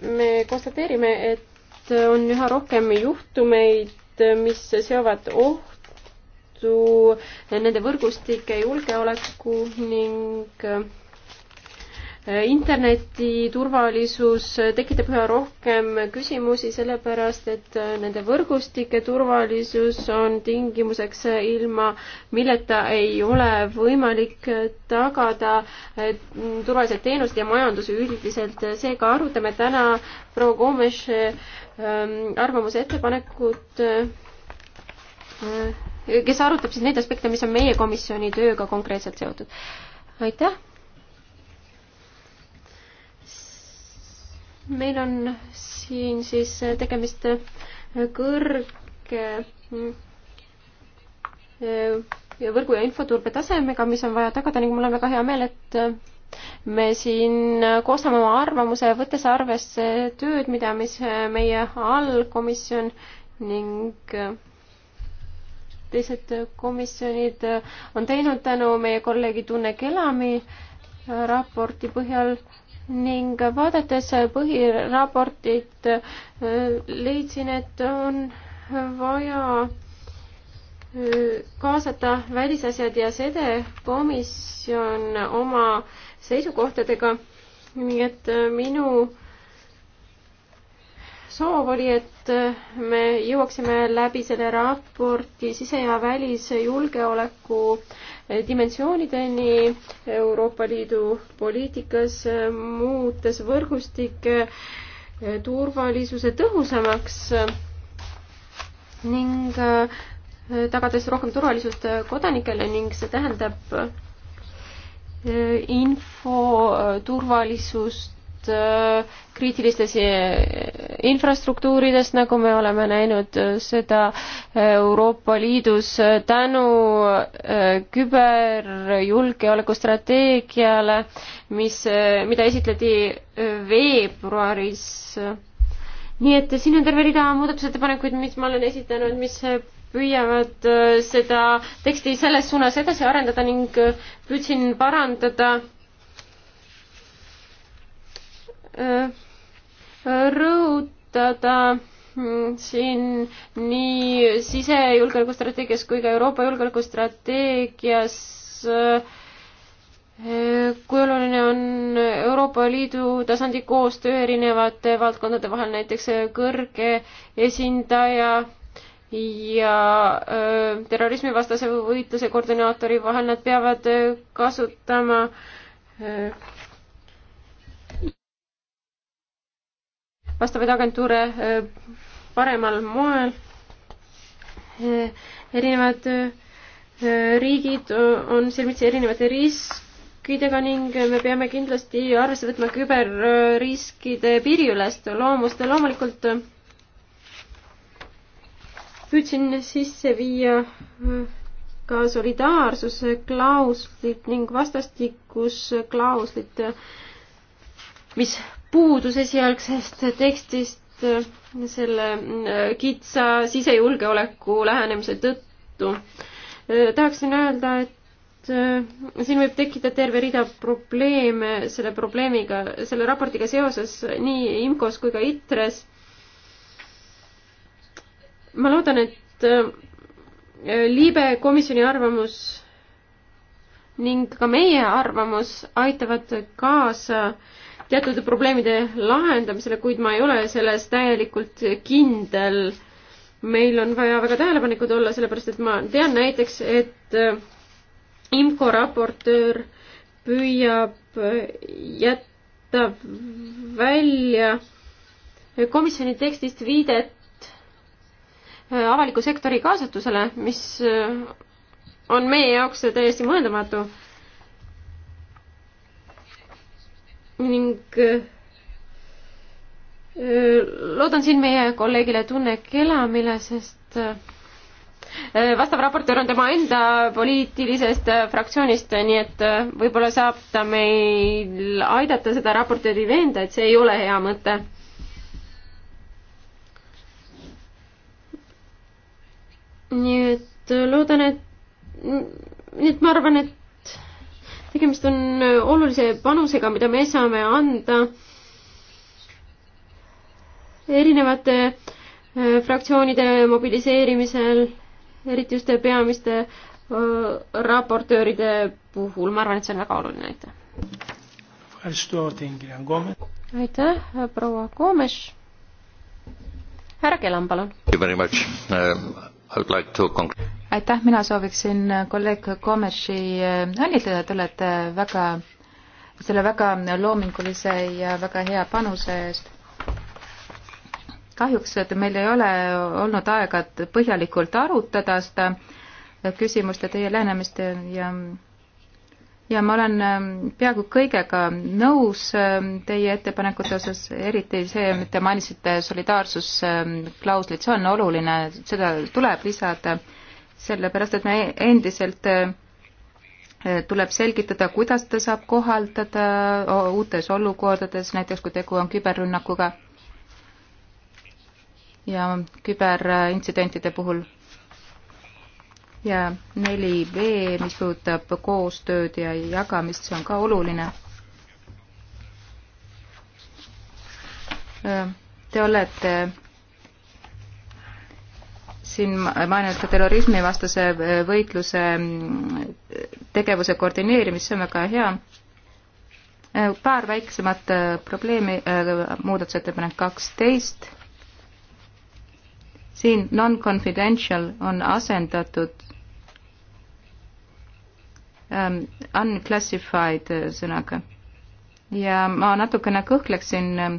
me konstateerime, et on üha rohkem juhtumeid, mis seovad ohtu nende võrgustike julgeoleku ning äh, Äh, interneti turvalisus äh, tekitab üha rohkem küsimusi, sellepärast et äh, nende võrgustike turvalisus on tingimuseks, ilma milleta ei ole võimalik tagada turvalised teenused ja majandus üldiselt. seega arutame täna proua Gomes ähm, arvamuse ettepanekut kes arutab siis neid aspekte, mis on meie komisjoni tööga konkreetselt seotud. aitäh meil on siin siis tegemist kõrge äh, võrgu- ja infoturbe tasemega, mis on vaja tagada ning mul on väga hea meel, et äh, me siin koostame oma arvamuse, võttes arvesse tööd, mida mis äh, meie allkomisjon ning teised komisjonid on teinud tänu meie kolleegi Tunne Kelami raporti põhjal ning vaadates põhiraportit, leidsin, et on vaja äh, kaasata välisasjad ja sede komisjon oma seisukohtadega. nii et äh, minu soov oli, et äh, me jõuaksime läbi selle raporti sise- ja välisjulgeoleku dimensioonideni Euroopa Liidu poliitikas, muutes võrgustike eh, turvalisuse tõhusamaks ning eh, tagades rohkem turvalisust kodanikele ning see tähendab eh, info turvalisust just äh, kriitilistes äh, infrastruktuurides, nagu me oleme näinud äh, seda Euroopa Liidus tänu küberjulgeoleku strateegiale, mis, mida esitleti veebruaris. nii et siin on terve rida muudatusettepanekuid, mis ma olen esitanud, mis püüavad seda teksti selles suunas edasi arendada ning püüdsin parandada Äh, äh, rõhutada mm, siin nii sisejulgeolekustrateegias kui ka Euroopa julgeolekustrateegias äh, kui oluline on Euroopa Liidu tasandi koostöö erinevate valdkondade vahel, näiteks kõrge esindaja ja terrorismivastase võitluse koordinaatori vahel, nad peavad kasutama öö, vastavaid agentuure äh, paremal moel. Äh, erinevad äh, riigid on silmitsi erinevate riskidega ning me peame kindlasti arvesse võtma küberriskide piiriülest loomust ja loomulikult püüdsin sisse viia ka solidaarsuse klauslit ning vastastikus klauslit, mis puudus esialgsest tekstist äh, selle äh, kitsa sisejulgeoleku lähenemise tõttu. Äh, tahaksin öelda, et siin võib tekkida terve rida probleeme selle probleemiga, selle raportiga seoses nii IMCO-s kui ka ITRES. ma loodan, et liibe komisjoni arvamus ning ka meie arvamus aitavad kaasa äh, teatud probleemide lahendamisele, kuid ma ei ole selles täielikult kindel. meil on vaja väga tähelepanelikud olla, sellepärast et ma tean näiteks, et äh, IMCO raportöör püüab äh, jätta välja komisjoni tekstist viidet äh, avaliku sektori kaasatusele, mis on meie jaoks täiesti mõeldamatu ning äh, äh, loodan siin meie kolleegile Tunne Kelamile, sest äh, vastav raportöör on tema enda poliitilisest fraktsioonist, nii et võib-olla saab ta meil aidata seda raportööri veenda, et see ei ole hea mõte. nii et loodan, et, nii et ma arvan, et tegemist on äh, olulise panusega, mida me saame anda erinevate äh, fraktsioonide mobiliseerimisel, eriti just peamiste äh, raportööride puhul, ma arvan, et see on väga oluline, aitäh. aitäh, proua Koomes. härra Kelam, palun aitäh, mina sooviksin kolleeg Komeši äh, õnnitleda, te olete väga, selle väga loomingulise ja väga hea panuse eest. kahjuks, et meil ei ole olnud aega põhjalikult arutada seda küsimust ja teie lähenemist ja ja ma olen äh, peaaegu kõigega nõus äh, teie ettepanekute osas, eriti see, mida mainisite, solidaarsusklauslit, see on oluline, seda tuleb lisada sellepärast et me endiselt äh, tuleb selgitada, kuidas ta saab kohaldada uutes olukordades, näiteks kui tegu on küberrünnakuga ja küberintsidentide puhul. ja neli B, mis puudutab koostööd ja jagamist, see on ka oluline. Äh, te olete tahaksin mainida terrorismivastase äh, võitluse mm, tegevuse koordineerimist, see on väga hea. Äh, paar väiksemat äh, probleemi, muudatusettepanek kaksteist. siin non-confidential on asendatud um, unclassified sõnaga ja ma natukene kõhkleksin ähm,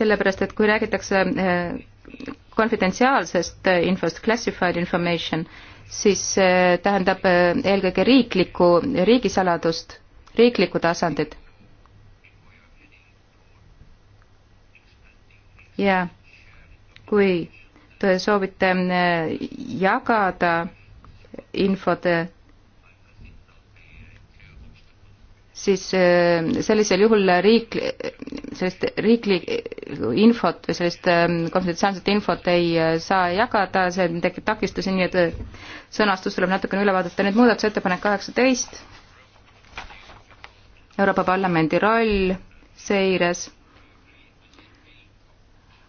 sellepärast et kui räägitakse eh, konfidentsiaalsest eh, infost, classified information, siis eh, tähendab eelkõige riiklikku, riigisaladust, riiklikku tasandit. ja kui te soovite jagada infot siis äh, sellisel juhul riik, sellist riikli infot või sellist ähm, konfidentsiaalset infot ei äh, saa jagada, see tekib takistusi, nii et äh, sõnastus tuleb natukene üle vaadata. nüüd muudatusettepanek kaheksateist, Euroopa Parlamendi roll seires.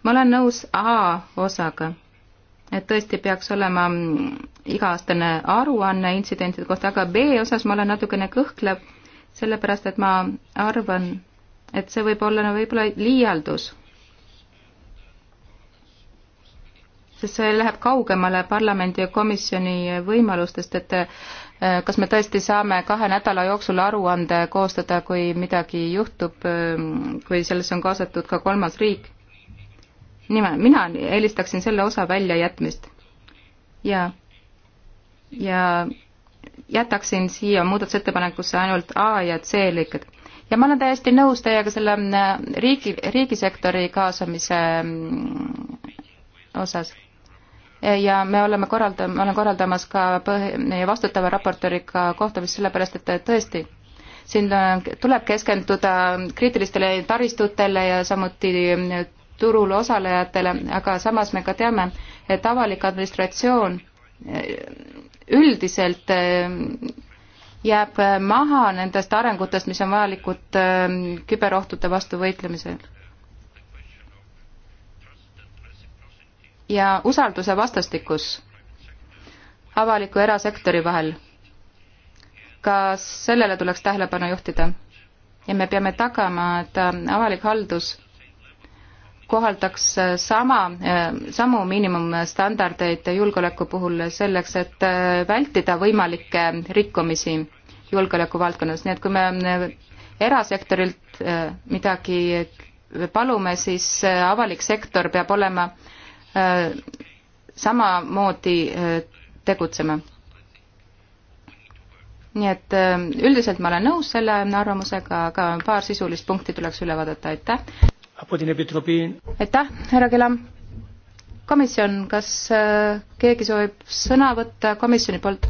ma olen nõus A-osaga, et tõesti peaks olema mm, iga-aastane aruanne intsidentide kohta, aga B osas ma olen natukene kõhklev sellepärast et ma arvan, et see võib olla no võib-olla liialdus. sest see läheb kaugemale parlamendi ja komisjoni võimalustest, et äh, kas me tõesti saame kahe nädala jooksul aruande koostada, kui midagi juhtub, ähm, kui sellesse on kaasatud ka kolmas riik? nime, mina eelistaksin selle osa väljajätmist. ja, ja jätaksin siia muudatusettepanekusse ainult A ja C lõiked. ja ma olen täiesti nõus teiega selle mm, riigi, riigisektori kaasamise mm, osas. ja me oleme korralda-, ma olen korraldamas ka põhi, meie vastutava raportööriga kohtumist, sellepärast et tõesti, siin äh, tuleb keskenduda kriitilistele taristutele ja samuti mm, turul osalejatele, aga samas me ka teame, et avalik administratsioon üldiselt ähm, jääb äh, maha nendest arengutest, mis on vajalikud ähm, küberohtude vastu võitlemisel. ja usalduse vastastikus avaliku ja erasektori vahel. ka sellele tuleks tähelepanu juhtida. ja me peame tagama, et ähm, avalik haldus kohaldaks äh, sama, äh, samu miinimumstandardeid julgeoleku puhul selleks, et äh, vältida võimalikke rikkumisi julgeoleku valdkonnas, nii et kui me erasektorilt midagi palume, siis avalik sektor peab olema samamoodi tegutsema. nii et üldiselt ma olen nõus selle arvamusega, aga paar sisulist punkti tuleks üle vaadata, aitäh aitäh, härra Kelam. komisjon, kas äh, keegi soovib sõna võtta komisjoni poolt?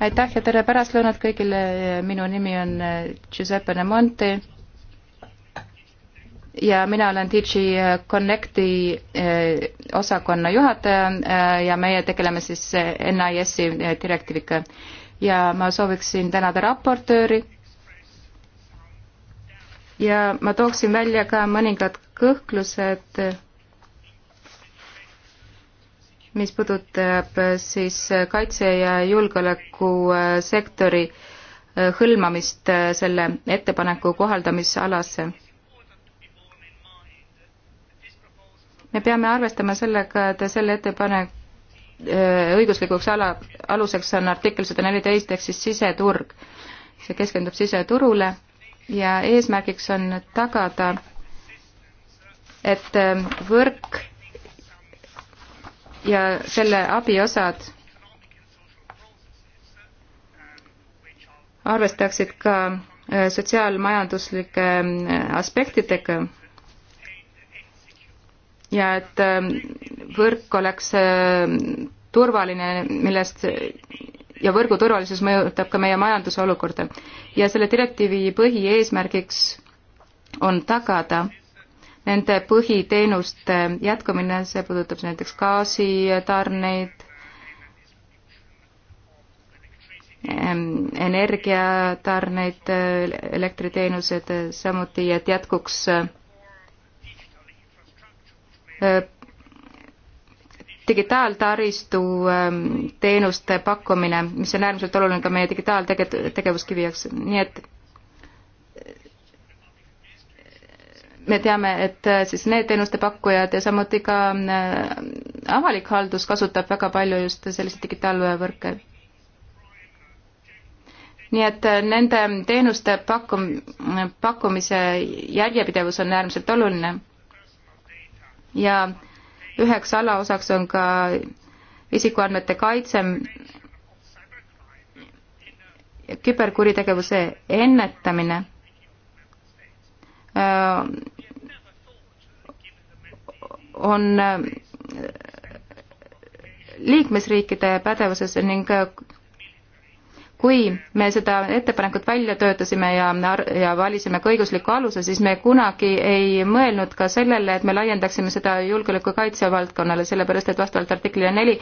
aitäh ja tere pärastlõunat kõigile, minu nimi on äh, Giuseppe Nemonti ja mina olen DG äh, Connecti osakonna juhataja ja meie tegeleme siis NIS-i direktiiviga. ja ma sooviksin tänada raportööri ja ma tooksin välja ka mõningad kõhklused, mis puudutab siis kaitse- ja julgeolekusektori äh, hõlmamist äh, selle ettepaneku kohaldamisalasse. me peame arvestama sellega, et selle ettepaneku äh, õiguslikuks ala, aluseks on artikkel sada neliteist ehk siis siseturg. see keskendub siseturule ja eesmärgiks on tagada, et ähm, võrk ja selle abiosad arvestaksid ka äh, sotsiaalmajanduslike ähm, aspektidega ja et ähm, võrk oleks äh, turvaline, millest ja võrgu turvalisus mõjutab ka meie majanduse olukorda. ja selle direktiivi põhieesmärgiks on tagada nende põhiteenuste jätkumine, see puudutab näiteks gaasitarneid, ehm, energiatarneid, elektriteenused samuti, et jätkuks ehm, digitaaltaristu ähm, teenuste pakkumine, mis on äärmiselt oluline ka meie digitaaltege-, tegevuskivi jaoks, nii et äh, me teame, et äh, siis need teenuste pakkujad ja samuti ka äh, avalik haldus kasutab väga palju just selliseid digitaalvõrke. nii et nende teenuste pakkum-, pakkumise järjepidevus on äärmiselt oluline ja üheks alaosaks on ka isikuandmete kaitse, küberkuritegevuse ennetamine äh, on äh, liikmesriikide pädevuses ning äh, kui me seda ettepanekut välja töötasime ja, ja valisime ka õigusliku aluse, siis me kunagi ei mõelnud ka sellele, et me laiendaksime seda julgeoleku kaitse valdkonnale, sellepärast et vastavalt artiklile neli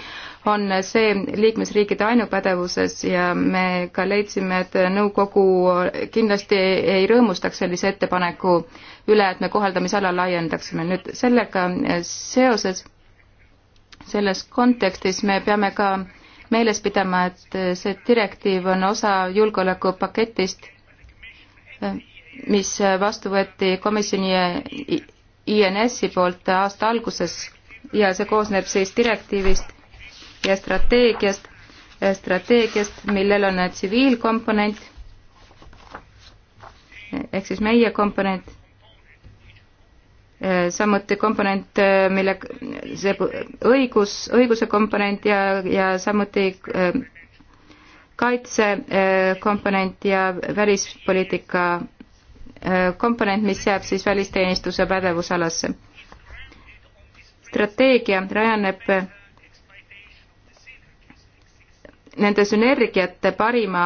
on see liikmesriikide ainupädevuses ja me ka leidsime, et nõukogu kindlasti ei rõõmustaks sellise ettepaneku üle, et me kohaldamisala laiendaksime. nüüd sellega seoses, selles kontekstis me peame ka meeles pidama, et see direktiiv on osa julgeolekupaketist, mis vastu võeti komisjoni INS-i poolt aasta alguses ja see koosneb siis direktiivist ja strateegiast, strateegiast, millel on tsiviilkomponent ehk siis meie komponent samuti komponent, äh, mille, see õigus, õiguse komponent ja, ja samuti äh, kaitsekomponent äh, ja välispoliitika komponent, mis jääb siis välisteenistuse pädevusalasse. strateegia rajaneb nende sünergiate parima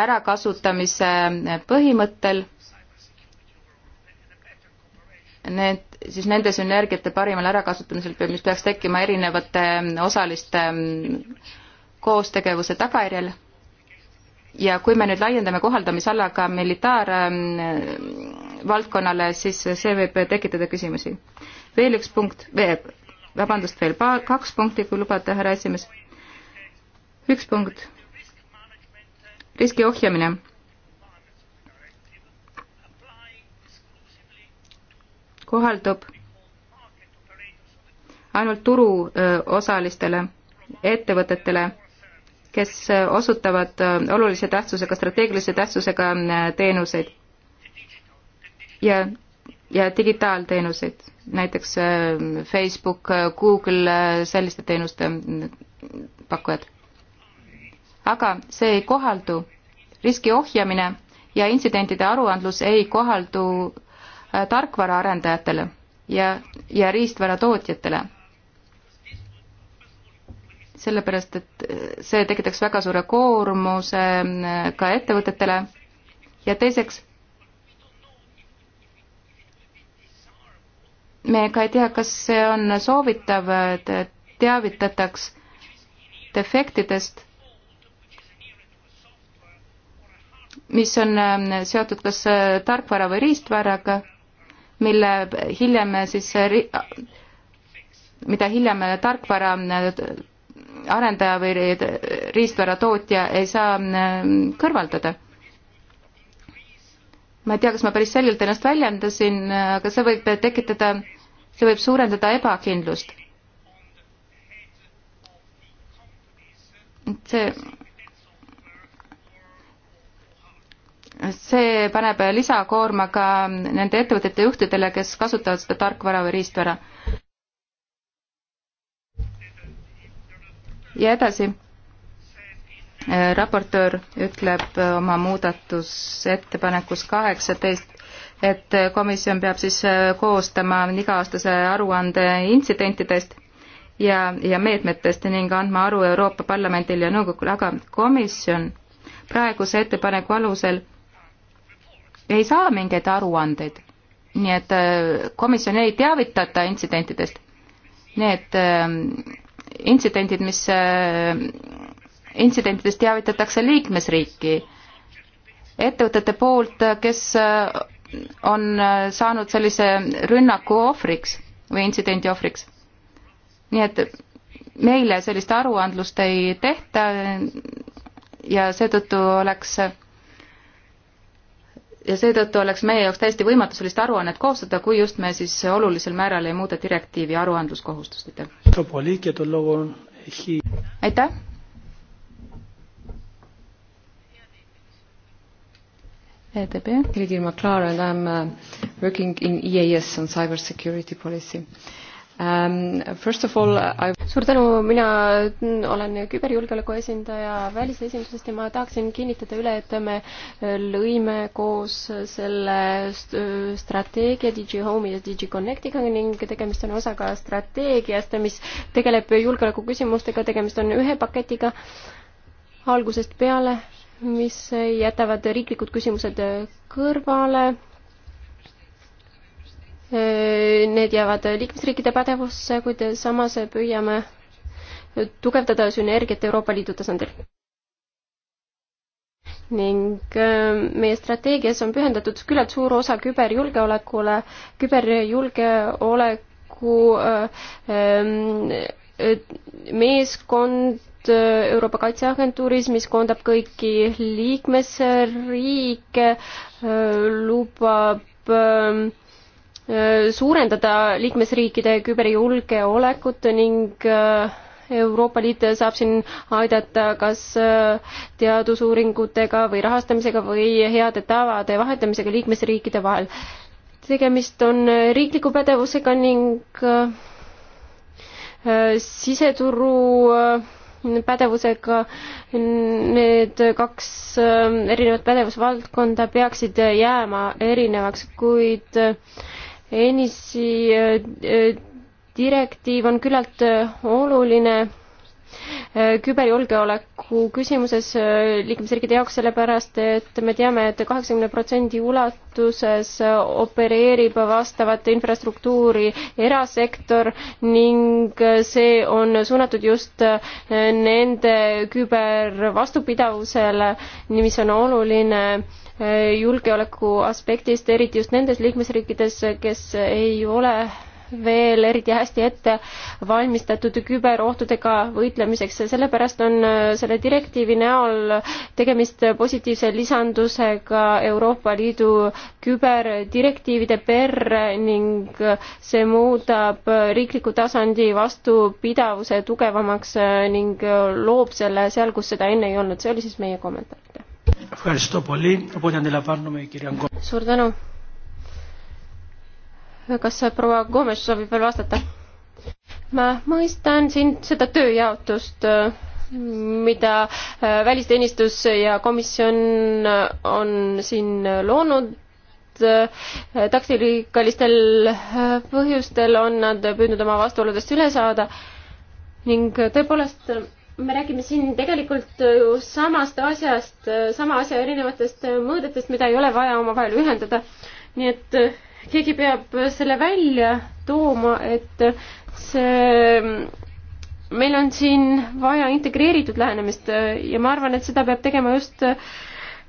ärakasutamise põhimõttel need, siis nende sünergiate parimal ärakasutamisel, mis peaks tekkima erinevate mm, osaliste mm, koostegevuse tagajärjel. ja kui me nüüd laiendame kohaldamisala ka militaarvaldkonnale, mm, siis see võib tekitada küsimusi. veel üks punkt, vabandust, veel paar, kaks punkti, kui lubate, härra esimees. üks punkt, riski ohjamine kohaldub ainult turuosalistele, ettevõtetele, kes osutavad olulise tähtsusega, strateegilise tähtsusega teenuseid ja, ja digitaalteenuseid, näiteks Facebook, Google, selliste teenuste pakkujad. aga see ei kohaldu, riski ohjamine ja intsidentide aruandlus ei kohaldu Äh, tarkvaraarendajatele ja, ja riistvara tootjatele. sellepärast, et äh, see tekitaks väga suure koormuse äh, ka ettevõtetele ja teiseks, me ka ei tea, kas see on soovitav, et teavitataks defektidest, mis on seotud kas tarkvara või riistvaraga mille hiljem siis, mida hiljem tarkvara arendaja või riistvara tootja ei saa kõrvaldada. ma ei tea, kas ma päris selgelt ennast väljendasin, aga see võib tekitada, see võib suurendada ebakindlust. et see see paneb lisakoorma ka nende ettevõtete juhtidele, kes kasutavad seda tarkvara või riistvara. ja edasi, raportöör ütleb oma muudatusettepanekus kaheksateist, et komisjon peab siis koostama iga-aastase aruande intsidentidest ja, ja meetmetest ning andma aru Euroopa Parlamendile ja nõukogule, aga komisjon praeguse ettepaneku alusel ei saa mingeid aruandeid. nii et äh, komisjoni ei teavitata intsidentidest. Need ähm, intsidentid, mis, äh, intsidentidest teavitatakse liikmesriiki ettevõtete poolt, äh, kes on saanud sellise rünnaku ohvriks või intsidendi ohvriks. nii et meile sellist aruandlust ei tehta ja seetõttu oleks ja seetõttu oleks meie jaoks täiesti võimatu sellist aruannet koostada, kui just me siis olulisel määral ei muuda direktiivi aruandluskohustust, aitäh. aitäh. EDB. Liidil McLaren, I am uh, working in EAS on cyber security policy uh, Um, first of all I suur tänu, mina olen küberjulgeoleku esindaja välisesindusest ja ma tahaksin kinnitada üle, et me lõime koos selle strateegia DigiHome'i ja DigiConnectiga ning tegemist on osaga strateegiast, mis tegeleb julgeoleku küsimustega, tegemist on ühe paketiga algusest peale, mis jätavad riiklikud küsimused kõrvale Äh, need jäävad liikmesriikide pädevusse, kuid samas püüame tugevdada sünergiat Euroopa Liidu tasandil. ning äh, meie strateegias on pühendatud küllalt suur osa küberjulgeolekule, küberjulgeoleku äh, ähm, meeskond Euroopa Kaitseagentuuris, mis koondab kõiki liikmesriike, lubab ähm, Äh, suurendada liikmesriikide küberjulgeolekut ning äh, Euroopa Liit saab siin aidata kas äh, teadusuuringutega või rahastamisega või heade tavade vahetamisega liikmesriikide vahel. tegemist on riikliku pädevusega ning siseturu pädevusega need kaks erinevat pädevusvaldkonda peaksid jääma erinevaks, kuid ENIS-i eh, eh, direktiiv on küllalt eh, oluline küberjulgeoleku küsimuses liikmesriikide jaoks, sellepärast et me teame et, et kaheksakümne protsendi ulatuses opereerib vastavat infrastruktuuri erasektor ning see on suunatud just nende kübervastupidavusele, mis on oluline Eh, julgeoleku aspektist, eriti just nendes liikmesriikides, kes ei ole veel eriti hästi ette valmistatud küberohtudega võitlemiseks. sellepärast on eh, selle direktiivi näol tegemist positiivse lisandusega Euroopa Liidu küberdirektiivide perre ning see muudab riikliku tasandi vastupidavuse tugevamaks ning loob selle seal, kus seda enne ei olnud. see oli siis meie kommentaar suur tänu. kas proua Gomes soovib veel vastata? ma mõistan siin seda tööjaotust, mida äh, välisteenistus ja komisjon äh, on siin loonud äh, taktikalistel põhjustel on nad püüdnud oma vastuoludest üle saada ning tõepoolest me räägime siin tegelikult ju samast asjast, sama asja erinevatest mõõdetest, mida ei ole vaja omavahel ühendada. nii et eh, keegi peab selle välja tooma, et see, meil on siin vaja integreeritud lähenemist eh, ja ma arvan, et seda peab tegema just eh,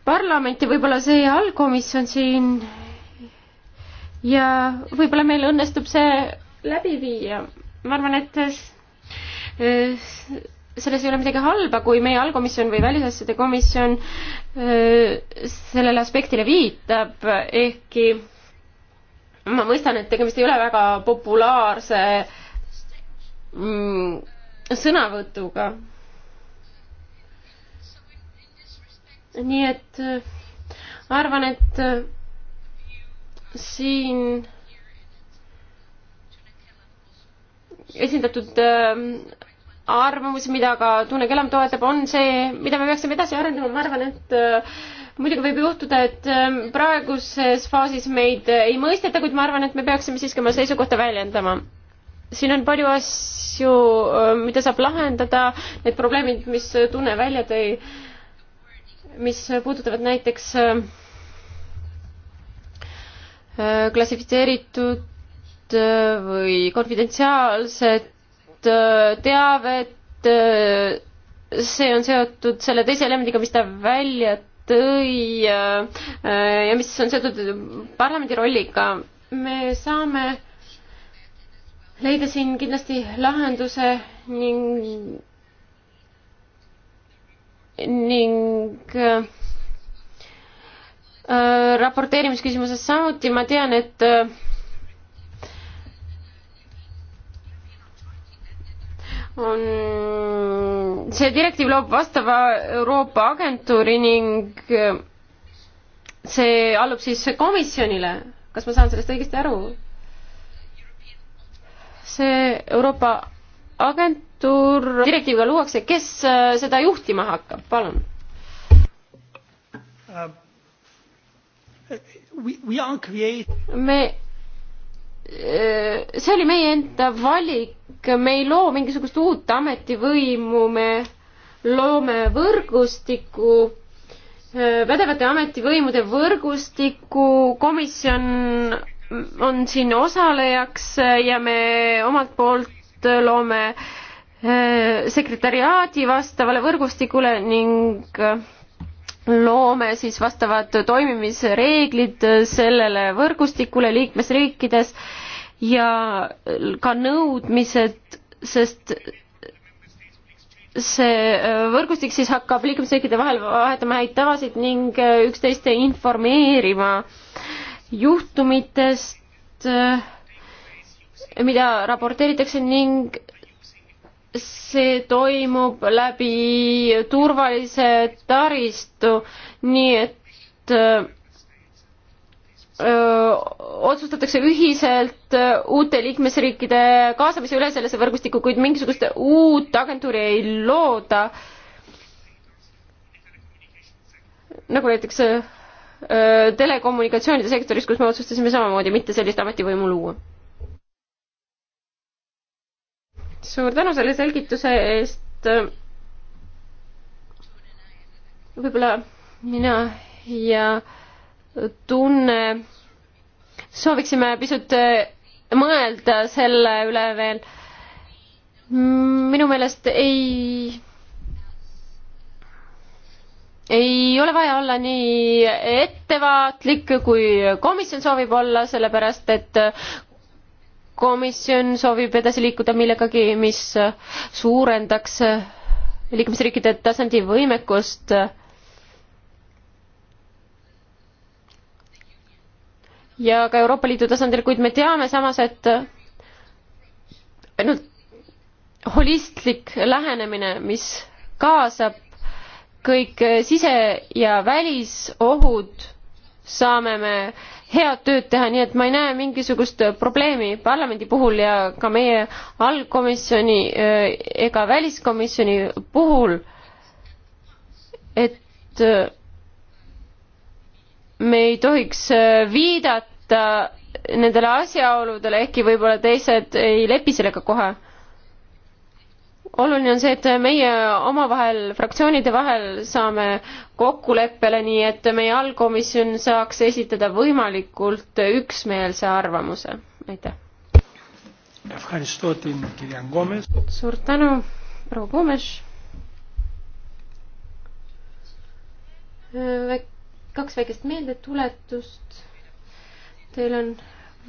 parlament ja võib-olla see allkomisjon siin. ja võib-olla meil õnnestub see läbi viia. ma arvan, et selles ei ole midagi halba, kui meie allkomisjon või välisasjade komisjon sellele aspektile viitab, ehkki ma mõistan, et tegemist ei ole väga populaarse mm, sõnavõtuga. nii et arvan, et siin esindatud arvamusi, mida ka Tunne Kelam toetab, on see, mida me peaksime edasi arendama, ma arvan, et äh, muidugi võib juhtuda, et ähm, praeguses faasis meid ei mõisteta, kuid ma arvan, et me peaksime siiski oma seisukohta väljendama. siin on palju asju, äh, mida saab lahendada, need probleemid, mis Tunne välja tõi, mis puudutavad näiteks äh, klassifitseeritud või konfidentsiaalset Äh, teavet, äh, see on seotud selle teise elemendiga, mis ta välja tõi äh, ja mis on seotud parlamendi rolliga. me saame leida siin kindlasti lahenduse ning, ning äh, raporteerimisküsimuses samuti ma tean, et äh, on, see direktiiv loob vastava Euroopa agentuuri ning äh, see allub siis komisjonile. kas ma saan sellest õigesti aru? see Euroopa agentuur direktiiviga luuakse, kes äh, seda juhtima hakkab, palun uh,? me Äh, see oli meie enda valik, me ei loo mingisugust uut ametivõimu, me loome võrgustiku, äh, pädevate ametivõimude võrgustiku, komisjon on siin osalejaks äh, ja me omalt poolt loome sekretäriaadi vastavale võrgustikule ning loome siis vastavad toimimisreeglid sellele võrgustikule liikmesriikides ja ka nõudmised, sest see võrgustik siis hakkab liikmesriikide vahel vahetama häid tavasid ning üksteist informeerima juhtumitest, mida raporteeritakse ning see toimub läbi turvalise taristu, nii et öö, otsustatakse ühiselt uute liikmesriikide kaasamise üle sellesse võrgustikku, kuid mingisugust uut agentuuri ei looda. nagu näiteks öö, telekommunikatsioonide sektoris, kus me otsustasime samamoodi mitte sellist ametivõimu luua suur tänu selle selgituse eest. võib-olla mina ja tunne sooviksime pisut äh, mõelda selle üle veel. minu meelest ei ei ole vaja olla nii ettevaatlik, kui komisjon soovib olla, sellepärast et komisjon soovib edasi liikuda millegagi, mis suurendaks liikmesriikide tasandi võimekust ja ka Euroopa Liidu tasandil, kuid me teame samas, et ainult holistlik lähenemine, mis kaasab kõik sise- ja välisohud, saame me head tööd teha, nii et ma ei näe mingisugust probleemi parlamendi puhul ja ka meie allkomisjoni eh, ega väliskomisjoni puhul, et eh, me ei tohiks eh, viidata nendele asjaoludele, ehkki võib-olla teised ei lepi sellega kohe. oluline on see, et meie omavahel, fraktsioonide vahel saame kokkuleppele, nii et meie allkomisjon saaks esitada võimalikult üksmeelse arvamuse. aitäh. suur tänu, proua Gomes. kaks väikest meeldetuletust. Teil on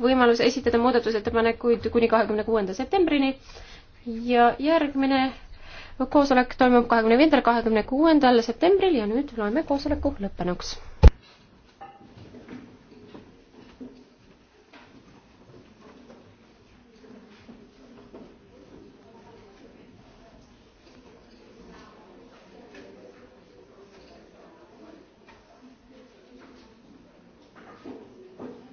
võimalus esitada muudatusettepanekuid kuni kahekümne kuuenda septembrini ja järgmine koosolek toimub kahekümne viiendal, kahekümne kuuendal septembril ja nüüd loeme koosoleku lõppenuks.